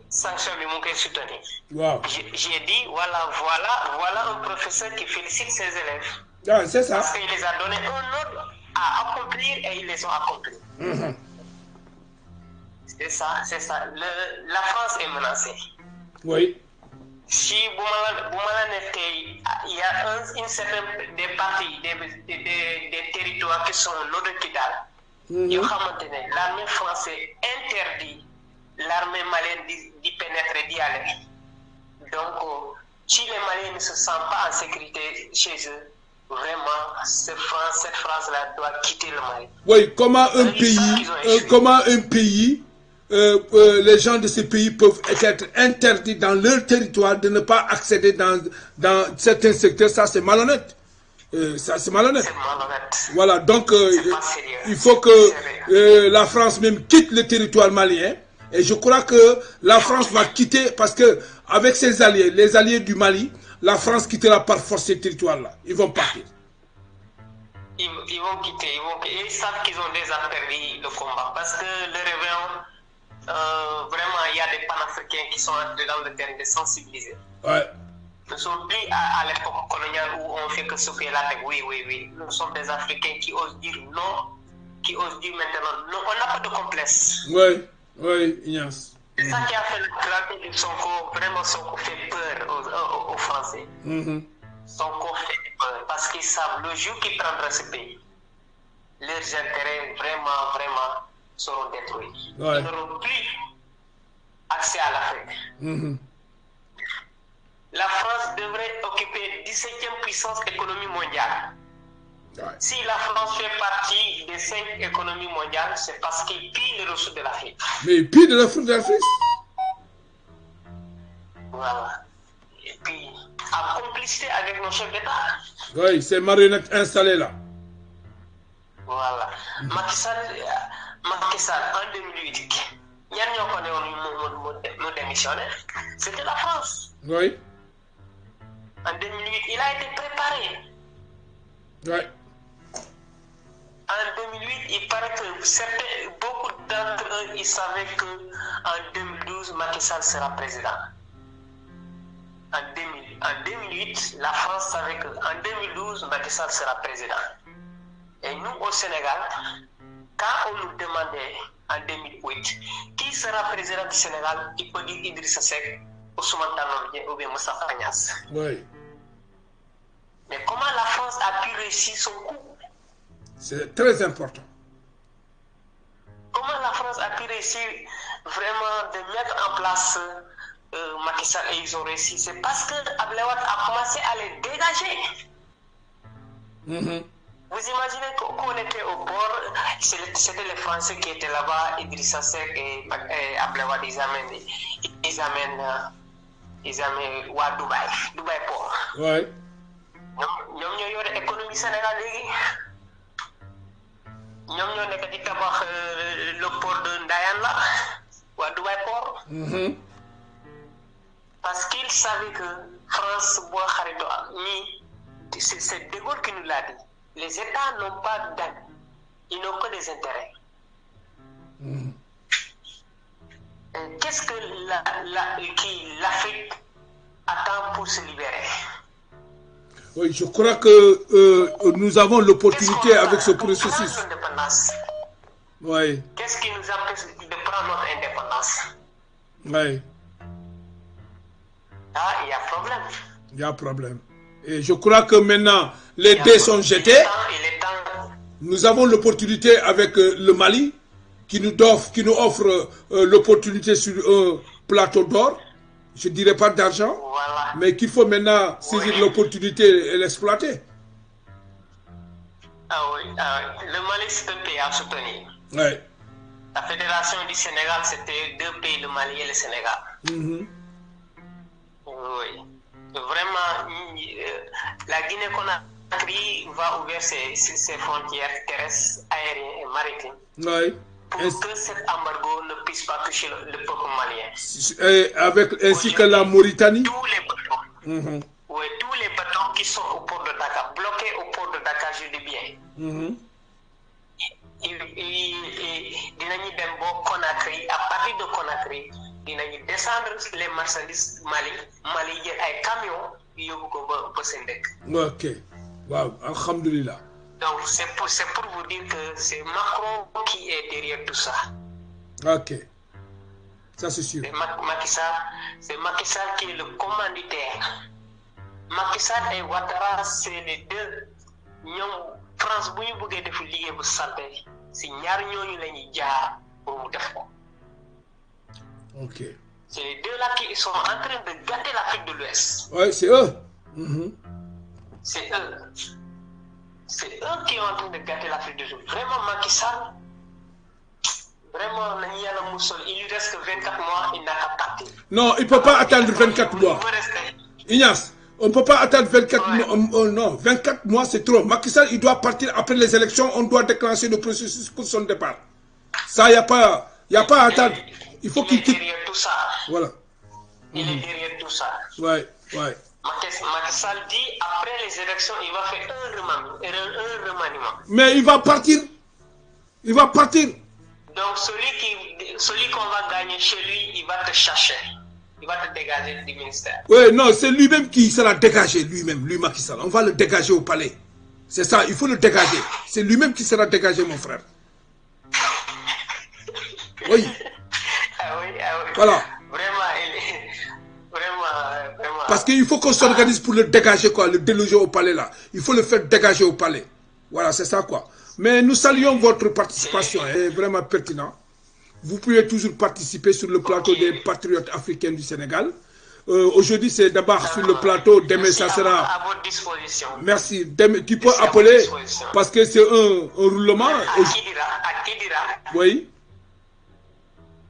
Sanction du Mouké Soutani. J'ai dit, voilà, voilà, voilà un professeur qui félicite ses élèves. Ah, c'est ça. Parce qu'il les a donné un ordre à accomplir et ils les ont accomplis. Mhm. C'est ça, c'est ça. la France est menacée. Oui. Si Boumalan il y a une certaine des parties, des, des, territoires qui sont l'ordre qui dalle. Mmh. L'armée française interdit l'armée malienne d'y pénétrer d'y aller donc euh, si les Maliens ne se sentent pas en sécurité chez eux vraiment cette France là doit quitter le Mali. oui comment un pays euh, comment un pays. Euh, les gens de ce pays peuvent être interdits dans leur territoire de ne pas accéder dans certains secteurs, ça c'est malhonnête. Euh, c'est malhonnête. malhonnête. Voilà, donc euh, il faut que euh, la France même quitte le territoire malien. Et je crois que la France va quitter, parce que avec ses alliés, les alliés du Mali, la France quittera par force ces territoires-là. Ils vont partir. Ils, vont quitter, ils vont savent qu'ils ont déjà perdu le combat. Parce que le réveil, vraiment, il y a des panafricains qui sont dans le terrain de sensibiliser. Ouais. Nous sommes plus à, l'époque coloniale où on fait que souffrir la tête. Oui, oui, oui. Nous sommes des Africains qui osent dire non, qui osent dire maintenant non. On n'a pas de complexe. Oui, oui, yes. C'est ça qui a fait le crâne de vraiment Vraiment, corps fait peur aux, Français. Mm -hmm. fait peur parce qu'ils savent le jour qu'ils prendront ce pays, leurs intérêts vraiment, vraiment seront détruits. Ils n'auront plus accès à l'Afrique. Mm-hmm la France devrait occuper 17e puissance économique mondiale. Si la France fait partie des cinq économies mondiales, c'est parce qu'il pille le ressort de la l'Afrique. Mais il pille le ressort de l'Afrique Voilà. Et puis, en complicité avec nos chefs d'État. Oui, c'est marionnette installée là. Voilà. Macky Sall, euh, Macky Sall en 2008, il y a un démissionnaire. C'était la France. Oui en 2008. Il a été préparé. En 2008, il paraît que beaucoup d'entre eux, ils savaient qu'en 2012, Macky Sall sera président. En, 2008, la France savait qu'en 2012, Macky Sall sera président. Et nous, au Sénégal, quand on nous demandait en 2008 qui sera président du Sénégal, il peut dire Idrissa Seck oui. Mais comment la France a pu réussir son coup C'est très important. Comment la France a pu réussir vraiment de mettre en place euh, Macky Sall et ils ont réussi C'est parce que a commencé à les dégager. Mhm. Vous imaginez qu'on était au bord, c'était les Français qui étaient là-bas, Idrissa Seck et, et Ablewad, ils ils amènent euh, ils ils à Dubaï Dubaï port. Oui. Ils ont une économie Sénégal léegi ñoom ñoo nekk di tabax euh, le port de Ndayan, la à Dubaï port. Mm-hmm. parce qu'ils savaient que France Bois, xarito c'est c'est De Gaulle qui nous l'a dit les États n'ont pas d'âme ils n'ont que des intérêts. Mm-hmm qu'est-ce que l'Afrique la, attend pour se libérer Oui, je crois que euh, nous avons l'opportunité avec ce processus. Qu'est-ce qui nous empêche de prendre notre indépendance Oui. Ah, il y a problème. Il y a problème. Et je crois que maintenant, les dés sont jetés. Nous avons l'opportunité avec euh, le Mali qui nous offre, qui nous offre euh, l'opportunité sur un euh, plateau d'or, je ne dirais pas d'argent, mais qu'il faut maintenant saisir l'opportunité et l'exploiter. Ah, ah oui, le Mali, c'est un pays à soutenir. Oui. La fédération du Sénégal, c'était deux pays, le Mali et le Sénégal. Mm-hmm. Oui. Vraiment, euh, la Guinée-Conakry va ouvrir ses, ses, frontières terrestres, aériennes et maritimes. Oui pour ce que cet embargo ne puisse pas toucher le, peuple malien. Euh, avec, ainsi que la Mauritanie Tous les bâtons, mhm. oui, tous les bâtons qui sont au port de Dakar, bloqués au port de Dakar, je dis bien. -hmm. et, et, Conakry à partir de Conakry dinañu descendre les marchandises Mali Mali jël ay camions yóbbu ko ba y a ok waouh, Alhamdoulilah donc, c'est pour, vous dire que c'est Macron qui est derrière tout ça. Ok. Ça, c'est sûr. C'est Macky Sall qui est le commanditaire. Macky Sall et Ouattara, c'est les deux. France vous savez, def bu santé. si ñaar pour ok. c'est les deux là qui sont en train de gâter l'Afrique de l'Ouest. ouais c'est eux. Mhm. c'est eux c'est eux qui sont en train de gâter l'Afrique du Sud. Vraiment, Macky vraiment, Moussol, il lui reste 24 mois, il n'a qu'à partir. Non, il ne peut pas attendre 24 mois. Ignace, on ne peut pas attendre 24 mois. Euh, euh, non, 24 mois, c'est trop. Macky il doit partir après les élections. On doit déclencher le processus pour son départ. Ça, il n'y a pas, a pas à attendre. Il faut qu'il quitte. Il est derrière tout ça. Voilà. Il est derrière tout ça. Ouais, ouais. Macky dit après les élections, il va faire un remaniement. Mais il va partir. Il va partir. Donc celui qui, celui qu'on va gagner chez lui, il va te chercher. Il va te dégager du ministère. Oui, non, c'est lui-même qui sera dégagé, lui-même, lui Macky On va le dégager au palais. C'est ça, il faut le dégager. C'est lui-même qui sera dégagé, mon frère. Ah oui. Ah oui. Voilà. Vraiment, il est... Euh, parce qu'il faut qu'on s'organise pour le dégager, quoi, le déloger au palais, là. Il faut le faire dégager au palais. Voilà, c'est ça, quoi. Mais nous saluons votre participation, hein. c'est vraiment pertinent. Vous pouvez toujours participer sur le plateau des patriotes africains du Sénégal. Euh, aujourd'hui, c'est d'abord sur le ah, plateau. Demain, Merci sera. À, votre disposition. Merci. tu peux appeler parce que c'est un, un, roulement. à qui dira. Oui.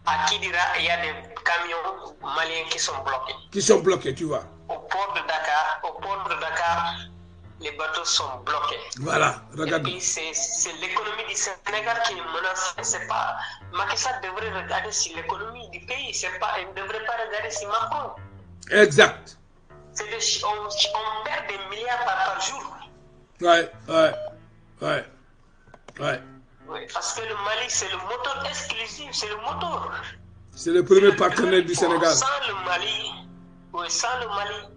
À qui dira, il y a des camions maliens qui sont bloqués. Qui sont bloqués, tu vois. Au port de Dakar, au port de Dakar, les bateaux sont bloqués. Voilà, regarde. Et puis c'est l'économie du Sénégal qui est menacée. C'est pas Macky devrait regarder si l'économie du pays, c'est pas, ne devrait pas regarder si Macron. Exact. on, on, perd des milliards par, jour. Ouais, ouais, ouais, ouais. Oui, parce que le Mali, c'est le moteur exclusif, c'est le moteur. C'est le premier partenaire du Sénégal. Sans le Mali, sans le Mali,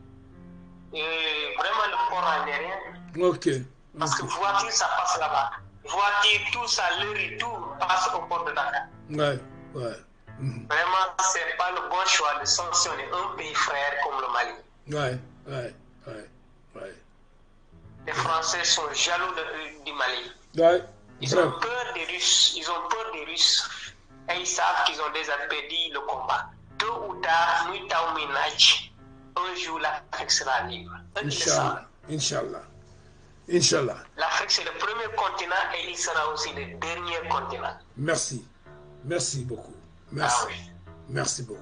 euh, vraiment le port algérien. Ok. Parce que voiture, ça passe là-bas. Voiture, tout ça, le retour passe au port de Dakar. Ouais, ouais. Mhm. Vraiment, c'est pas le bon choix de sanctionner un pays frère comme le Mali. Ouais, ouais, ouais, ouais. Les Français sont jaloux du Mali. Ouais. Ils ont peur des Ils ont peur des Russes et ils savent qu'ils ont déjà perdu le combat. Tôt ou tard, nous un jour l'Afrique sera libre. Inch'Allah. Inch'Allah. L'Afrique, c'est le premier continent et il sera aussi le dernier continent. Merci. Merci beaucoup. Merci. Ah Merci beaucoup.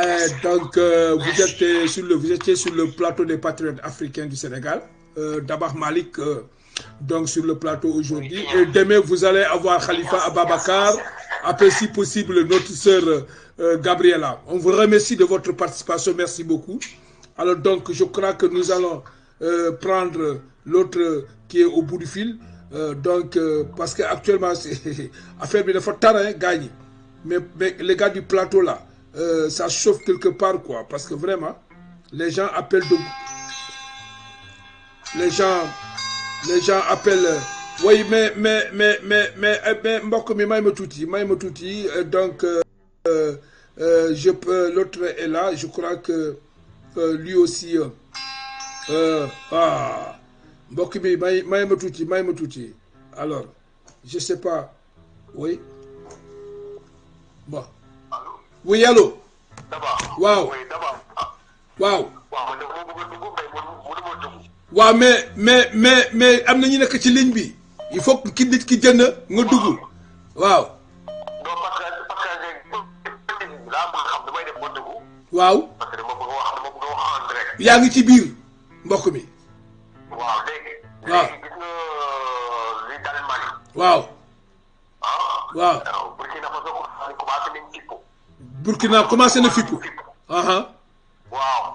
Eh, donc, euh, vous, êtes euh, sur le, étiez sur le plateau des patriotes africains du Sénégal. Euh, D'abord, Malik, euh, donc sur le plateau aujourd'hui. Et demain, vous allez avoir Khalifa Ababakar, après si possible notre sœur euh, Gabriela. On vous remercie de votre participation, merci beaucoup. Alors donc, je crois que nous allons euh, prendre l'autre qui est au bout du fil. Euh, donc, parce qu'actuellement, affaire bien faut hein, gagne. Mais, les gars du plateau là, ça chauffe quelque part quoi, parce que vraiment, les gens appellent de... Les gens les gens appellent. Oui, mais, mais, mais, mais, mais, eh ben, mais, mais, eh, donc, euh, euh, je peux, l'autre est là, je crois que euh, lui aussi, euh, euh, ah, mais, mais, mais, Alors, je sais pas, oui, bon. Oui, allô? Waouh! Waouh! waaw mais mais mais mais am na ñu nekk ci ligne bi il faut que ki nit nga dugg waaw. non parce que parce que daa bëgg xam damay def ba yaa ngi ci biir mbokk mi. waaw léegi. waaw léegi gis nga euh, li waaw. Ah. Burkina Faso commencé na fippu. waaw.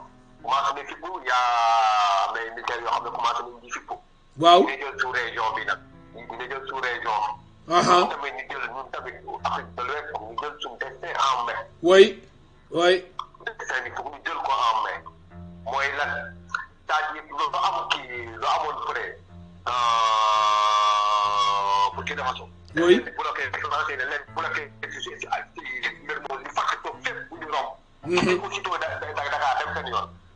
commencé na fippu y' a mais militaires yoo xam ne commencé nañ di fippu. waaw dina jël sous région bi nag dina jël sous région. ñun tamit ñu jël ñun tamit Afrique de l'Ouest ñu jël suñu destin en main. oui oui. destin bi foog ñu jël ko en main mooy lan c'est-à-dire lu am kii lu amoon pré Burkina Faso. oui bu bloqué financé na leen bloqué ci ay mbir moom ñu fàtte ko fépp bu ñu romb. parce que aussitôt da da Dakar dem seen yoon.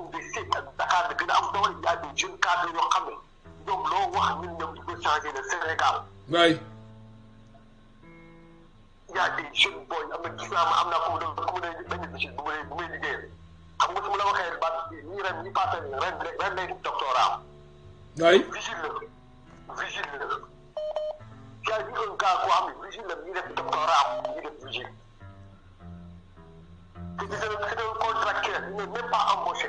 investir ak Dakar da gën a am doole y a des jeunes cadres yoo xam ne ñoom loo wax ñun ñoom il faut changer le Sénégal. waay. y a des jeunes booy am na gis naa ma am naa ko mu ne benn bés bu may bu may liggéeyal xam nga su ma la waxee ba ñi ren ñi paase ren ren ren lay doctorat. waay vigile la vigile la. y a eu un gars koo xam ne vigile la ñi def doctorat ñi def vigile. te c'est un contracteur il n'est même pas embauché.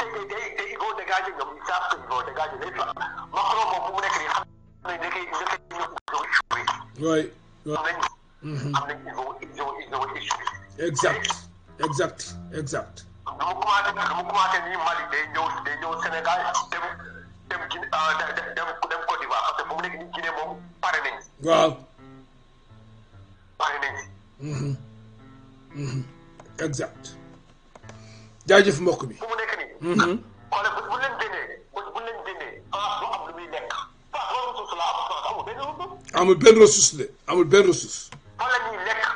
tey day day Igbo dégagé ñoom ils savent que Igbo dégagé day far mu nekk nii xam nañ ñoo échoué. waay waay am nañ ils ont ils ont ils ont échoué. exact exact exact. nu mu commencé nu mu commencé nii Mali day ñëw day ñëw Sénégal dem dem Guinée dem dem Côte d'Ivoire parce que bu mu nekk nii Guinée moom pare nañ. waaw. pare nañ. exact. jaajëf mbokk bi. fu mu nekk nii. xoolal mhm. ah, bu leen génnee bu leen génnee ah am lu muy lekk. amul benn ressource. amul benn ressource de amul benn ressource. fan la ñuy lekk.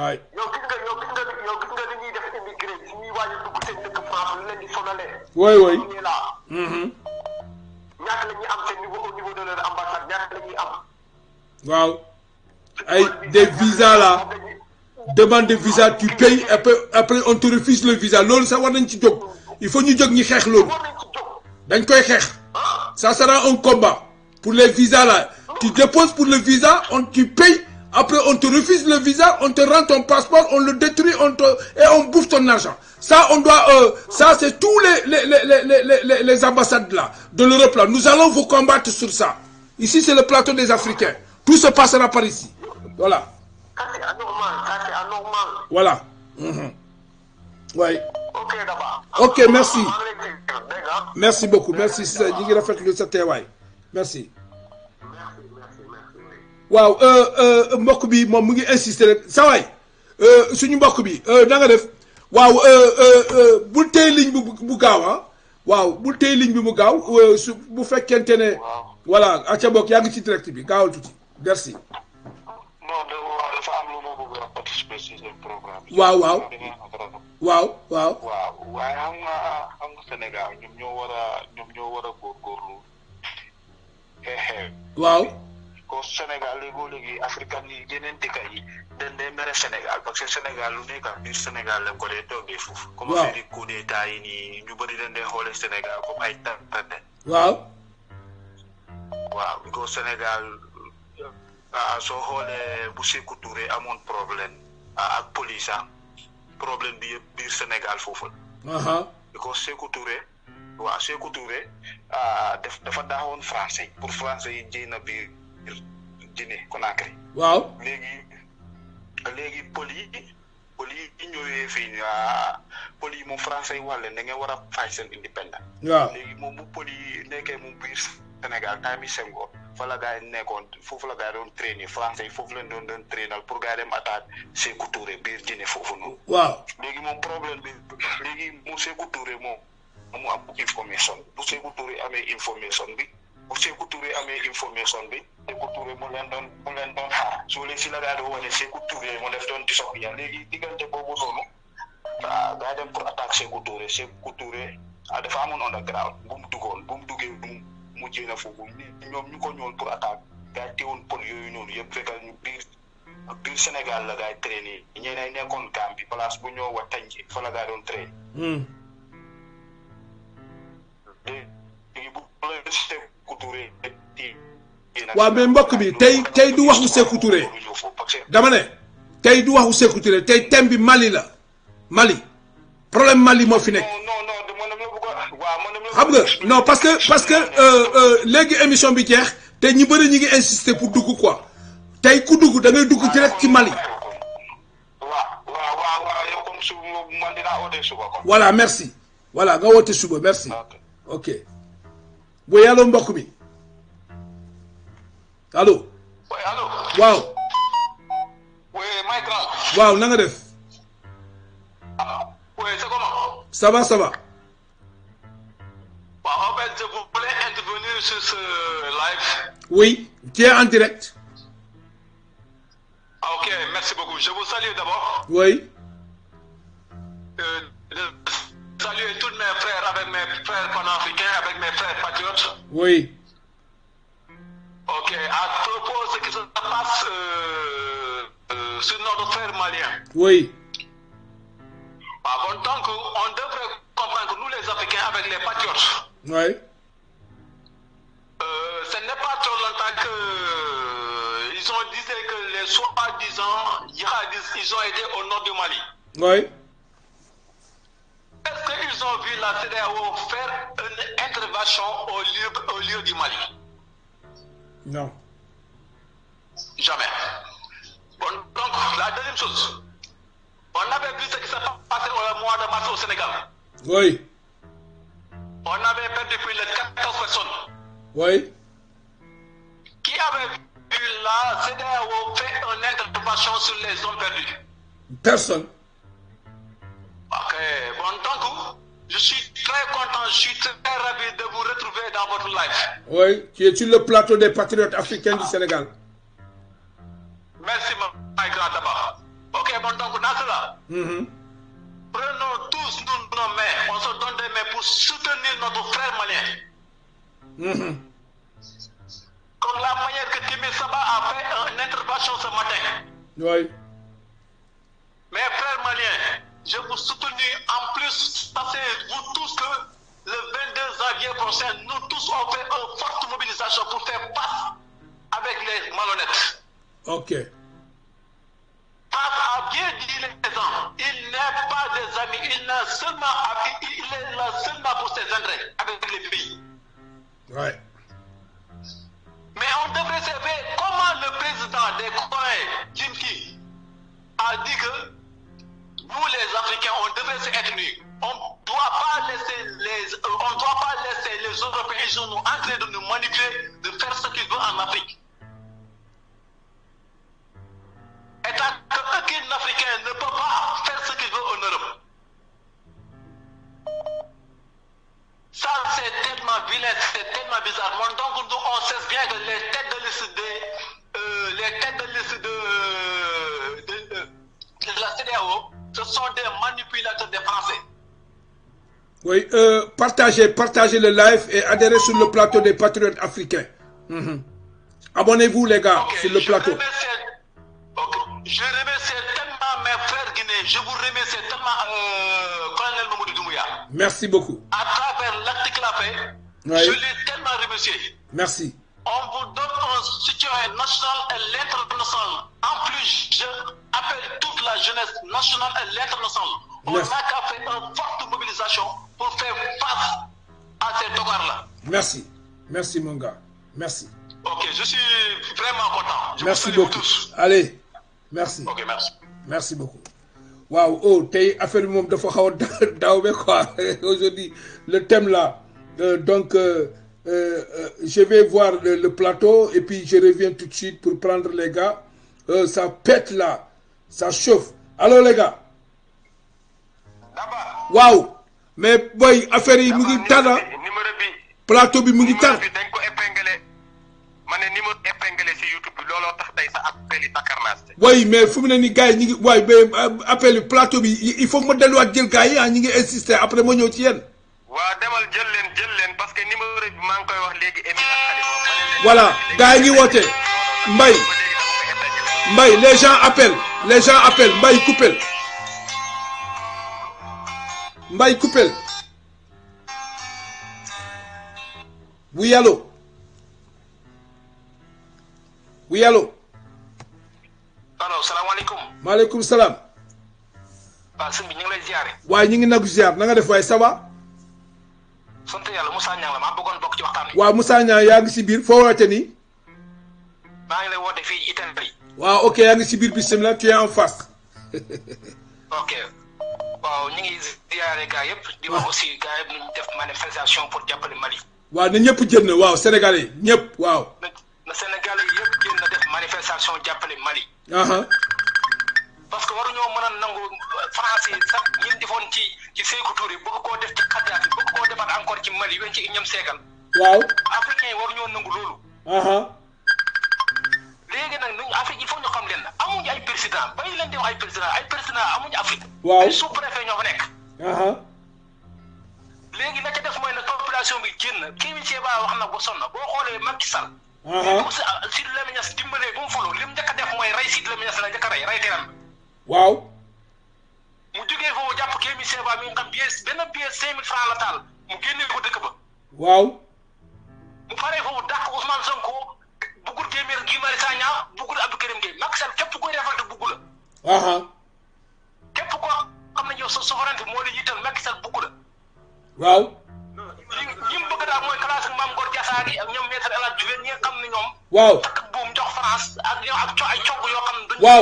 waay. yow gis nga yow gis nga yow gis nga li ñuy def immigré si ñuy waaj a dugg seen dëkk France lu leen di sonalee. waay waay mhm. ñaata la ñuy am seen niveau au niveau de leur ambassade ñaata la ñuy am. waaw ay des visas là. demande de visa tu payes après après on te refuse le visa il faut ñu ça sera un combat pour les visas là tu déposes pour le visa on tu payes après on te refuse le visa on te rend ton passeport on le détruit on et on bouffe ton argent ça on doit euh, ça c'est tous les les les les les les ambassades là de l'Europe là nous allons vous combattre sur ça ici c'est le plateau des Africains tout se passera par ici voilà c'est anormal. c'est anormal. Voilà. Mhm. Oui. Ok, d'abord. Ok, merci. Merci beaucoup. Merci. Merci. Merci, merci, merci. waaw euh, euh, mbokk bi moom mu ngi insister rek sa waay euh, suñu mbokk bi na nga def waaw bul ligne bi gaaw ah. bi mu gaaw voilà acca bokk yaa ngi ci direct bi merci. dafa am lu ma bëgg a participer si seen programme bi. waaw waaw waaw waaw. waaw waaye xam nga xam nga Sénégal ñoom ñoo war a ñoom ñoo war a góorgóorlu xeexee. waaw. ko Sénégal léegoo léegi africain yi yeneen dëkk yi dañ dee mere Sénégal parce que Sénégal lu nekk ak biir Sénégal lañ ko dee toogee foofu. waaw comme affaire yi coup d'état yi nii ñu bëri dañ dee xoolee Sénégal comme ay tànn. waaw. waaw ko Sénégal. Ah, soo xoolee bu Sékou Touré amoon problème ah, ak police ah problème bi yëpp biir Sénégal foofu la. because Sékou Touré waaw a Touré ah, dafa daawoon français pour français yi jéy na biir kon Conakry. waaw léegi léegi poli poli yi ñëwee fii poli yi mom français yi wax leen da ngeen war a fay seen indépendant. waaw léegi moom bu poli yi nekkee moom biir. Sénégal time yi Senghor fa la gars yi nekkoon foofu la gars yi doon traîner français yi foofu leen doon doon traîner pour gars yi dem attaque Sékou biir Guinée foofu noonu. waaw léegi moom problème bi léegi mu Sékou moom mu am information information bu Sékou Touré information bi Sékou mu leen doon mu leen doon xaar si la gars yi doon wane Sékou Touré mu def doon disappear léegi diggante boobu noonu ah pour attaque Sékou Touré Sékou Touré ah dafa amoon underground mujjee na foofu ñoom ñu ko ñëwoon pour attaque gars yi teewoon pon yooyu noonu yëpp fekkal ñu biir biir Sénégal la gars yi traîné ñeen ay nekkoon Gambie place bu ñoo wa tànji fa la gars yi doon traîné hmm. léegi bu la Sékou Touré waaw mbokk bi tey tey du waxu Sékou Touré dama ne tey du waxu Sékou Touré tey thème bi Mali la Mali problème Mali moo fi nekk non parce que parce que euh, euh, léegi émission bi jeex te pour dugg quoi tey ku dugg da ngay dugg direct ci Mali. voilà merci voilà nga merci. ok Oui, yàlla mbokk Allô. allo. oui oui Mike waaw nga ah, ça va ça va. sur, ce live Oui, tu en direct. Ah, ok, merci beaucoup. Je vous salue d'abord. Oui. Euh, tous mes frères avec mes frères panafricains, avec mes frères patriotes. Oui. Ok, à propos de ce qui se passe euh, euh, sur notre frère malien. Oui. Avant bon, qu'on on devrait comprendre que nous, les Africains, avec les patriotes. Oui. Euh, ce n'est pas trop longtemps que euh, ils ont dit que les soi-disant ans, ils ont aidé au nord du Mali. Oui. Est-ce qu'ils ont vu la CDAO faire une intervention au lieu, au lieu du Mali Non. Jamais. donc, la deuxième chose, on avait vu ce qui s'est passé au mois de mars au Sénégal. Oui. On avait perdu plus de 14 personnes. Oui. Qui avait vu là, CDAO fait une intervention sur les hommes perdus. Personne. Ok, bon, tant je suis très content, je suis très ravi de vous retrouver dans votre live. Oui, Qui es sur le plateau des patriotes africains du Sénégal. Merci, my grand d'abord. Ok, bon, donc, dans cela, mm-hmm. prenons tous nos mains, on se donne des mains pour soutenir notre frère malien. Mm -hmm. Donc, la manière que Timmy Saba a fait une intervention ce matin. Oui. Mes frères maliens, je vous soutiens en plus, parce que vous tous que le 22 janvier prochain, nous tous on fait une forte mobilisation pour faire face avec les malhonnêtes. Ok. Face à bien dit les gens, il n'est pas des amis, il est seulement, il là seulement pour ses intérêts avec les pays. Oui. Mais on devrait savoir comment le président des Coréens, Jim Ki, a dit que nous les Africains, on devrait être unis. On ne doit pas laisser les, on doit pas laisser les Européens nous en train de nous manipuler, de faire ce qu'ils veulent en Afrique. Et tant qu'aucun Africain ne peut pas faire ce qu'il veut en Europe, Ça, c'est tellement vilain, c'est tellement bizarre. donc, nous, on sait bien que les têtes de liste de, euh, les têtes de liste de, de la CDAO, ce sont des manipulateurs des Français. Oui, euh, partagez, partagez le live et adhérez sur le plateau des patriotes africains. Mhm. Abonnez-vous, les gars, sur le plateau. je remercie tellement mes frères guinéens, je vous remercie tellement. Euh, Merci beaucoup. À travers l'article la oui. je l'ai tellement remercié. Merci. On vous donne un soutien national et l'international. En plus, je appelle toute la jeunesse nationale et l'international. On a qu'à faire une forte mobilisation pour faire face à ces devoirs là Merci. Merci, mon gars. Merci. Ok, je suis vraiment content. merci beaucoup. Allez, merci. Ok, merci. Merci beaucoup waouh oh t'es affaire du monde de xaw quoi aujourd'hui le thème là euh, donc euh, euh, je vais voir le, plateau et puis je reviens tout de suite pour prendre les gars ça pète là ça chauffe allô les gars waouh mais boy affaire yi mu ngi ah. plateau bi ma ne ni ma épinglé si YouTube lolo tax tay sa appel yi takkarnaas waaye mais fu ni ne nii gars yi ngi waaye euh, ba appel plateau bi il faut mo ma delluwaat jël gars yi ah ngi insister après mo ñëw ci yéen. wa demal jël len jël len parce que numéro bi mang koy wax léegi émission xale. voilà gars yi ngi woote mbay mbay les gens appellent les gens appellent mbay coupel mbay coupel oui allo. oui allô. Allô, salam alaikum. Malaikum salam. Wa bi lay ziare waaye ñu ngi ziar na nga def waaye ça va sant yàlla Moussa Niang la maa bëggoon bokk ci waxtaan wi Moussa Niang yaa ngi si biir foo woote nii maa ngi lay woote Italie ok ngi biir tu es en face ok ngi di wax aussi ñu def manifestation pour Mali jënd sénégalais waaw na Sénégal yi yëpp génn na def manifestation jàppale Mali. parce que waruñoo mën a nangu France yi sax ñi defoon ci ci Sékou Touré bëgg koo def ci Kadhafi bëgg koo defaat encore ci Mali wen ci ñam seekal. waaw africain yi waruñoo nangu loolu. léegi nag ñun Afrique il faut ñu xam leen amuñu ay président bàyyi leen di wax ay président ay président amuñu Afrique. waaw ay sous préfet ñoo fa nekk. léegi la ca def mooy ne population bi na kii bi Seba wax na ko sonn boo xoolee Macky Sall. mais comme ça Sidy Lamine dimbalee bu mu falu lim njëkk a def mooy rey Sidy Lamine Niass la njëkk a rey rey teram waaw mu jógee foofu jàpp kii mi seeba mi nga xam billet benn billet cinq mille francs la taal mu génnee ko dëkk ba waaw mu faree foofu dàq Ousmane Sonko buggul Guy Marius Sagna buggul Abdou Karim Gueye Macky Sall képp koy révolté bugg la uh-huh. képp koo xam ne yow sa souveraineté moo la yital Macky Sall waaw li mu bëgg daal mooy classe maam Ngor Diassane ak ñoom maître ñi xam ñoom. waaw jox France ak ñoom ak ma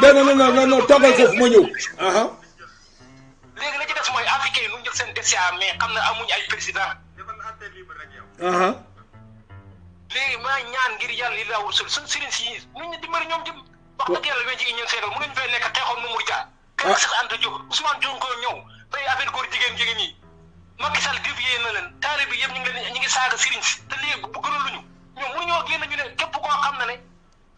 non non non non foofu ma ñëw. Ah, ah. léegi la ci mooy africain nu jël seen mais xam amuñ ay président. Ah, léegi ñaan ngir yàlla sun sirin ñu ñu dimbali ñoom jëm. wax dëgg yàlla yooyu jigéen ñeen seetal mu ngeen fee nekk teexoon mu mur jaar kër sax Anta Diop Ousmane Sonko ñëw fay affaire góor jigéen jigéen ñi Macky Sall dévié na leen taali bi yëpp saaga sëriñ te léegi bu gënalu ñu ñoom mënuñoo génn ñu ne képp koo xam ne ne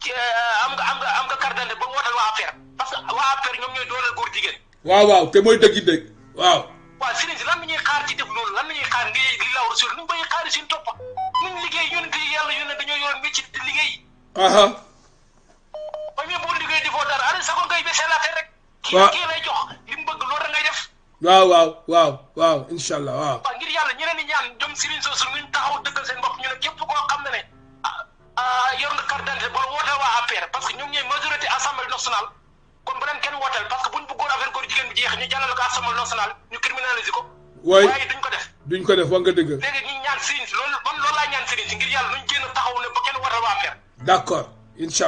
euh, am nga am nga am nga carte waa affaire parce que waa affaire ñoom ñooy dooleel góor jigéen waaw waaw te mooy dëgg dëgg waaw waaw sëriñ si lan la ñuy xaar ci def loolu lan la ñuy xaar ngi li premier bu liggéey di foo dara ana sa ko ngay bese laate rek kii kii lay jox li mu bëgg loolu ngay def waaw waaw waaw waaw insha allah waaw waaw ngir yàlla ñeneen ñi ñaan jom sëriñ soosu ñu taxaw dëkkal seen bopp ñu ne képp koo xam ne ne yor nga carte d'identité bala wooteel waa APR parce que ñoom ñooy majorité assemblée nationale kon bu leen kenn wooteel parce que buñ bëggoon affaire góor jigéen bi jeex ñu jàllale ko assemblée nationale ñu criminaliser ko waaye duñ ko def duñ ko def wax nga dëgg léegi ñu ñaan sëriñ si loolu man loolu ñaan sëriñ ngir yàlla nuñ génn taxaw ne ba kenn wooteel waa APR d'accord incha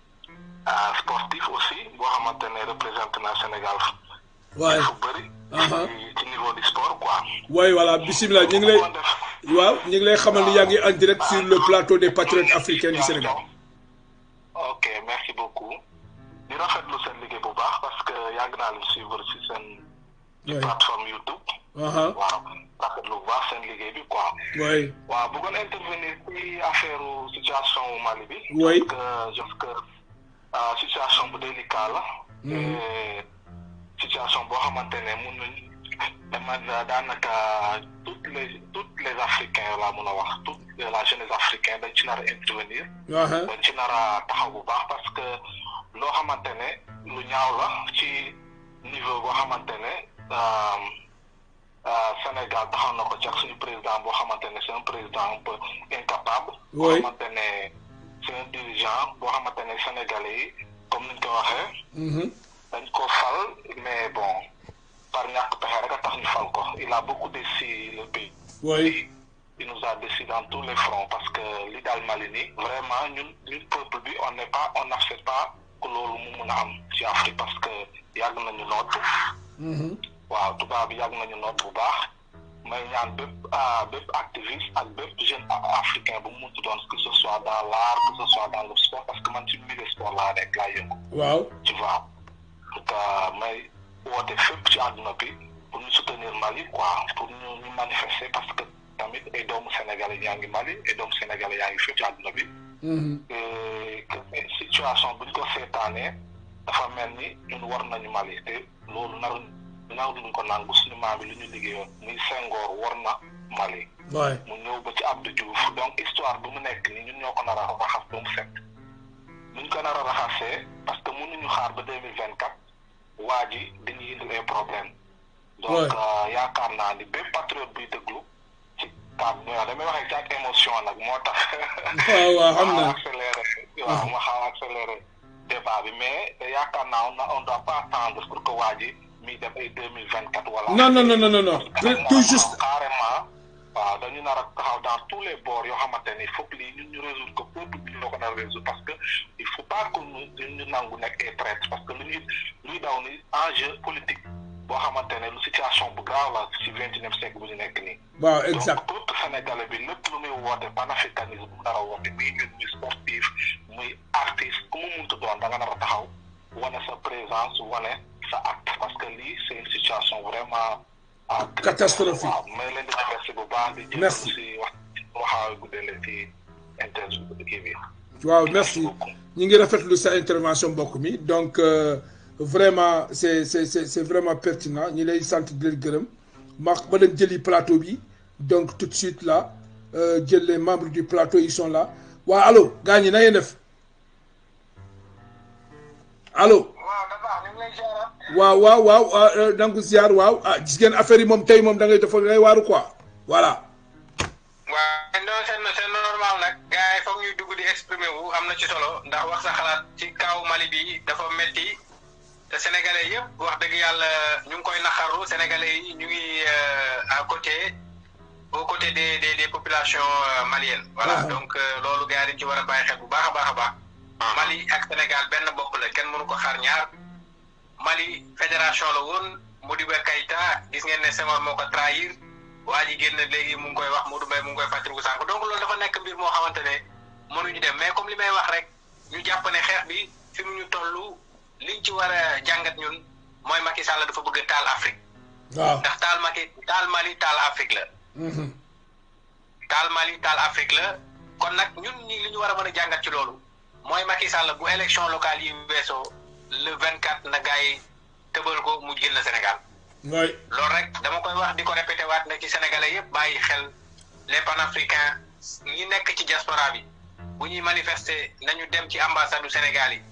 Ah, sportif aussi boo xamante ne représenté naa Sénégal. waay fu bëri. ci niveau du sport quoi. waay voilà bisimilah ñu ngi lay. waaw ñu ngi lay xamal ni yaa en direct sur le plateau des patriotes africains du Sénégal. ok merci beaucoup. di rafetlu seen liggéey bu baax parce que yàgg naa leen suivre si seen. plateforme YouTube. Uh-huh. waaw rafetlu bu baax seen liggéey bi quoi. waay waaw bëggoon intervenir ci affaire situation Mali bi. Euh, parce que la ah, situation bu délicat la. Hmm. Eh, situation bo xamantene ne mun nañu dama eh, daanaka toutes les toutes les africains laa mun wax toute la jeunesse africaine dañ ci nar a intervenir. dañ ci nar taxaw bu baax parce que lo xamantene lu ñaaw la ci niveau boo xamante ne. Euh, euh, Sénégal taxaw na ko ci suñu président bo xamantene c'est un président un peu incapable. boo xamante c'est un dirigeant boo xamante ne sénégalais comme ni ñu ko waxee. Mhm. dañ ko fal mais bon par ñàkk pexe rek a tax ñu fal ko il a beaucoup de déçu le pays. oui il nous a décidé dans tous les fronts parce que li daal Mali nii vraiment ñun ñun peuple bi on est pas on accepte pas que loolu mu mun a am ci Afrique parce que yàgg nañu noot. Mhm. waaw tubaab bi yàgg nañu noot bu baax mais ñaan bépp bépp des ak des jeunes africains bu mu dans que ce soit dans l'art que ce soit dans le sport parce que man ci le sport là avec la yëngu. waaw tu vois euh, mais woote fépp ci àdduna bi pour nous soutenir Mali quoi pour nous manifester parce que tamit ay doomu sénégalais yaa ngi Mali et doomu sénégalais yaa ngi fépp ci àdduna bi. Mm-hmm. que situation buñ ko la famille, mel ni ñun war nañu Mali te loolu naruñ. ginnaaw duñ ko nangu suñu maam yi lu ñu liggéeyoon muy sengoor war na mali mu ñëw ba ci abdou diouf donc histoire bu mu nekk ni ñun ñoo ko nar a raxas ba mu set nuñ ko nar a raxasee parce que mënuñu xaar ba 2024 waa ji dañuy indil ay problème donc euh, yaakaar naa ni bépp patriote buy déglu ci kàddu waaw damay waxee ci ak émotion nag moo tax accéléré waaw ma ah. xaw accéléré débat bi mais yaakaar naa on doit pas attendre pour que waa ji Mais dem 2024, voilà. non non non non non tout juste carrément. dans tous les bords parce il faut pas que ñu parce que daw politique situation grave 29 e siècle bu exact bi lu sportif muy artiste mu da nga sa présence parce que une situation vraiment. Ah, catastrophique Merci. merci intervention donc euh, vraiment c'est vraiment pertinent ñi plateau donc tout de suite là euh, les membres du plateau ils sont là allo gagnez, Allô. waaw waaw waaw ah, ah, nangu ziar waaw ah gis ngeen affaire yi moom tey moom da ngay defal ngay waaru quoi voilà waaw non c'est c'est normal nag gars yi foog dugg di exprimer wu am na ci solo ndax wax sa xalaat ci kaw Mali bi dafa metti te sénégalais yëpp wax dëgg yàlla ñu ngi koy naxaru sénégalais yi ñu ngi euh, à côté au côté des des des populations euh, maliennes voilà ah. donc euh, loolu gars yi ci war a bàyyi xel bu baax a baax a baax Mali ak Sénégal benn bopp la kenn mënu ko xaar ñaar Mali federation la won Modibo Keïta gis ngeen ne sama moko trahir waji genn génn mu ngoy wax Modou Mbaye mu ngoy koy ko sank donc loolu dafa nek mbir mo xamantene mënu ñu dem mais comme limay wax rek ñu japp ne xex bi fi mu ñu tollu liñ ci wara jangat ñun moy Macky Sall dafa bëgg taal Afrique. ndax taal Macky taal Mali taal Afrique la. Mm-hmm. taal Mali taal Afrique la kon nak ñun ñi liñu wara mëna jangat ci loolu moy Macky Sall bu élection locale yi weesoo. le vingt quatre na gars yi ko mu jël na Sénégal. waay loolu rek dama koy wax di ko répété waat na ci sénégalais yëpp bàyyi xel les panafricains ñi nekk ci diaspora bi bu ñuy manifester nañu dem ci ambassade du Sénégal yi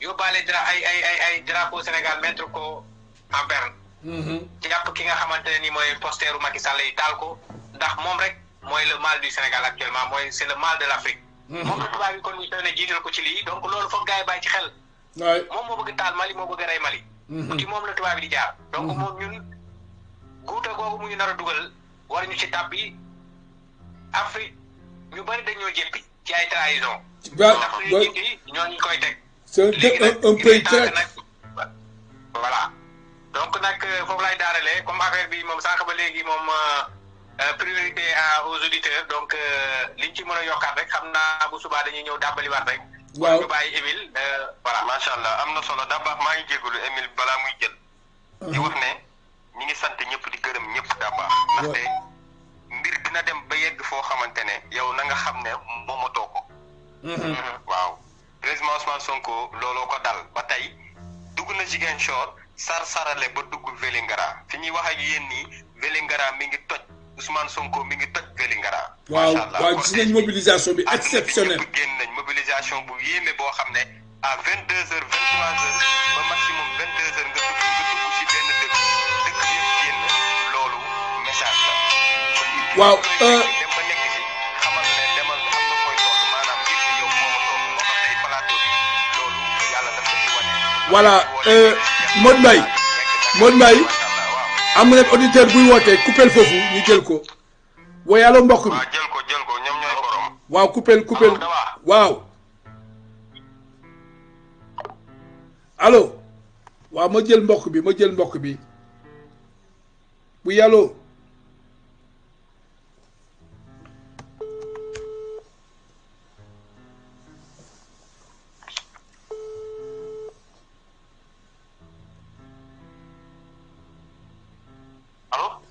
yóbbaale dra ay ay ay ay drapeau Sénégal mettre ko en berne. Mhm. ki nga xamante ne ni mooy posteeru Macky Sall yi taal ko ndax moom rek mooy le mal du Sénégal actuellement mooy c'est le mal de l'Afrique. Mhm. moom la tubaab yi kon ñu jiital ko ci lii donc loolu foog gars ci xel. moom moo bëgg taal Mali moo bëgg a rey Mali. Mhm. ci moom la tubaab di jaar. donc mhm. moom ñun guuta mu ñu dugal war ñu ci tàbb yi Afrique ñu ci ay trahison. waaw loolu koy teg. c'est un pays voilà donc nag euh, foofu laay daaralee comme affaire bi moom sànq ba léegi moom. Euh, euh, priorité aux auditeurs donc liñ ci mën a yokkaat rek xam naa bu subaa dañuy ñëw dàbbaliwaat rek waaw nga bàyyi Émile. Euh, allah am na solo daa maa ngi jégalu Émile balaa muy jël. Ah. di wax ne ñi ngi sant ñëpp di këram ñëpp daa baax. mbir dina dem ba yegg foo xamante ne yow na nga xam ne moomatoo ko. Mm-hmm. Mm-hmm. waaw président Ousmane Sonko looloo ko dal ba tey dugg na Ziguinchor sar sarale ba dugg Vélingara fi ñuy wax ak yéen nii Vélingara mi ngi toj. Ousmane Sonko mi ngi toj Vélingara. waaw waaw gis nañ mobilisation bi exceptionnelle génn nañ mobilisation bu yéeme boo xam ne à 22h 23h ba maximum 22h nga dugg nga dugg ci benn dëkk dëkk bi génn loolu message la. waaw. Euh, dem ba nekk ci xamal ne demal am na koy toll maanaam ngir yow moomu toll moo xam ne plateau bi loolu yàlla ko ci wane. voilà euh, Modou Mbaye Modou Mbaye. am na auditeur buy wootee coupeel foofu ñu jël ko. waaye allo mbokk mi waaw ah, jël ko jël ko ñoom ñooy waaw coupeel coupeel ma jël mbokk bi ma jël mbokk bi. bu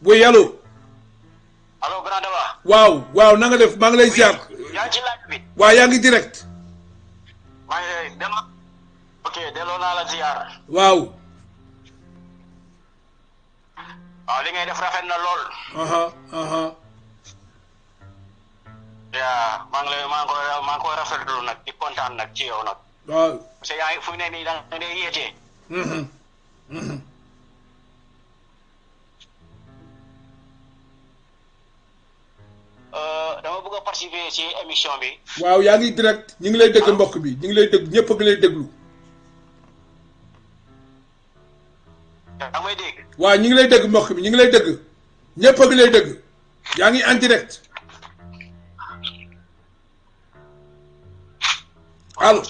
oui allo allo grand daba wow waaw na nga def maa ngi lay ziar ya ci laaj bi direct maa ngi lay dama ok delloo naa la ziar wow waaw ah, li ngay def rafet na lool aha aha ya maa ngi lay maa ngi koy maa ngi koy rafetlu nag di kontaan ci yow fu ne da Euh, dama bëgg a waaw yaa ngi direct ñu ngi lay dégg mbokk bi ñu ngi lay dégg ñëpp a ngi lay waaw ñu ngi lay dégg mbokk bi ñu ngi lay dégg ñëpp a ngi yaa ngi en direct. allo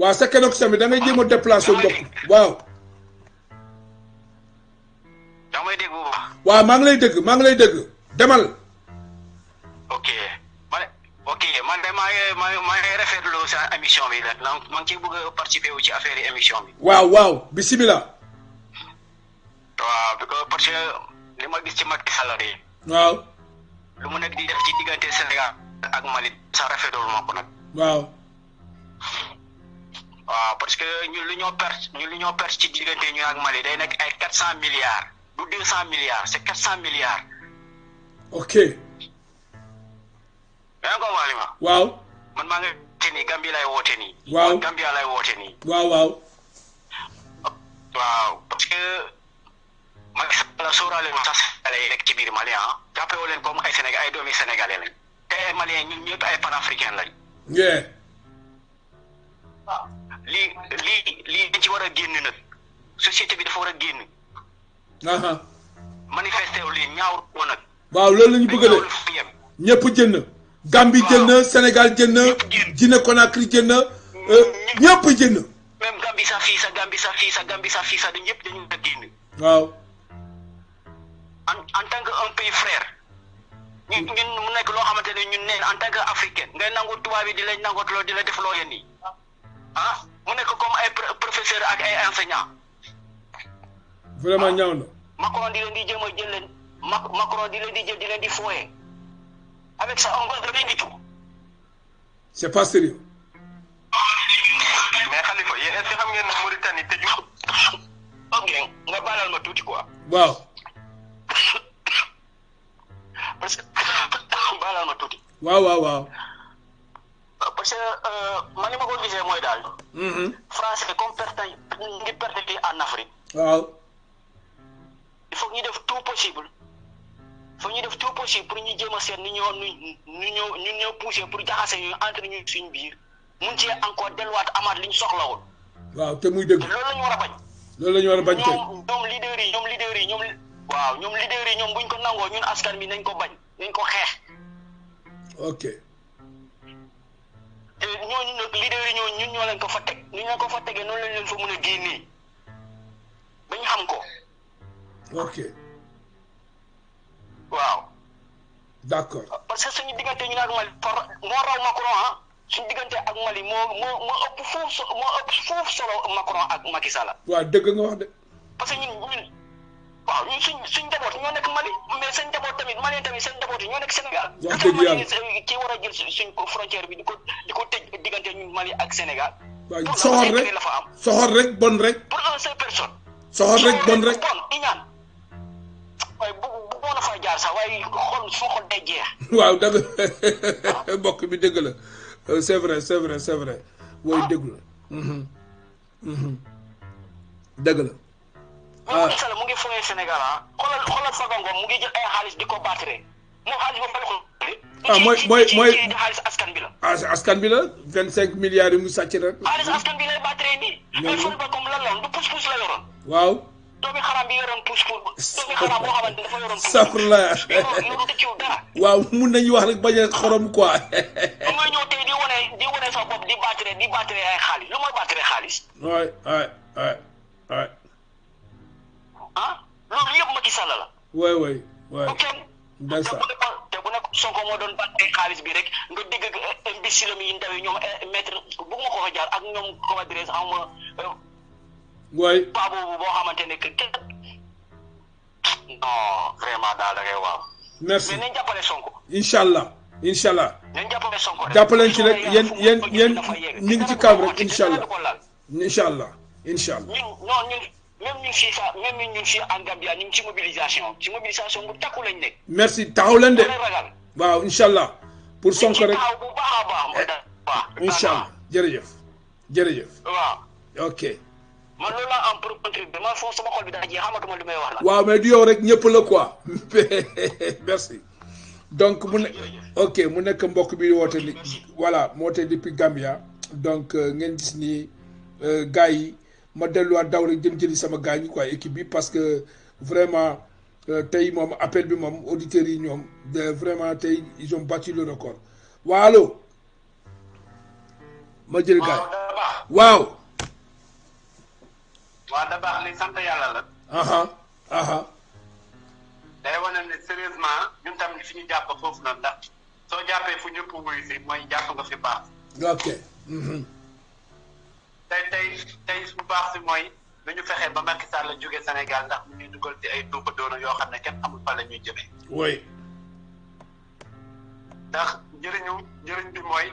waaw sa keneen tamit da ngay jéem a déplacé mbokk waaw. yaa waaw maa ngi lay dëgg maa ngi lay dëgg demal. ok ma ok man de maa ngi maa maa ngi sa émission bi nag donc ma ngi ciy bëgg a participer wu ci affaire yi émission bi. waaw waaw bisimilah. li ma gis ci Macky Sall de. waaw. lu mu nekk di def ci diggante ak Mali ak Mali ay Ok. ok. yaa ko waali ma. waaw. man maa ngi woote nii Gambie lay woote nii. waaw waaw waaw. waaw parce que man la yi rek ci biir Mali ah. leen comme ay Sénégal ay doomi sénégalais lañ. te ay Maliens ñun ñëpp ay panafricain lañ. bien. waaw lii lii lii dañ ci war a génn bi dafa war a génn. manifester wu leen ñaawul woon nag. waaw loolu ñu bëgg a Gambie jël Sénégal jël na Guinée Conakry jël euh, ñëpp jël même Gambie sa fii sa sa fii sa sa fii sa dañ ñëpp dañu na génn waaw en en tant que un pays frère ñun ñun mu nekk loo xamante ne ñun neen en tant que africain ngay nangu tubaab yi di lay nangoot di la def loo yenn yi ah mu nekk comme ay professeur ak ay enseignant vraiment ah. ñaaw na Macron di leen di jëm a jël leen Macron di leen di jël di leen di fooyee avec ça, on va donner du tout. C'est pas sérieux. mais Khalifa yéen est-ce que xam ngeen ne Mauritanie tëju. ok nga baalal ma tuuti quoi. waaw. parce que baalal ma tuuti. waaw waaw waaw. parce que euh, man ni ma ko gisee mooy daal. Mm-hmm. français comme perte ngi perte en Afrique. waaw. il faut ñu def tout possible. fa ñuy def tout possible pour ñu jéem a seet ni ñoo nu ñu ñoo ñun ñoo poussé pour jaxase ñu entre ñu suñ biir mun cee encore delluwaat amaat li ñu soxlawul. waaw te muy dëgg. loolu la ñu war a bañ. loolu la ñu war a bañ tey ñoom ñoom leader yi ñoom leader yi ñoom. waaw ñoom leader yi ñoom buñ ko nangoo ñun askan bi nañ ko bañ nañ ko xeex. ok. te ñooñu nag leader yi ñooñu ñun ñoo leen ko fa teg ñun ñoo ko fa tegee noonu lañ leen fa mën a génnee bañ xam ko. ok. waaw d' accord parce que suñu diggante ñu ak Mali par moo raw Macron ah suñu diggante ak Mali moo moo moo ëpp fuuf moo ëpp fuuf solo Macron ak Macky Sall. waaw dëgg nga wax de. parce que ñun ñun waaw ñun suñ suñ njaboot ñoo nekk Mali mais seen njaboot tamit Malien tamit seen njaboot ñoo nekk Sénégal. wax dëgg yàlla ki war a jël suñ frontière bi di ko di ko tëj diggante ñun Mali ak Sénégal. waaw soxor rek soxor rek bon rek. pour un seul personne. soxor rek bon rek bon a fay waaw dëgg mbokk bi dëgg la euh, c'est vrai c'est vrai c'est ah. mhm. Mhm. dëgg la. dëgg la. ah moom mu ah. ngi foyee Sénégal ah. xoolal xoolal Farba mu ngi jël ay xaalis di ko battre moom xaalis ah, xaalis askan bi askan bi vingt cinq milliards yu mu sàcc rek. xaalis askan bi lay nii. ñoom ay Farba Ngom lan la du pousse pousse la waaw. doomi xaram bi yoroon puus pour doomi xaram boo xamante dafa yoroon puus yow du tëcciw dara waaw mun nañu wax rek bañ a xorom quoi lu ngay ñëw tey di wane di wane sa bopp di battre di battre ay xaalis lu xaalis waay waay waay waay ah la waay waay waay te moo doon battre xaalis bi rek nga dégg imbécile yi ndaw yi ñoom eh, maître bu ma ko ko jaar ak ñoom comment dirais-je xaw euh, waay paa boobu boo xamante ne que non vraiment daal da ngay waaw. merci mais nañ jàppale Sonko. incha allah incha allah. nañ jàppale Sonko rek jàppaleen ci rek yéen yéen yéen ñu ngi ci kaw rek incha allah incha allah incha allah. ñun non ñun même ñun fii sax même ñun fii en Gambia ñu ngi ci mobilisation ci mobilisation bu takku lañ nekk. merci taxaw leen de. waaw incha allah pour Sonko rek incha allah jërëjëf jërëjëf. waaw ok. man loolu laa am pour contribuer ma foofu sama xol bi daa jeex xamatuma li may wax la. waaw mais du yow rek ñëpp la quoi merci donc mu ne ok mu nekk mbokk bi woote ni voilà mu depuis Gambia donc euh, ngeen gis ni euh, gars yi ma delluwaat daw rek jëm jëli sama gars yi quoi équipe bi parce que vraiment euh, tey moom appel bi moom auditeurs yi ñoom de vraiment tey ils ont battu le record waaw allo ma jël gars waaw. waa da baax li sant yàlla la. day wane ne sérieusement ñun tamit fi ñu jàpp foofu na ndax soo jàppee fu ñëpp wuyu si mooy jàpp nga fi baax. ok. Mhm. tey tey tey bu baax si mooy nu ñu fexee ba Macky Sall la jógee Sénégal ndax mu ñuy dugal ci ay duuba doona yoo xam ne kenn amul fa la ñuy jëmee. oui. ndax njëriñu njëriñ bi mooy.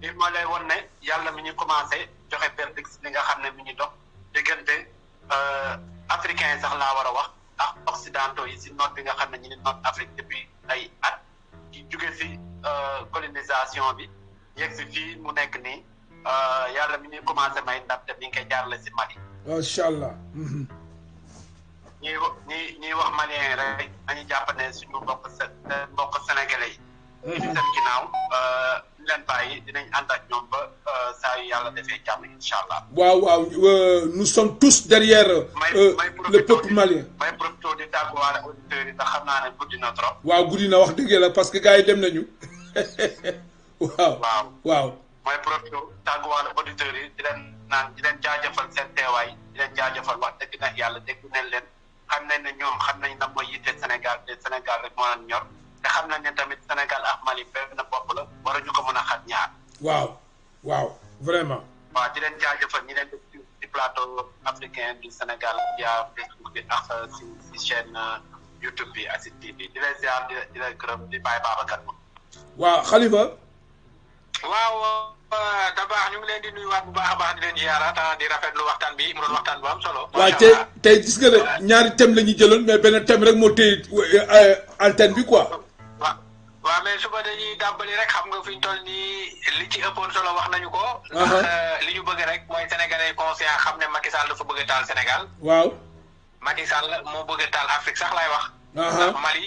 li ma lay won ne yàlla mi ñu commencé joxe verdicts li nga xam ne mi ñu dox diggante euh, africains sax laa war a wax ndax occidentaux yi si noot bi nga xam ne ñu ngi noot Afrique depuis ay at ci jóge euh, si colonisation bi yegg si fii mu nekk nii euh, yàlla mi ñuy commencé may ndam te mi ngi koy jaarale si Mali. macha allah. Mm-hmm. ñuy ñuy ñuy wax malien rek dañuy jàpp ne suñu mbokk seen mbokk sénégalais yi. ci seen ginnaaw ñu euh, leen bàyyi dinañ ànd ak ñoom ba euh, saa yu yàlla defee jàmm incha allah. waaw waaw euh, nous sommes tous derrière. Euh, le peuple malien. may profité di tàgguwaale auditeurs yi ndax xam naa ne guddi na trop. waaw guddi na wax dëgg la parce que gars yi dem nañu. waaw waaw waaw. may profité tàgguwaale auditeurs yi di leen naan di leen jaajëfal seen teewaay di leen jaajëfal wax dëgg na yàlla dégg nañ leen xam nañ ne ñoom xam nañ na mooy yitte Sénégal te Sénégal rek moo leen ñor. te xam nañ ne tamit Sénégal ak Mali benn bopp la waruñu ko mën a xat ñaar. waaw waaw vraiment. waaw di leen jaajëfal ñi leen di ci plateau africain du Sénégal via Facebook bi ak si si chaîne euh, YouTube bi TV di leen ziar di di leen gërëm di bàyyi Babacar. waaw Khalifa. waaw euh, ñu ngi leen di nuyuwaat bu baax a baax di leen ziaraat ah, di rafetlu waxtaan bi mu doon waxtaan bu am solo. waaw tey tey gis nga ne ñaari la ñu jëloon mais benn thème rek moo téye euh, antenne bi quoi waaw mais suba dañuy dàmbali rek xam nga fi ñu toll nii li ci ëppoon solo wax nañu ko. ndax eh, li ñu bëgg rek mooy sénégalais conscient xam ne Macky Sall dafa bëgg a taal Sénégal. waaw Macky Sall moo bëgg a taal Afrique sax laay ya, wax. ndax Mali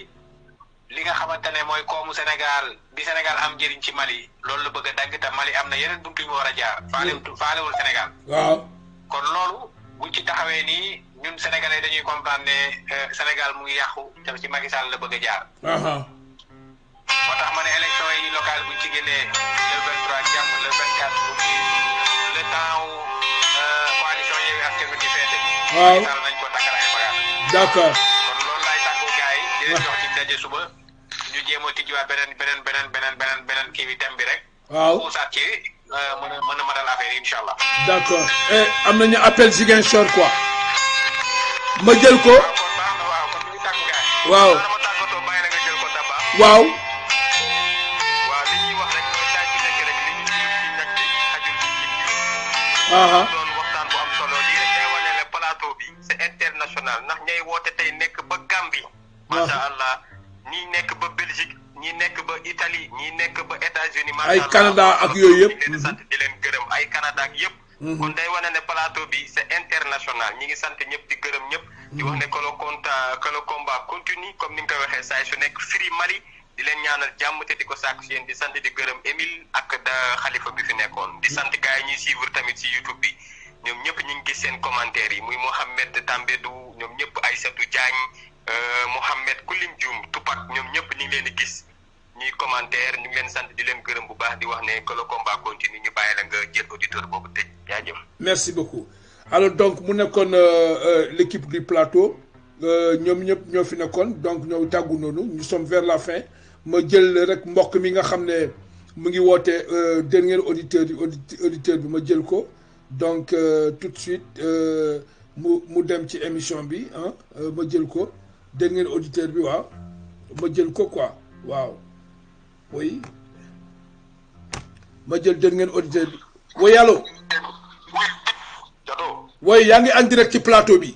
li nga xamante ne mooy koomu Sénégal bi Sénégal am njëriñ ci Mali loolu la bëgg a dagg te Mali am na yeneen buntu yu mu war a jaar. faale faalewul Sénégal. waaw kon loolu buñ ci taxawee nii ñun sénégalais dañuy comprendre ne Sénégal mu ngi yàqu ci Macky Sall la bëgg a jaar. moo tax ma ne élection yi locale bu ñu ci génnee le 23 jàmm le 24 bu ñu le temps wu euh, coalition Yewwi Askan Wi di feete. waaw daal nañ ko takkal ay bagages. d'accord kon loolu laay tàggu gars yi. di leen jox ci daje suba ñu jéem a tijjiwaat beneen beneen beneen beneen beneen beneen kii bi thème bi rek. waaw puusaat ci euh, mën a mën a matal affaire yi incha allah. d'accord et eh, am nañu appel Ziguinchor quoi. ma jël ko. waaw. waaw. Uh-huh. doon waxtaan bu am solo lii rek day wane ne plateau bi woote tey nekk ba Gambie uh-huh. macha allah ñii nekk ba Belgique ñii nekk ba Italie ñii nekk ba États-Unis macha ay Canada ak yooyu yëpp di leen gërëm ay Canada ak yëpp mm-hmm. kon day wane ne plateau bi c'est international ñi ngi sant ñëpp di gërëm ñëpp di mm-hmm. wax ne que le combat continue comme ni nga ko waxee saay su nekk Free Mali di len ñaanal jamm te di ko seen di sante di gërëm Emil ak da khalifa bi fi nekkon di sante gaay ñi ñuy suivre tamit ci YouTube bi ñom ñëpp ñu ngi gis seen commentaire yi muy Mohamed Tambedou ñoom ñëpp Aïssatou euh Mohamed Kulim Dioum Tupac ñom ñëpp ñu ngi leen gis ñi commentaire ñu ngi leen sante di leen gërëm bu baax di wax ne que le combat continue ñu bayila la nga jël auditeur boobu tëj jaajëf. merci beaucoup alors donc mu euh, euh, l'équipe du plateau euh, ñoom ñëpp ñoo donc nous sommes vers la fin. ma jël rek mbokk mi nga xam ne mu ngi woote euh, dernier auditeur auditeur bi ma jël ko donc euh, tout de suite euh, mu mu dem ci émission bi ah ma jël ko dernier auditeur bi waaw ma jël ko quoi waaw oui ma jël dernier auditeur bi oui allo. oui yaa ngi en direct ci plateau bi.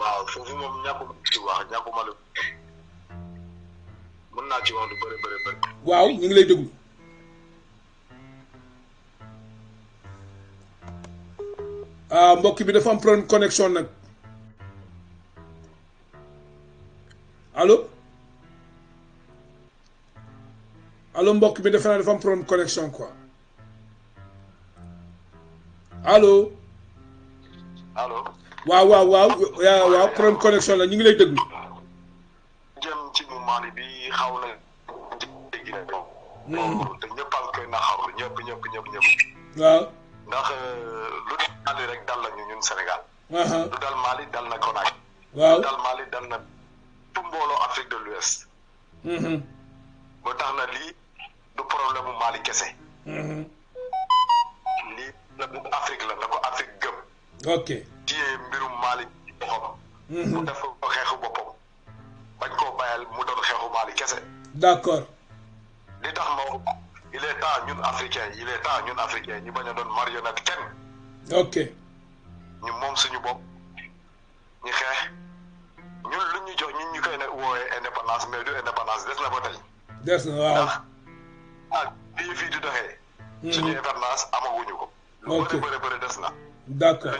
waaw foofu moom ñàkkuma ci ci wax lu waaw ñu ngi lay déglu. Ah, mbokk bi dafa am problème connexion nag allo allo mbokk bi defe naa dafa am problème connexion quoi allo. waaw waaw waaw ya, waaw problème connexion la ñu ngi lay déglu jëm ci bu mali bi xaw na dégg na te ñëpp al koy naxarlu ñëpp ñëpp ñëpp ñëpp waaw ndax euh, lu mali rek dal la ñun sénégal lu dal mali dal na waaw dal mali dal na tout mbooloo afrique de l'ouest hmm. ba tax na lii du problème mali kese hmm. lii la afrique la na ko afrique gëm ok téye mbirum maali ci mhm. mu def xeexu boppam. bañ koo bàyyal mu doon xeexu Malick kese. d'accord. li tax ma wax il est temps ñun africain il est temps ñun africain ñu bañ a doon marionnette kenn. ok. ñu moom suñu bopp ñu xeex ñun lu ñu jox ñun ñu koy ne woowee indépendance mais du indépendance des na ba tey. des na waaw ndax ah fii di doxee. Mhm. suñu indépendance amaguñu ko. ok lu des na. d'accord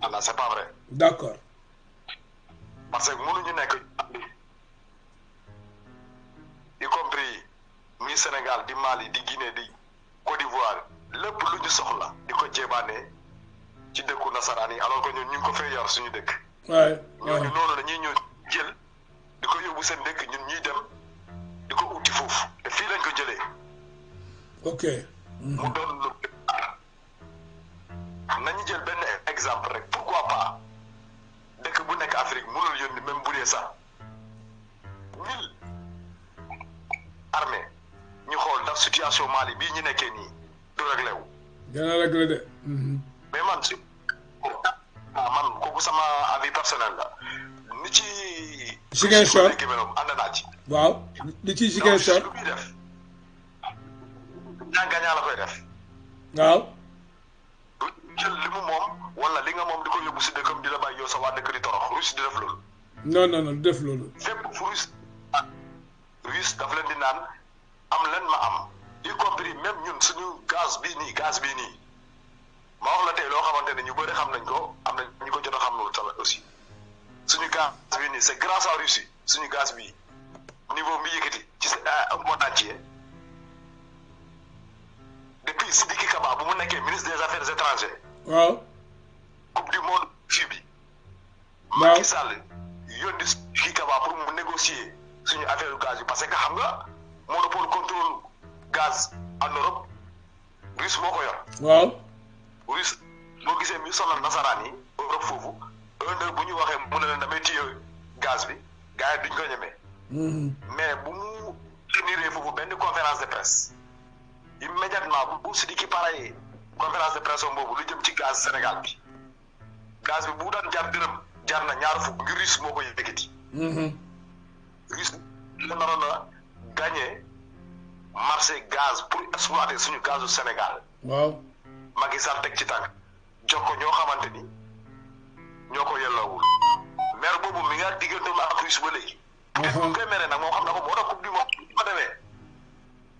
D'accord. Parce pas vrai. d'accord. parce que y compris mi Sénégal di Mali di Guinée di Côte d'Ivoire le plus de soxla di ko jébaane ci dëkku nasaraan alors que ñun ñu ko yar suñu jël nous ñun dem lañ ko ok. nañu jël benn exemple rek pourquoi pas dëkk bu nekk Afrique mënul yónni même bu dee sax mille ñu xool ndax situation Mali bii ñu nekkee nii du réglé wu. dana de. Mhm. mais man si ah, man kooku sama avis personnel la ni ci. Ziguinchor ànd naa ci. waaw ni ci Ziguinchor. lu muy def. koy def. waaw. jël li mu moom wala li nga moom di ko yóbbu si dëkkam di la bàyyi yow sa waa dëkk di torox russe di def loolu. non non non def dafa leen di naan am leen ma am di compris même ñun suñu gaz bii nii gaz bii nii ma wax la tey loo xamante ne ñu bëri xam nañ ko am na ñu ko jot a xam loolu tamit aussi suñu gaz bii nii c'est grâce à Russie suñu gaz bi niveau bi yëkkati ci sa euh, montagne Depi si di ki kaba pou moun neke Ministre des Afers Etranger Kup di moun chibi Mou kisal Yon di ki kaba pou moun negosye Sounye Afers ou Gaz Pase kakam la Monopoul kontrol gaz an Europe Bwis moun koyor Mou gise moun salan nasarani Europe fowou E yon dey bon yon wakèm moun elenda beti yo Gaz bi, gaye bin gwenye me mm-hmm. Men moun Tenire fowou bende konferans de presse immédiatement bu Sidiki paree conférence de presse boobu lu jëm ci gaz Sénégal bi gaz bi bu daan jar dërëm jar na ñaar fukk ngir russe moo koy yëkkati. Mhm. russe la naroon a gagné marché gaz pour exploiter suñu gazu Sénégal. waaw Macky Sall teg ci tànk jox ko ñoo xamante ni ñoo ko yelloowul. maire boobu mi nga diggante ak russe ba léegi. Mhm. bu dee bu ñu nag moo xam na ko moo doon coupe du monde bi ma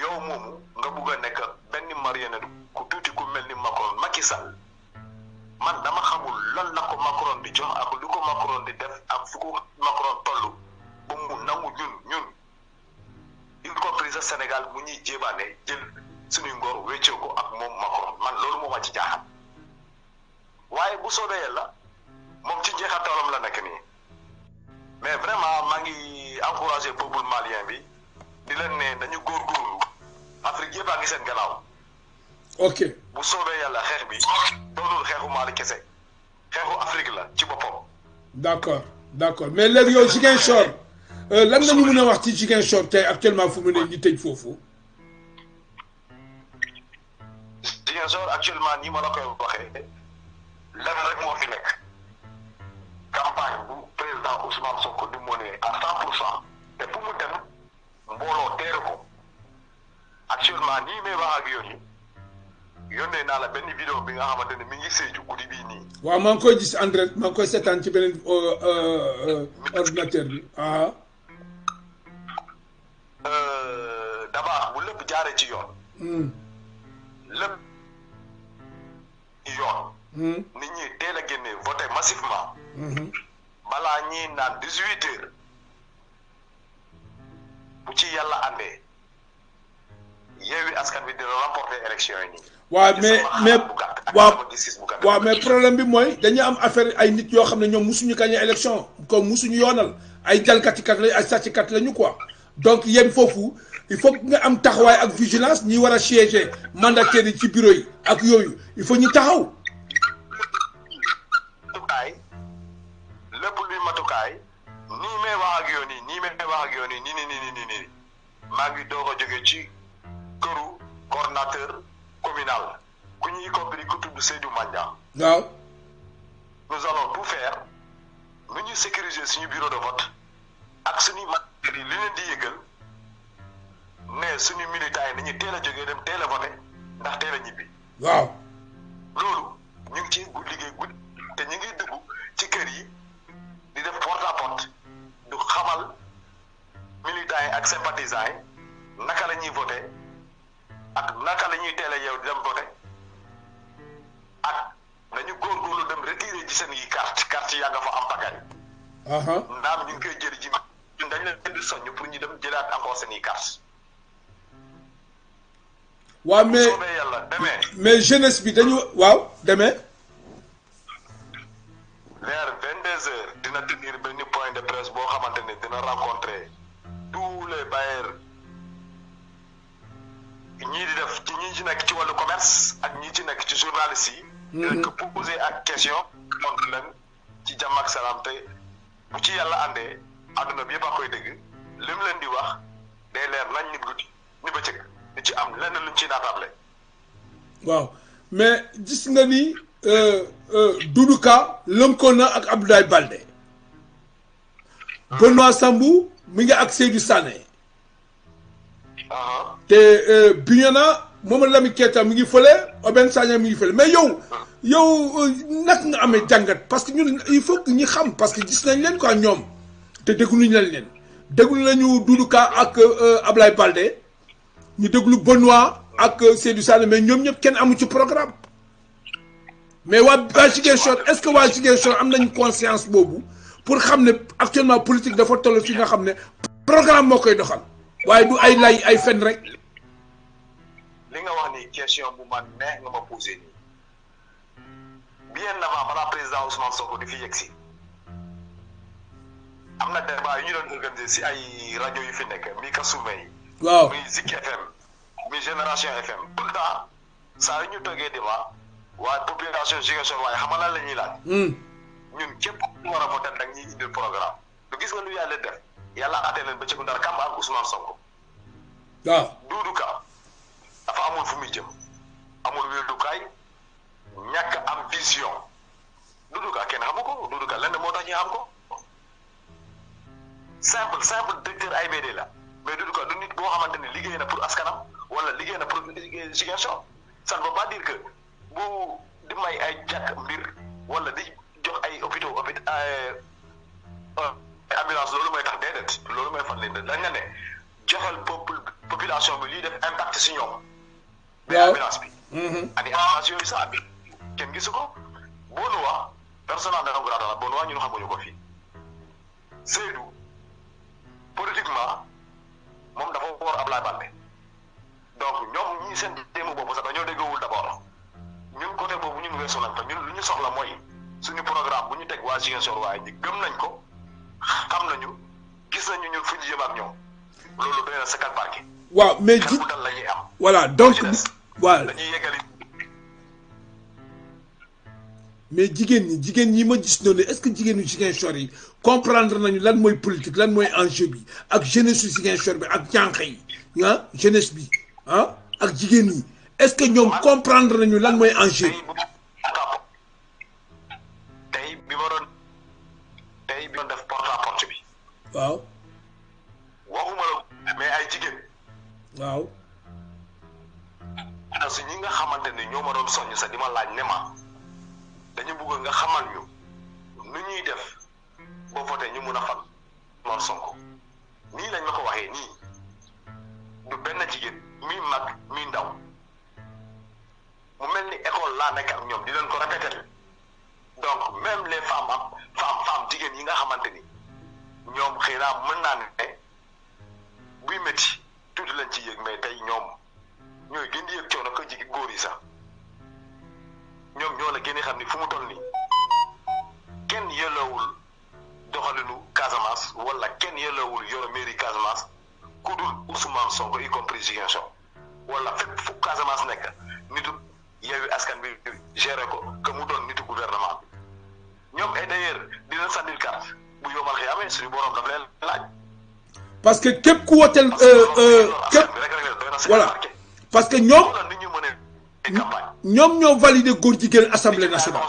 yow moomu nga bugg nekk benn marionnette ku tuuti ku mel ni Macron Macky Sall man dama xamul lan la ko Macron di jox ak lu ko Macron di def ak fu ko Macron tollu ba mu nangu ñun ñun il ko sa Sénégal mu ñuy jébané jël suñu ngor wéccé ko ak moom Macron man loolu moo ma ci jaaxal waaye bu soobee yàlla moom ci jeexatalam la nekk nii mais vraiment maa ngi encouragé peuple malien bi di leen ne dañu góorgóorlu Afrique yëpp a ngi seen gannaaw. ok bu soobee yàlla xeex bi doonul xeexu Mali kese xeexu Afrique la ci boppam. d' accord d' accord mais léegi yow Ziguinchor euh, lan nga ñu mën a wax ci Ziguinchor tey actuellement fu mu ne ñu tëj foofu. Ziguinchor actuellement nii ma la koy waxee lan rek moo fi nekk bu président Ousmane Sonko di mënee à cent pour cent te fu mu dem actuellement nii may wax ak yoon yi yónnee naa la benn vidéo bi nga xamante ne mi ngi séju guddi bii nii. waaw maa ngi koy gis en direct maa ngi koy seetaan ci beneen euh, euh, euh, ordinateur bi ah. d'abord bu lépp jaare ci yoon. Hmm. lépp yoon. Hmm. nit ñi teel a génne voté massivement. Hmm. balaa ñuy naan dix bu ci yàlla àndee. Yewwi Askan Wi dina remporter élection yi. waaw mais mais waaw waaw mais problème bi mooy dañu am affaire ay nit yoo xam ne ñoom musuñu gagné élection comme musuñu yoonal ay jalkati kat lañu ay sàcckat lañu quoi donc yéen foofu il faut nga am taxawaay ak vigilance ñi war a siéger mandataires yi ci bureau yi ak yooyu il faut ñu taxaw. matukaay lépp luy matukaay nii may wax ak yoon yi nii may wax ak yoon yi nii nii nii nii nii maa ngi doog a jóge ci. këru coordonnateur communal ku ñuy compris ku tudd Seydou Mandia. waaw. nous allons tout faire nu ñuy sécuriser suñu bureau de vote ak suñu matériel yi li leen di yëgal ne suñu militants yi nañu teel a jógee dem teel a ndax teel a ñibbi. waaw. loolu ñu ngi ciy liggéey guddi te ñu ngi dugg ci kër yi di def porte à porte du xamal militants yi ak sympathisants naka la ñuy voté. ak naka la ñuy teelee yow dem voté ak nañu góorgóorlu dem retiré ci seen yi carte carte yaa nga fa am pagaay ndaam ñu ngi koy ji ñun dañ leen soññ pour ñu dem jëlaat encore seen yi carte waaw mais mais jeunesse bi dañu waaw demee vers vingt deux heures dina tenir benn point de presse boo xamante ne dina rencontrer tous les bailleurs ñii di def ci ñii ci nekk ci wàllu commerce ak ñi ci nekk ci journaliste yi. dinañ mhm. ko posé ak question tontu leen ci jàmm ak salaam te bu ci yàlla àndee àdduna bi yëpp a koy dégg lim leen di wax day leer nañ nit guddi ni bëccëg di ci am lenn luñ ci naataable. waaw mais gis nga ni euh, euh, Doudou Ka lënkoo na ak Abdoulaye Balde. Ah. Benoît Sambou mi ngi ak Seydou Sané. Uh-huh. te eh, Bignona moma lami keta mi ngi fële Oben train mi ngi faire. mais yow. Uh-huh. yow rien eh, nga me jangat parce que ñun il faut que xam parce que gis nañ leen quoi ñom te dégluñu nañ leen déglu nañu Doudou Ka ak nous eh, Baldé ñu déglu Benoît ak Seydou Sall mais ñom ñep kenn amu ci programme mais est-ce que am nañ conscience pour xamné actuellement politique dafa tollu fi nga programme de doxal. waaye du ay lay ay fen rek. li nga wax ni question bu ma neex nga ma posé nii bien ma balaa président Ousmane Sonko di fi yegg si am na débat yu ñu doon organiser si ay rajo yu fi nekk mi Kasumé yi. waaw muy Zik FM muy Génération FM tout le temps saa yu ñu toggee débat waaye population Ziguinchor waaye xamal la ñuy laaj. Hmm. ñun képp ku war a voté da nga ñuy indil programme du gis nga lu yàlla def. yàlla àttee leen bëccëgu ndar kàmb ak Ousmane Sonko. waaw Doudou Ka amul fu muy jëm amul wéerukaay ñàkk am vision Doudou Ka kenn xamu ko moo tax ñu xam ko simple simple directeur AIBD la mais Doudou Ka du nit boo xamante ni liggéey na pour askanam wala liggéey na pour Ziguinchor ça ne veut pas dire que bu di may ay jàkk mbir wala di jox ay hôpitaux hôpitaux. Euh, te ambulance loolu mooy tax déedéet loolu mooy fan leen dañ nga ne joxal peuple population bi liy def impact si ñoom. mais ambulance bi. Mm-hmm. ani ambulance yooyu saa bi kenn gisu ko Bonuwa personnel dana ko daal Bonuwa ñun xamuñu ko fii Seydou politiquement moom dafa woor Ablaye Baldé donc ñoom ñii seen démb boobu sax dañoo déggowul d' abord ñun côté boobu ñun weesu lañ fa ñun lu ñu soxla mooy suñu programme bu ñu teg waa Ziguinchor waaye ñi gëm nañ ko. xam nañu gis nañu ñun fu ñu jëm ak ñoom loolu doy na sakkal barke. waaw mais di dal voilà donc waaw mais jigéen ñi jigéen ñi ma gis noonu est-ce que jigéen ñi Ziguinchor yi comprendre nañu lan mooy politique lan mooy enjeu bi ak jeunesse su Ziguinchor bi ak jànq yi ah jeunesse bi ah ak jigéen ñi est-ce que ñoom comprendre nañu lan mooy enjeu waaw ana su ñi nga xamante ni ñoo ma doon soññ sax di ma laaj ne ma dañu bëgg nga xamal ñu nu ñuy def boo voté ñu mun a fal Ousmane Sonko nii lañ ma ko waxee nii du benn jigéen mi mag mi ndaw mu mel ni école laa nekk ak ñoom di leen ko répété donc même les femmes am femmes jigéen ñi nga xamante ni ñoom xëy mën naa ne buy métti tuuti lañ ci yëg mais tey ñoom ñooy gën di coono ko jigi góor yi sax ñoom ñoo la gën xam ni fu mu toll nii kenn yelloowul doxalinu Casamance wala kenn yelloowul yoro mairie Casamance ku dul Ousmane Sonko y compris Ziguinchor wala fépp fu Casamance nekk nitu yeewi askan bi géré ko que mu doon nitu gouvernement bi ñoom et d'ailleurs dina sànnil carte bu yomal xëy amee suñu borom daf leen laaj parce que coup ku euh, euh, voilà parce que nous, nous, nous validé assemblée nationale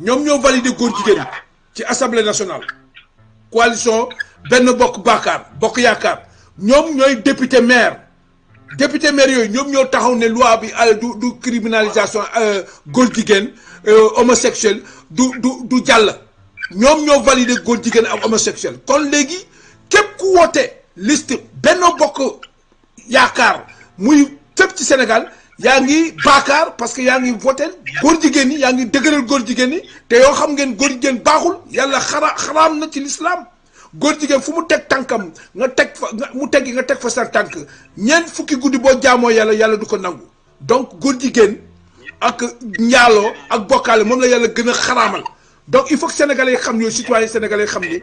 Nous, nous validé assemblée nationale coalition Ben Bok nous Bok nous député maire député maire nous nous ñoo loi de criminalisation euh, góor homosexuel du du du avons validé homosexuel képp ku woote liste Benno Bokk Yaakaar muy fépp ci Sénégal yaa ngi baakaar parce que yaa ngi voté góor jigéen ni yaa ngi dëgëral góor jigéen ni te yoo xam ngeen góor jigéen baaxul yàlla xara xaraam na ci lislaam góor jigéen fu mu teg tànkam nga teg fa mu teggi nga teg fa sa tànk ñeent fukki guddi boo jaamoo yàlla yàlla du ko nangu donc góor jigéen ak njaaloo ak bokkaale moom la yàlla gën a xaraamal donc il faut que sénégalais xam yooyu citoyen sénégalais xam ni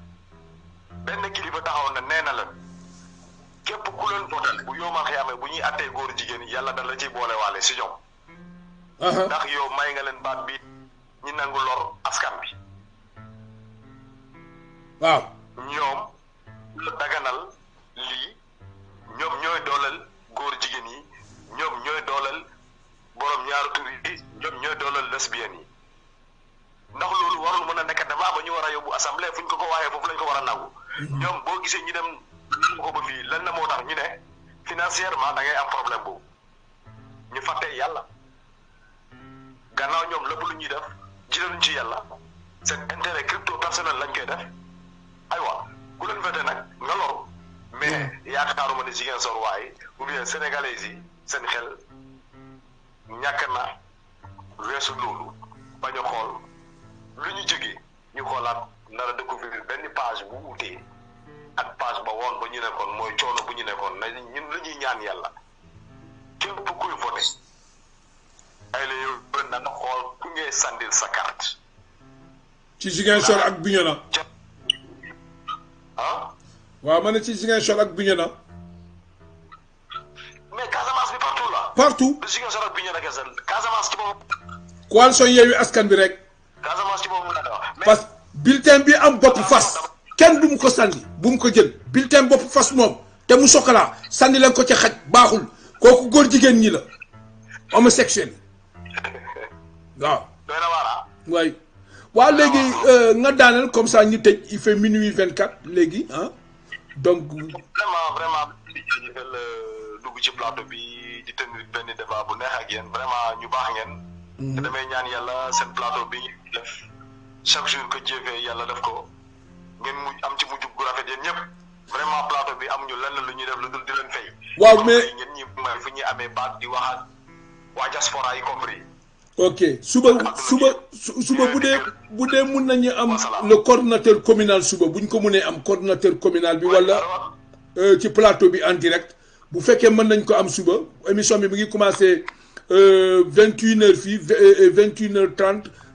benn kilifa taxaw na nee na la képp ku leen votal bu yoomal xiyaame bu ñuy attee góor jigéen yàlla da la ciy boole waale si ñoom ndax yow may nga leen baat bi ñi nangu lor askan bi waaw ñoom daganal lii ñoom ñooy doolal góor jigéen yi ñoom ñooy doolal borom ñaaru tur yi ñoom ñooy doolal lesbiennes yi ndax loolu warul mën a nekk dama ba ñu war a yóbbu assemblée fuñ ko ko waxee foofu lañ ko war a nangu ñoom boo gisee ñu dem lu ko fii lan na moo tax ñu ne financièrement da ngay am problème boobu ñu fàtte yàlla gannaaw ñoom lépp lu ñuy def jëlaluñ ci yàlla seen intérêt crypto personnel lañ koy def aywa ku leen fete nag nga loru mais hmm. yaakaaruma ne jigéen sor waaye ou bien sénégalais seen xel ñàkk na weesu loolu bañ a xool lu ñu jógee ñu xoolaat nar a découvrir benn page bu utee ak page ba woon ba ñu nekkoon mooy coono bu ñu nekkoon na ñun la ñuy ñaan yàlla képp kuy voté ay la yow na nga xool ku ngay sandil sa carte. ci Ziguinchor ak Bignona. ah. waaw ma ne ci Ziguinchor ak Bignona. mais Casamance bi partout la. partout de Ziguinchor ak Bignona kese Casamance ci boobu. coalition Yewwi Askan bi rek. Casamance ci boobu la parce bulletin bi am bop fas kenn dum ko sandi bum ko jël bulletin bop fas mom te mu chocolat sandi leen ko ci xaj baxul koku gor jigéen ni la homosexuel waaw. way ah. wa léegi euh, nga daaneel comme ça ñu tëj il fait minuit 24 quatre hein donc. vraiment vraiment di euh, dugg ci plateau bi di tenir ben débat bu neex ak yéen vraiment ñu bax ngeen. da mm. damay ñaan yalla seen plateau bi def. chaque jour que yàlla def ko am ci mujj gu rafet yéen ñëpp vraiment plateau bi amuñu lenn ñuy def lu dul di leen waaw mais ñun ñi fu ñuy amee baat di wax ak waa diaspora yi compris. ok suba suba suba bu dee bu dee mun nañu am le coordonnateur communal suba bu ñu ko munee am coordonnateur communal bi wala euh, ci plateau bi en direct bu fekkee mën nañ ko am suba émission bi mu ngi commencé euh, vingt une heure fii vingt euh, une heure trente.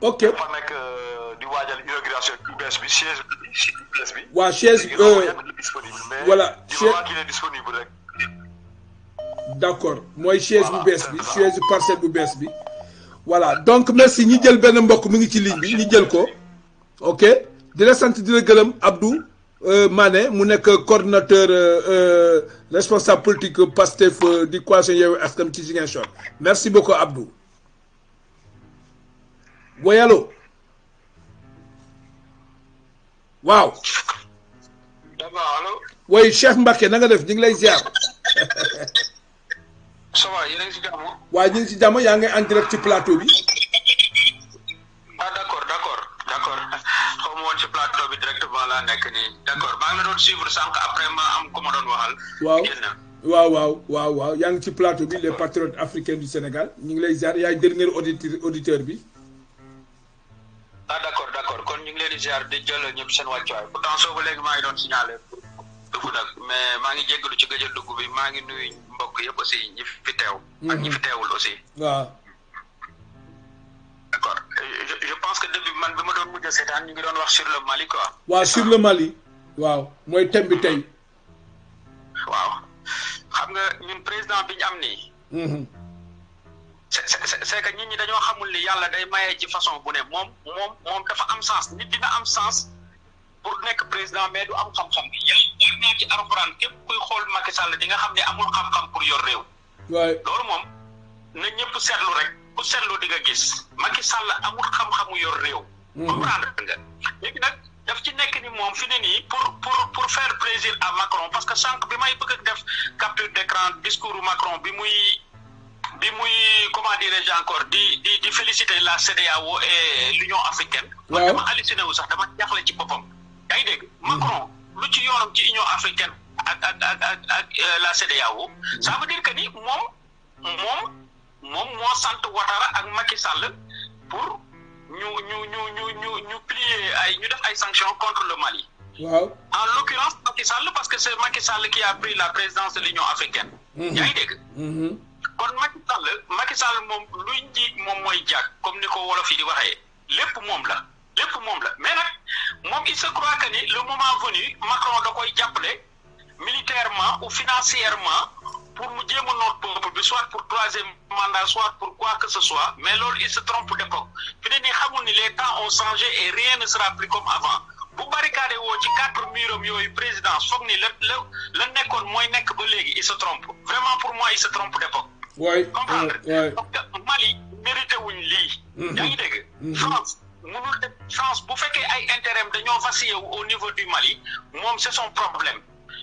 ok dafa nekk euh, di waajal inauguration bu bi chaise bu bi. waa chaise. voilà chaise mais disponible rek. d' accord mooy chaise bu bi chaise parcelle bu bi. voilà donc merci ñi jël benn mbokk mi ngi ci ligne bi ñi jël ko. ok di la sant di la gërëm Abdou euh, Mané mu nekk euh, euh, responsable politique PASTEF di coalition Yewwi Askan ci Ziguinchor merci beaucoup Abdou. Boyalo waaw. damaa allo. oui Cheikh na nga def ñu ngi lay ziar. ça va yéen a ngi si jàmm. waaw ngi si yaa ngi en direct ci plateau bi. ah d' accord d' accord d' accord xaw ma woon ci plateau bi directement laa nekk nii d' accord maa ngi doon suivre sànq après ma am ku ma doon waxal. waaw waaw waaw waaw yaa ngi ci plateau bi les patriotes africains du Sénégal ñu ngi lay ziar yaay dernier auditeur auditeur bi. ah d' accord kon ñu ngi leen di ziar di jël ñëpp seen wàccuwaay pourtant soo ba léegi maa doon signalé pour dugg mais maa ngi jéggalu ci gëj a dugg bi maa ngi nuyu mbokk yëpp aussi ñi fi teew. ak ñi fi mm-hmm. teewul aussi. waaw. d' accord je je pense que début man bi ma doon mujj a seetaan ñu ngi doon wax sur le Mali quoi. waaw sur le Mali. waaw mooy thème tey. waaw xam nga ñun président bi ñu am nii. Mm-hmm. c'est que nit ñi dañoo xamul ni yàlla day maye ci façon bu ne moom moom moom dafa am sens nit dina am sens pour nekk président mais du am xam-xam bi yàlla war naa ci alxuraan képp kuy xool Macky Sall di nga xam ne amul xam-xam pour yor réew loolu moom na ñëpp seetlu rek ku seetlu di nga gis Macky Sall amul xam-xamu yor réew mm-hmm. comprendre nga léegi nag daf ci nekk ni moom fi ne nii pour pour pour faire plaisir à Macron parce que sànq bi may bëgg def capture d'écran discours Macron bi muy bi comment dirais-je encore di di di féliciter la CDAO et l'Union africaine. waaw dama halluciné wu sax dama jaxlé ci bopam yaa ngi dégg hmm. Macron lu ci yoonam ci Union africaine ak ak ak ak euh, la CDAO hmm. ça veut dire que ni mom mom mom mo sante Ouattara ak Macky Sall pour ñu ñu ñu ñu ñu ñu plier ay ñu def ay sanctions contre le Mali. waaw en l'occurrence Macky Sall parce que c'est Macky Sall qui a pris la présidence de l'Union africaine. Hmm. yaa ngi dégg kon Macky Sall comme mais il se que le moment venu Macron militairement ou financièrement pour mu peuple soit pour troisième mandat soit pour quoi que ce soit mais loolu il se trompe d'époque les temps ont changé et rien ne sera plus comme avant bu barricade woo ci quatre yooyu il se trompe vraiment pour moi il se trompe d'époque waay waay Mali mérité wuñ lii. Mm-hmm. yaa ngi dégg. Mm-hmm. France mënul bu fekkee ay intérêt am dañoo vacillé wu au niveau du Mali moom c'est son problème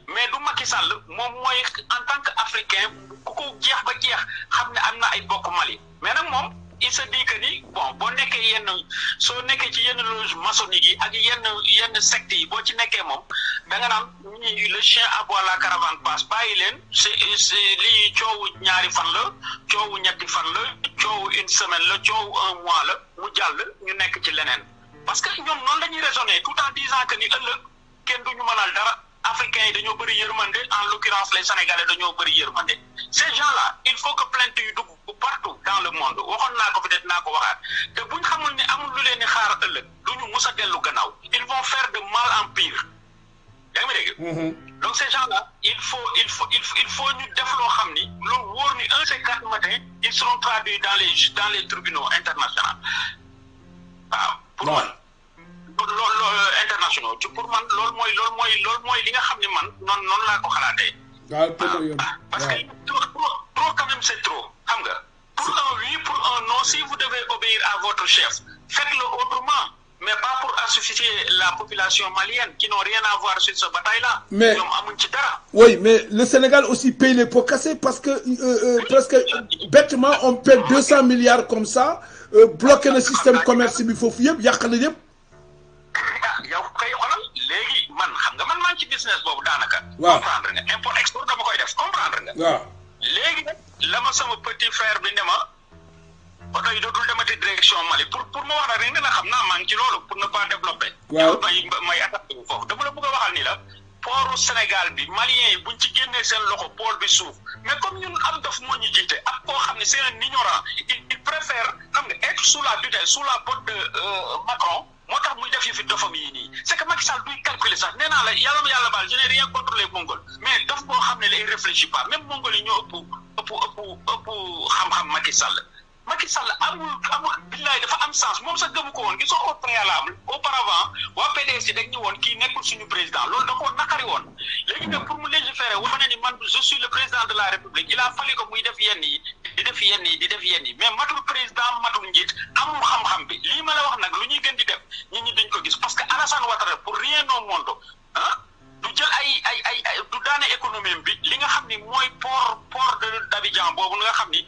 mais du Macky Sall moom mooy en tant que africain ku ko jeex ba jeex xam ne am na ay bokk Mali mais nag moom. il se dit que ni bon boo nekkee yenn soo nekke ci yenn loge maçonnique yi ak yenn yenn secte yi boo ci nekkee moom da nga naan ñi le chien aboie la caravane passe bàyyi leen c'est c'est lii coowu ñaari fan la coowu ñetti fan la coowu une semaine la coowu un mois la mu jàll ñu nekk ci leneen parce que ñoom noonu la ñuy raisonner tout en disant que ni ëllëg kenn du ñu mënal dara. africains yi dañoo bëri yërmande en l'occurrence les sénégalais dañoo bëri yërmande ces gens là il faut que plainte yu dugg partout dans le monde waxon naa ko fi def naa ko waxaat te buñ xamul ne amul lu leen di xaar ëllëg du ñu dellu gannaaw ils vont faire de mal en pire yaa ngi dégg mhm. donc ces gens là il faut il faut il faut ñu def loo xam ni loolu wóor ni un ces quatre matin ils seront traduits dans les dans les tribunaux internationaux waaw pour man pour euh, internationaux ci pour man loolu mooy loolu mooy loolu mooy li nga xam ne man noonu noonu laa ko xalaatee. parce que trop trop quand même c'est trop xam nga. pour un oui pour un non si vous devez obéir à votre chef faites-le autrement mais pas pour assujettir la population malienne qui n'ont rien à voir sur ce bataille-là. mais ñoom amuñ ci dara. oui mais le Sénégal aussi paye les pots cassés parce que euh, euh, presque bêtement on perd 200 milliards comme ça euh, le système commerce bi foofu yëpp yàq na yëpp. ah yow kay xoolal léegi man xam nga man maa ngi ci business boobu daanaka. waaw comprendre nga import export dama koy def comprendre nga. waaw léegi nag la ma sama petit frère bi ne ma oto yi dootul demati direction Mali pour pour mu wax la rek ne xam naa maa ngi ci loolu pour ne pas développer. waaw may may attaqué bu foofu dama la bëgg a waxal ni la. pooru Sénégal bi malien yi buñ ci génnee seen loxo pool bi suuf mais comme ñun am daf moo ñu jiite ak koo xam ne c'est un ignorant il préfère xam nga être sous la tutelle sous la botte de euh, Macron. moo tax muy def yi fi dofam yi nii c' est que Macky Sall duy calculer sax naa la yàlla ma yàlla baal je n'ai rien contre les Mongols mais daf boo xam ne lay réfléchit pas même me yi ñoo ëpp ëpp ëpp ëpp xam-xam Macky Sall Macky Sall amul amul billahi dafa am sens moom sa gëmu ko woon gisoo au préalable auparavant waa PDS dañ ñu woon kii nekkul suñu président loolu da koo naqari woon léegi nag pour mu légiférer wax na ni man je suis le président de la république il a fallu que muy def yenn yi di def yenn yi di def yenn yi mais matul président matul njiit amul xam-xam bi lii ma la wax nag lu ñuy gën di def nit ñi dañ ko gis parce que Alassane Ouattara pour rien au monde ah du jël ay ay ay du daane économie bi li nga xam ni mooy port port de d'Abidjan boobu nga xam ni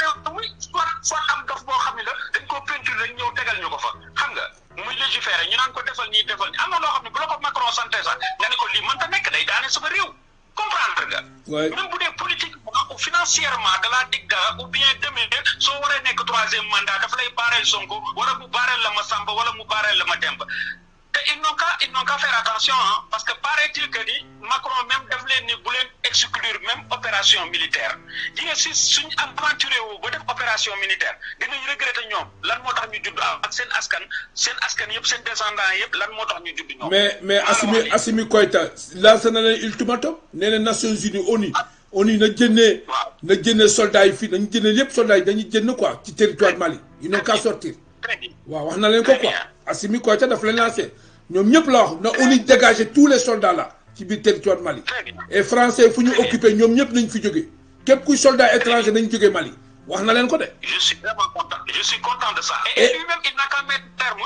tey sax nga ne ko mënta nekk day daane sama réew comprendre nga. waay même bu dee politique ou financièrement da laa dig dara ou bien demee soo waree nekk troisième mandat daf lay baareel Sonko wala mu baareel la ma Samba wala mu baareel la ma Demba te il n'ont il n'ont qu'à faire parce que paraît-il que ni. Macron même daf leen ni bu leen exclure même opération militaire ji nga si suñ aventuré woo ba def opération militaire dinañ regretter ñoom lan moo tax ñu judd ak seen askan seen askan yëpp seen descendant yëpp lan moo tax ñu judd ñoom. mais mais Assimi Assimi Goïta lancé na leen ultimatum nee na Nations Unies ONU. ONU na jëndee. na jëndee soldats yi fii nañu jëndee yëpp soldats yi dañuy jënd quoi ci territoire Mali. ils n'ont qu'à sortir. waaw wax na leen ko quoi. Assimi Goïta daf leen lancé ñoom ñëpp la wax na ONU dégagé tous les soldats là ci biir territoire de Mali et français fu ñu occupé ñoom ñëpp nañ fi jóge képp kuy soldat étranger nañ jóge Mali wax na leen ko de. je suis vraiment content je suis content de ça. et, lui-même il n'a qu'à mettre terme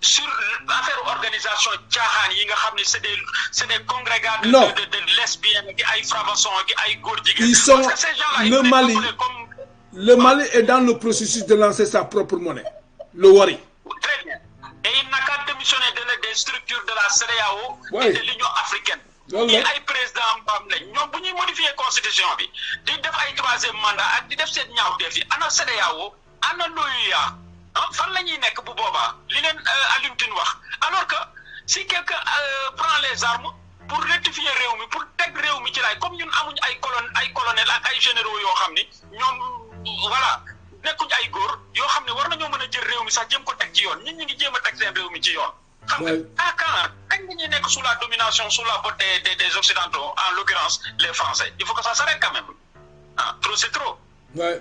sur l'affaire organisation caaxaan yi nga xam c'est des des congrégats de non. de de, de lesbiennes gi ay franc-maçon ay góor jigéen. ils sont parce que le Mali comme... le Mali est dans le processus de lancer sa propre monnaie le wari. très bien et il n'a qu'à démissionner des structures de la CEDEAO et de l'Union africaine. Et ay président lañ modifier constitution bi di def ay troisième mandat ak di def ana CEDEAO ana ah, fan la bu li euh, alors que si quelqu'un euh, prend les armes pour rectifier Réumi, pour teg réew comme ñun amuñ ay colonel ak généraux voilà nekkuñ ay góor yoo xam ne war nañoo mën a jël réew mi sax jëm ko teg ci yoon ñun ñu ngi jéem a teg seen réew mi ci yoon. xam nga à ah, quand kañ la ñuy nekk sous la domination sous la botte des des occidentaux en l'occurrence les français il faut que ça s'arrête quand même ah trop c'est trop. Ouais.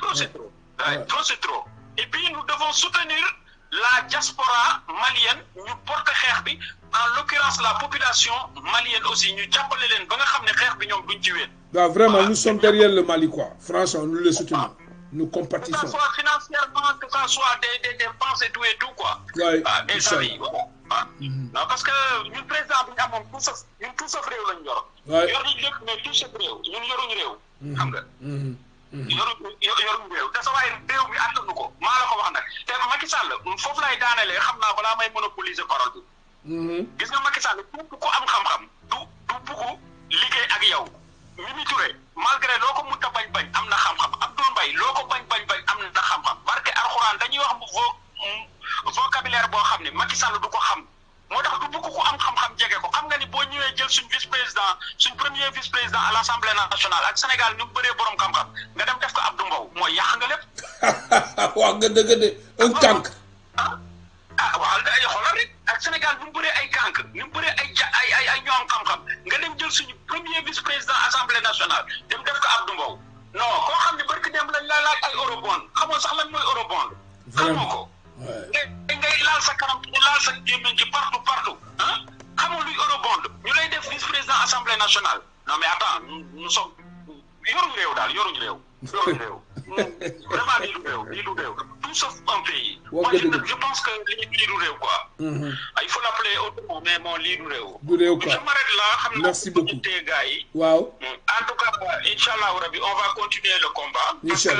trop c'est trop. Ouais. trop c'est trop. et puis nous devons soutenir la diaspora malienne ñu porte xeex bi en l'occurrence la population malienne aussi ñu jàppale leen ba nga xam ne xeex bi ñoom duñ ci wéet. waaw bah, vraiment nous sommes derrière le Mali quoi franchement nous le soutenons. nous compatissons. Que ça soit financièrement, que ça soit des, des dépenses et tout et tout, quoi. Ouais, ah, mhm. parce que ñun président bi ñu amoon tout sa ñun tout yor. yor nañ lépp mais ñun yoruñ réew. Mhm. xam nga. yoruñ mhm. yoruñ réew te sa waaye réew mi àttanu ko maa la ma wax nag te sal Sall foofu lay daanelee xam naa balaa may monopoliser parole bi. gis nga Macky Sall ku am xam-xam du du bugg liggéey ak yow Mimi Touré. malgré loko ko munta bañ bañ amna xam-xam Abdoul mbay loko bañ bañ bañ amna xam-xam barke alcorane dañuy wax vo vocabulaire bo xam Macky Sall du ko xam motax du bëgg ko am xam-xam jege ko xam nga ni bo ñëwé jël suñu vice président suñu premier vice président à l'assemblée nationale ak Sénégal ñu bëré borom xam-xam nga dem def ko Abdou mbaw moy yàq nga lépp. wa nga dëgg de un tànk. a ah, waxal da ay xoolal rek ak Sénégal bu mu bëree ay kànk ni mu ay ja ay ay ay ñoom xam-xam nga dem jël suñu premier vice président assemblée nationale dem def ko Abdou Mbow. non koo xam ne barki dem lañ laa laaj ay eurobond xamoo sax lan mooy eurobond. xamoo ko. ngay ngay laal sa kanam laal sa gémmiñ ci partout partout ah xamoo luy eurobond ñu lay def vice président assemblée nationale non mais attends nous sommes yoruñu réew daal yoruñu réew yoruñu réew. vraiment du réew du tout sauf un pays. moi je pense que lii quoi. il faut l'appeler autrement mais mon lii du réew. du quoi je m'arrête là Merci beaucoup. en tout cas incha on va continuer le combat. parce que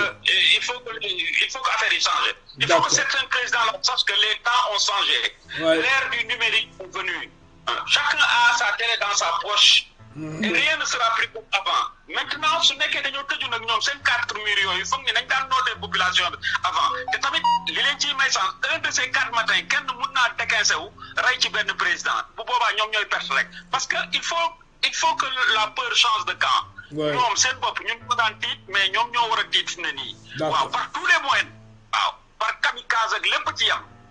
il faut que il faut il faut que un président là parce que les temps ont changé. l'ère du numérique est venue. chacun a sa télé dans sa poche rien ne sera pris avant. Maintenant, ce n'est que nous avons nous 4 millions. Il faut que nous avons des populations avant. Et mais même, un de ces 4 matins, quand nous avons des cas, nous avons des présidents. Nous avons des personnes. Parce qu'il faut, il faut que la peur change de camp. Nous avons des peuples, nous mais nous avons des titres. Par tous les moyens, par kamikaze, les petits.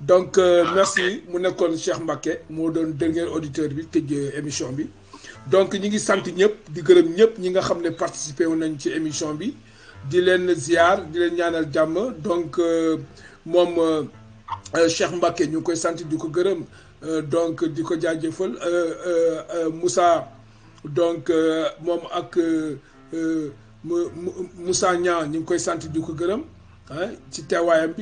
donc euh, merci mu nekkoon Cheikh Mbake, moo dernier auditeur euh, bi donc ñi ngi sant ñëpp di gërëm ñi nga ne bi ziar di leen donc euh, moom Cheikh Mbake, donc di ko Moussa donc ak Moussa ñu ngi koy hein,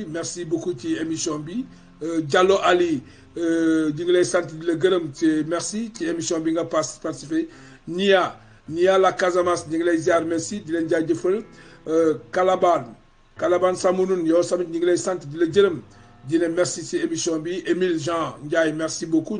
merci beaucoup ci émission bi euh, Diallo Ali euh, ngi sant merci ci émission bi nga Nia Nia la Casamance ñu ziar merci di leen jaajëfal Kalaban, euh, Kalaban Samunun Nia, tamit ñu ngi lay sant di merci ci émission bi Émile Jean Ndiaye merci beaucoup